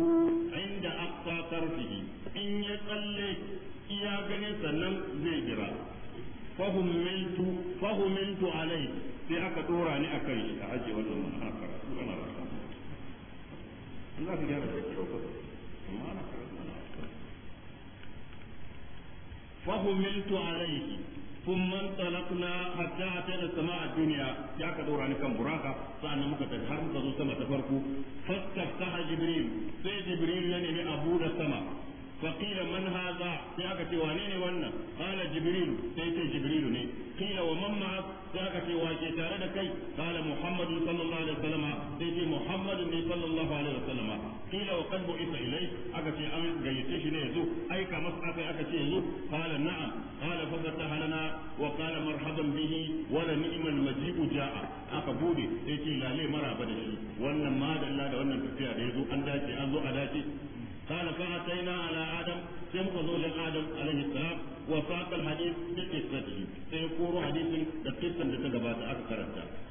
inda أقصى طرفه In ya tsalle iya gani sannan zai jira, fahimintu alai. sai aka dora ni a kan shi a ajiye wannan mun ana karatu ana da An za su gyara da kyau ka amma ana karatu ana rasa fa humiltu alayhi kun man talakna hatta ta da sama a duniya ya ka dora ni kan buraka sa'an nan muka tafi har muka zo sama ta farko fasta ta jibril sai jibril ya nemi abu da sama فقيل من هذا سيأك توانين وانا قال جبريل سيتي جبريل ني قيل ومن معك سيأك تواجه تاردك قال محمد صلى الله عليه وسلم سيتي محمد صلى الله عليه وسلم قيل وقد بعث إليك أكتي أمن قيتيش نيزو أي كمسعك أكتي يزو قال نعم قال ففتح لنا وقال مرحبا به ولنعم المجيء جاء أقبولي سيتي لا لي مرحبا دشي وانا ما دلا دا وانا تفيا ديزو أن داتي أنزو أداتي قال فأتينا على آدم سمع زوج آدم عليه السلام وساق الحديث بقصته سيقول حديث دقيقا لتجبات أكثر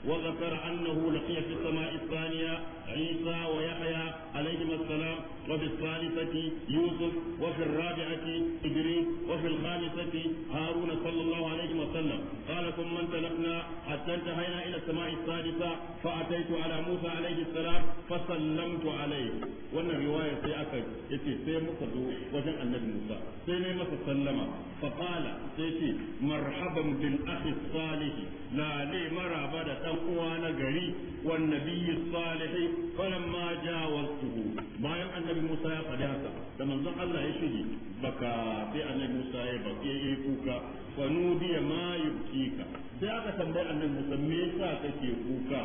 وذكر أنه لقي في السماء الثانية عيسى ويحيى عليهما السلام وفي الثالثة يوسف وفي الرابعة إدريس وفي الخامسة هارون صلى الله عليه وسلم قال ثم انطلقنا حتى انتهينا إلى السماء السادسة فأتيت على موسى عليه السلام فسلمت عليه وأن رواية في أكد يتي سي مقدو وجن النبي موسى سي نيمة سلم فقال سيتي مرحبا بالأخ الصالح لا لي مرابا da ɗan uwa na gari والنبي الصالح فلما جاوزته bayan annabi Musa ya faɗi haka da manzon Allah ya shige baka sai annabi Musa ya baki ya kuka wa ya ma ka sai aka tambaye annabi Musa me yasa kake kuka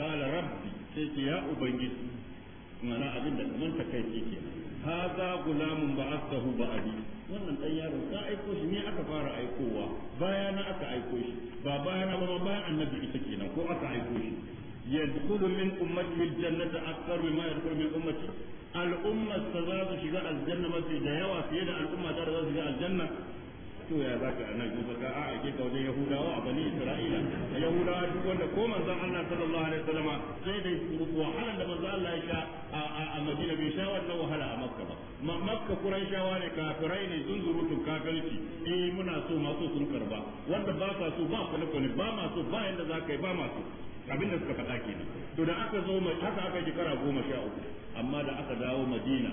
kala rabbi sai ce ya ubangiji mana abin da kaman kai ke haza gulamun ba asahu ba abi wannan dan yaro ta aiko shi ne aka fara aikowa bayana aka aiko shi ba bayana ba bayan annabi ita kenan ko aka aiko shi يدخل من أمته الجنة أكثر مما يدخل من أمته الأمة استزاد شجاع الجنة ما في دهوة في يد الأمة ترى شجاع الجنة to ya zaka anan gobe ka a ake ka wajen yahudawa a bani isra'ila a yahudawa duk wanda ko manzon Allah sallallahu alaihi wasallama sai da wahalar da manzon Allah ya sha a Madina bai sha wannan wahala a Makka ba makka shawa ne kafirai ne sun zurutun kafirci eh muna so masu sun karba wanda ba sa so ba kula kula ba masu ba yanda zaka yi ba masu abin da suka faɗa ne to da aka zo mai haka aka kara goma sha uku amma da aka dawo madina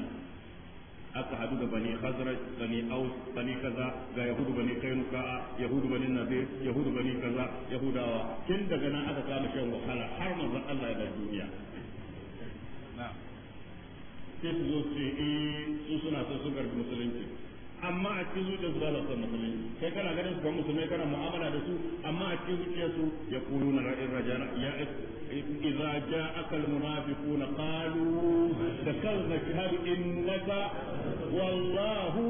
aka hadu da bani hazra bani aus bani kaza ga yahudu bani kainuka yahudu bani nabi yahudu bani kaza yahudawa kin daga nan aka kama shan wahala har manzon Allah ya da duniya sai su zo su yi eh, su suna so su garbi musulunci amma a cikin zuciyarsu ba sa son musulmi sai kana ganin su ba musulmi kana mu'amala da su amma a cikin zuciyarsu ya kulu na ra'in rajana ya idza ja'aka almunafiquna qalu dakalna shahadu innaka wallahu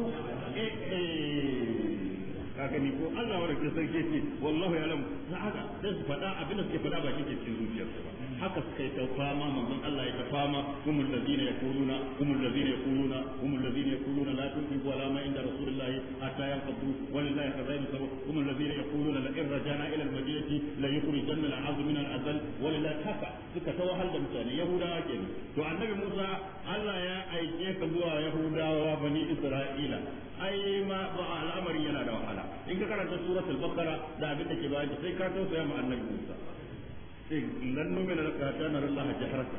kaga ni ko Allah wa sarki ce wallahu ya lamu na haka sai su faɗa abin da suke faɗa ba kike cikin zuciyarsu ba haka suka yi ta fama manzon Allah ya ta fama humul ladina yaquluna humul ladina yaquluna humul ladina yaquluna la tunfiqu ala ma inda rasulillahi hatta yanqadu walillahi khazainu sabu humul ladina yaquluna la in rajana ila almadinati la yukhrijanna al'az min al'azal walillahi haka suka ta wahal da mutane yahudawa kenan to annabi Musa Allah ya aike ka zuwa yahudawa bani Isra'ila ai ma ba al'amari yana da wahala in ka karanta suratul baqara da abin da ke bayan sai ka tausaya ma annabi Musa لن نؤمن لك حتى نرى الله جهرة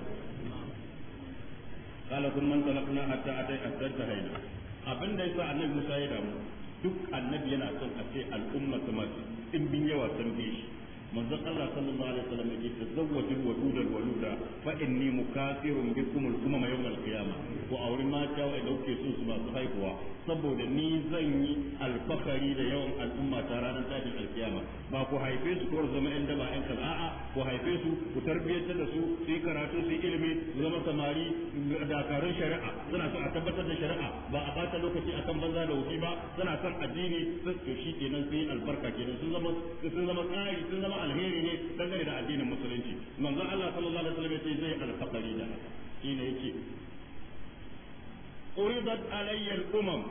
قال ثم انطلقنا حتى أتي أسد هينا abin da yasa annabi Musa ya damu duk annabi yana son a ce al'umma ta in yawa san bi shi manzon Allah sallallahu alaihi wasallam yake tazawwajul wadudal mata masu haihuwa saboda ni zan yi alfakari da yawan al'umma ta ranar tashin alkiyama ba ku haife su ko zama yan daba yan kaza a'a ku haife su ku tarbiyyantar da su su yi karatu su yi ilimi su zama samari dakarun shari'a suna son a tabbatar da shari'a ba a bata lokaci akan banza da wuce ba suna son addini sun to shi kenan sun yi albarka kenan sun zama sun zama tsari sun zama alheri ne dangane da addinin musulunci manzon Allah sallallahu alaihi wasallam ya ce zai alfakari da haka shine yake uridat alayyar al-umam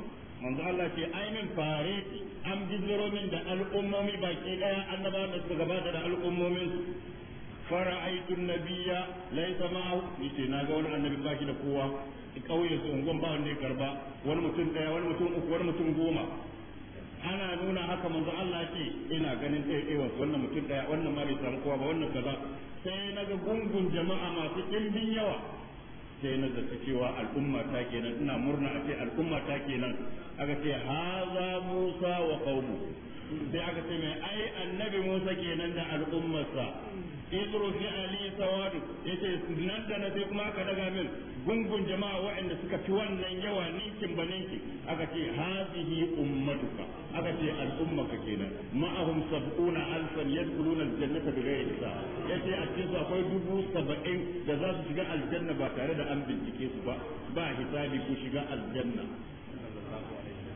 manzo Allah ce ainin fareti an bizuro min da al'ummomi baki daya annaba da su gaba da al'ummomin su na biya fara'aitu nabiyya laysa ma'ahu yace naga wani annabi baki da kowa ƙauye su ungon ba wanda ya karba wani mutum ɗaya wani mutum uku wani mutum goma ana nuna haka manzo Allah ce ina ganin ɗaiɗaiwa wannan mutum ɗaya wannan ma bai samu ba wannan kaza sai na gungun jama'a masu ɗimbin yawa sai na zata cewa al'umma ta kenan ina murna a ce al'umma ta kenan aka ce haza musa wa qaumu sai aka ce mai ai annabi musa kenan da al'ummarsa idru fi ali sawadu yace nan da na sai kuma aka daga min gungun jama'a waɗanda suka fi wannan yawa ninkin ba ninki aka ce hazihi ummatuka aka ce al'ummaka kenan ma'ahum sab'una alfan yadkhuluna al-jannata bighairi hisab ya ce a cikinsu akwai dubu saba'in da za su shiga aljanna ba tare da an bincike su ba ba hisabi ku shiga aljanna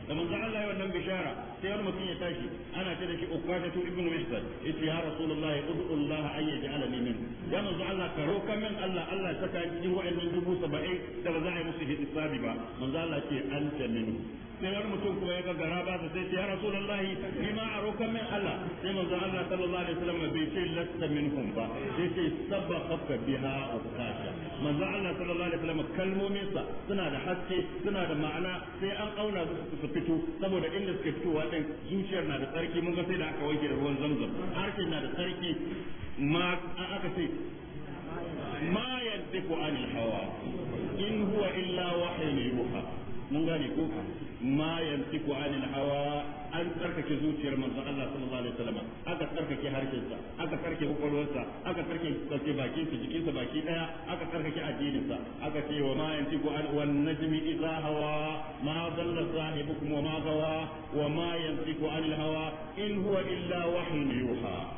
da manzon Allah ya wannan bishara sai wani mutum ya tashi ana ce da shi ukwata tu ibnu mihsan yace ya rasulullahi ud'u Allah an yaj'alani min ya manzon Allah ka roka min Allah Allah ya saka cikin wa'annan dubu saba'in da ba za a yi musu hisabi ba manzon Allah ce anta minhu sai wani mutum kuma ya gaggara ba sa sai ya rasulullahi ni ma a rokan min Allah sai manzo Allah sallallahu alaihi wasallam bai ce lasta minhum ba sai ce sabaqaka biha afkasha manzo Allah sallallahu alaihi wasallam kalmomin sa suna da haske suna da ma'ana sai an auna su su fito saboda inda suke fitowa din zuciyar na da tsarki mun ga sai da aka wanke da ruwan zamzam harshen na da tsarki ma aka ce ma yantiku anil hawa in huwa illa wahyu yuha mun gane ko ma yantiku anil hawa an tsarkake zuciyar manzo Allah sallallahu alaihi wasallam aka tsarkake harkinsa aka tsarkake kwakwalwarsa aka tsarkake bakinsa jikinsa baki daya aka tsarkake addininsa aka ce wa ma yantiku an wan najmi hawa ma dalla sahibukum wa ma gawa wa ma yantiku anil hawa in huwa illa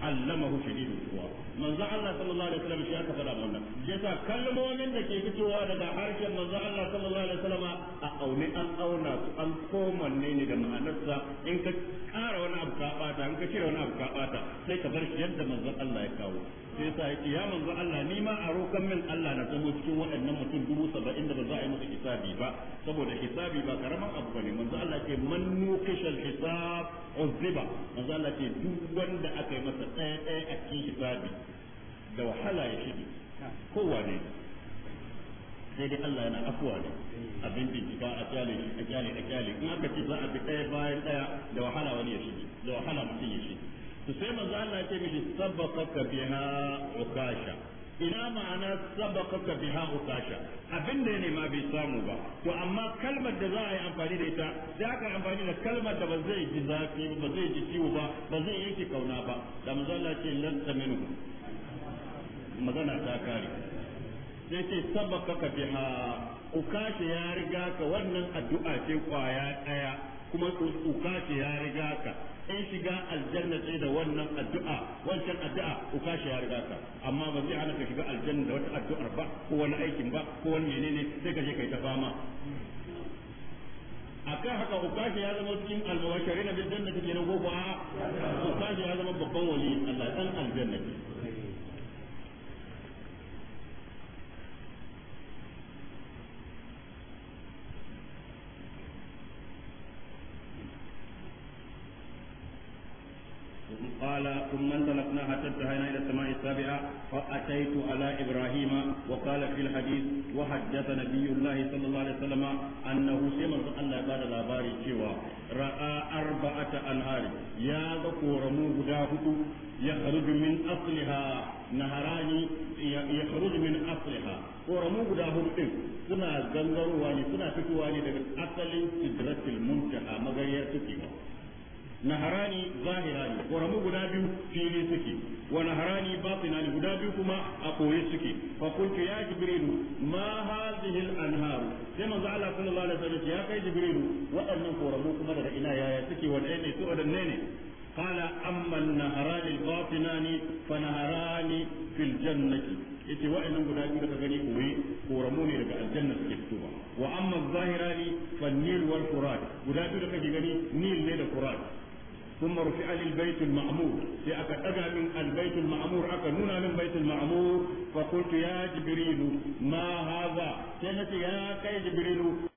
allamahu shadidul quwa manzo Allah sallallahu alaihi wasallam shi aka fada wannan yasa kalmomin da ke fitowa daga harshen manzo Allah sallallahu alaihi wasallam a aune an auna su an komanne ne da ma'anarsa in ka kara wani abu ka bata in ka cire wani abu ka bata sai ka bar shi yadda manzo Allah ya kawo sai yasa yake ya manzo Allah ni ma a rokan min Allah na zama cikin waɗannan mutum dubu saba'in da ba za a yi musu hisabi ba saboda hisabi ba karaman abu bane manzo Allah ke man nukishal hisab uziba manzo Allah ce duk wanda aka yi masa ɗaya ɗaya a cikin hisabi da wahala ya shige kowa ne sai dai Allah yana afuwa ne abin bincika a kyale a kyale a kyale in aka ce za a bi ɗaya bayan ɗaya da wahala wani ya shige da wahala mutum ya shige to sai manzo Allah ya ce mishi sabbaka biha ukasha ina ma'ana ka biha ukasha abin da ya nema bai samu ba to amma kalmar da za a yi amfani da ita sai aka amfani da kalmar da ba zai ji zafi ba zai ji ciwo ba ba zai yanke kauna ba da manzo Allah ce lan taminu magana ta kare sai ce ka biha ukasha ya riga ka wannan addu'a ce kwaya daya kuma uka ce ya riga ka in shiga aljanna sai da wannan addu'a wancan addu'a uka ce ya riga ka amma ba zai hana ka shiga aljanna da wata addu'ar ba ko wani aikin ba ko wani menene sai ka je kai ta fama akan haka ce ya zama cikin almubashirin bil jannati kenan ko ko a ce ya zama babban wali Allah dan aljanna قال ثم انطلقنا حتى انتهينا الى السماء السابعه فاتيت على ابراهيم وقال في الحديث وحدث نبي الله صلى الله عليه وسلم انه سيما الله بعد لاباري cewa راى اربعه انهار يا ذكر مو غدا يخرج من اصلها نهران يخرج من اصلها koramu guda hudu din suna gangarowa ne suna fitowa ne daga asalin sidratul muntaha magayar tukewa naharani zahirani ƙoramu guda biyu fili suke wa naharani batinani guda biyu kuma a koye suke fa kuntu ya jibrilu ma hadhihi sai manzo Allah sallallahu alaihi wasallam ya kai jibrilu waɗannan ƙoramu kuma daga ina yaya suke wadanne ne a wadanne ne قال أما النهران الباطنان فنهران في الجنة yace wa'annan guda biyu da gani koyi koramu ne daga aljanna suke fitowa wa amma zahirani fa nil guda biyu kake gani nil ne da furat ثم رفع للبيت المعمور في أكا من البيت المعمور أكا من بيت المعمور فقلت يا جبريل ما هذا كانت يا كي جبريل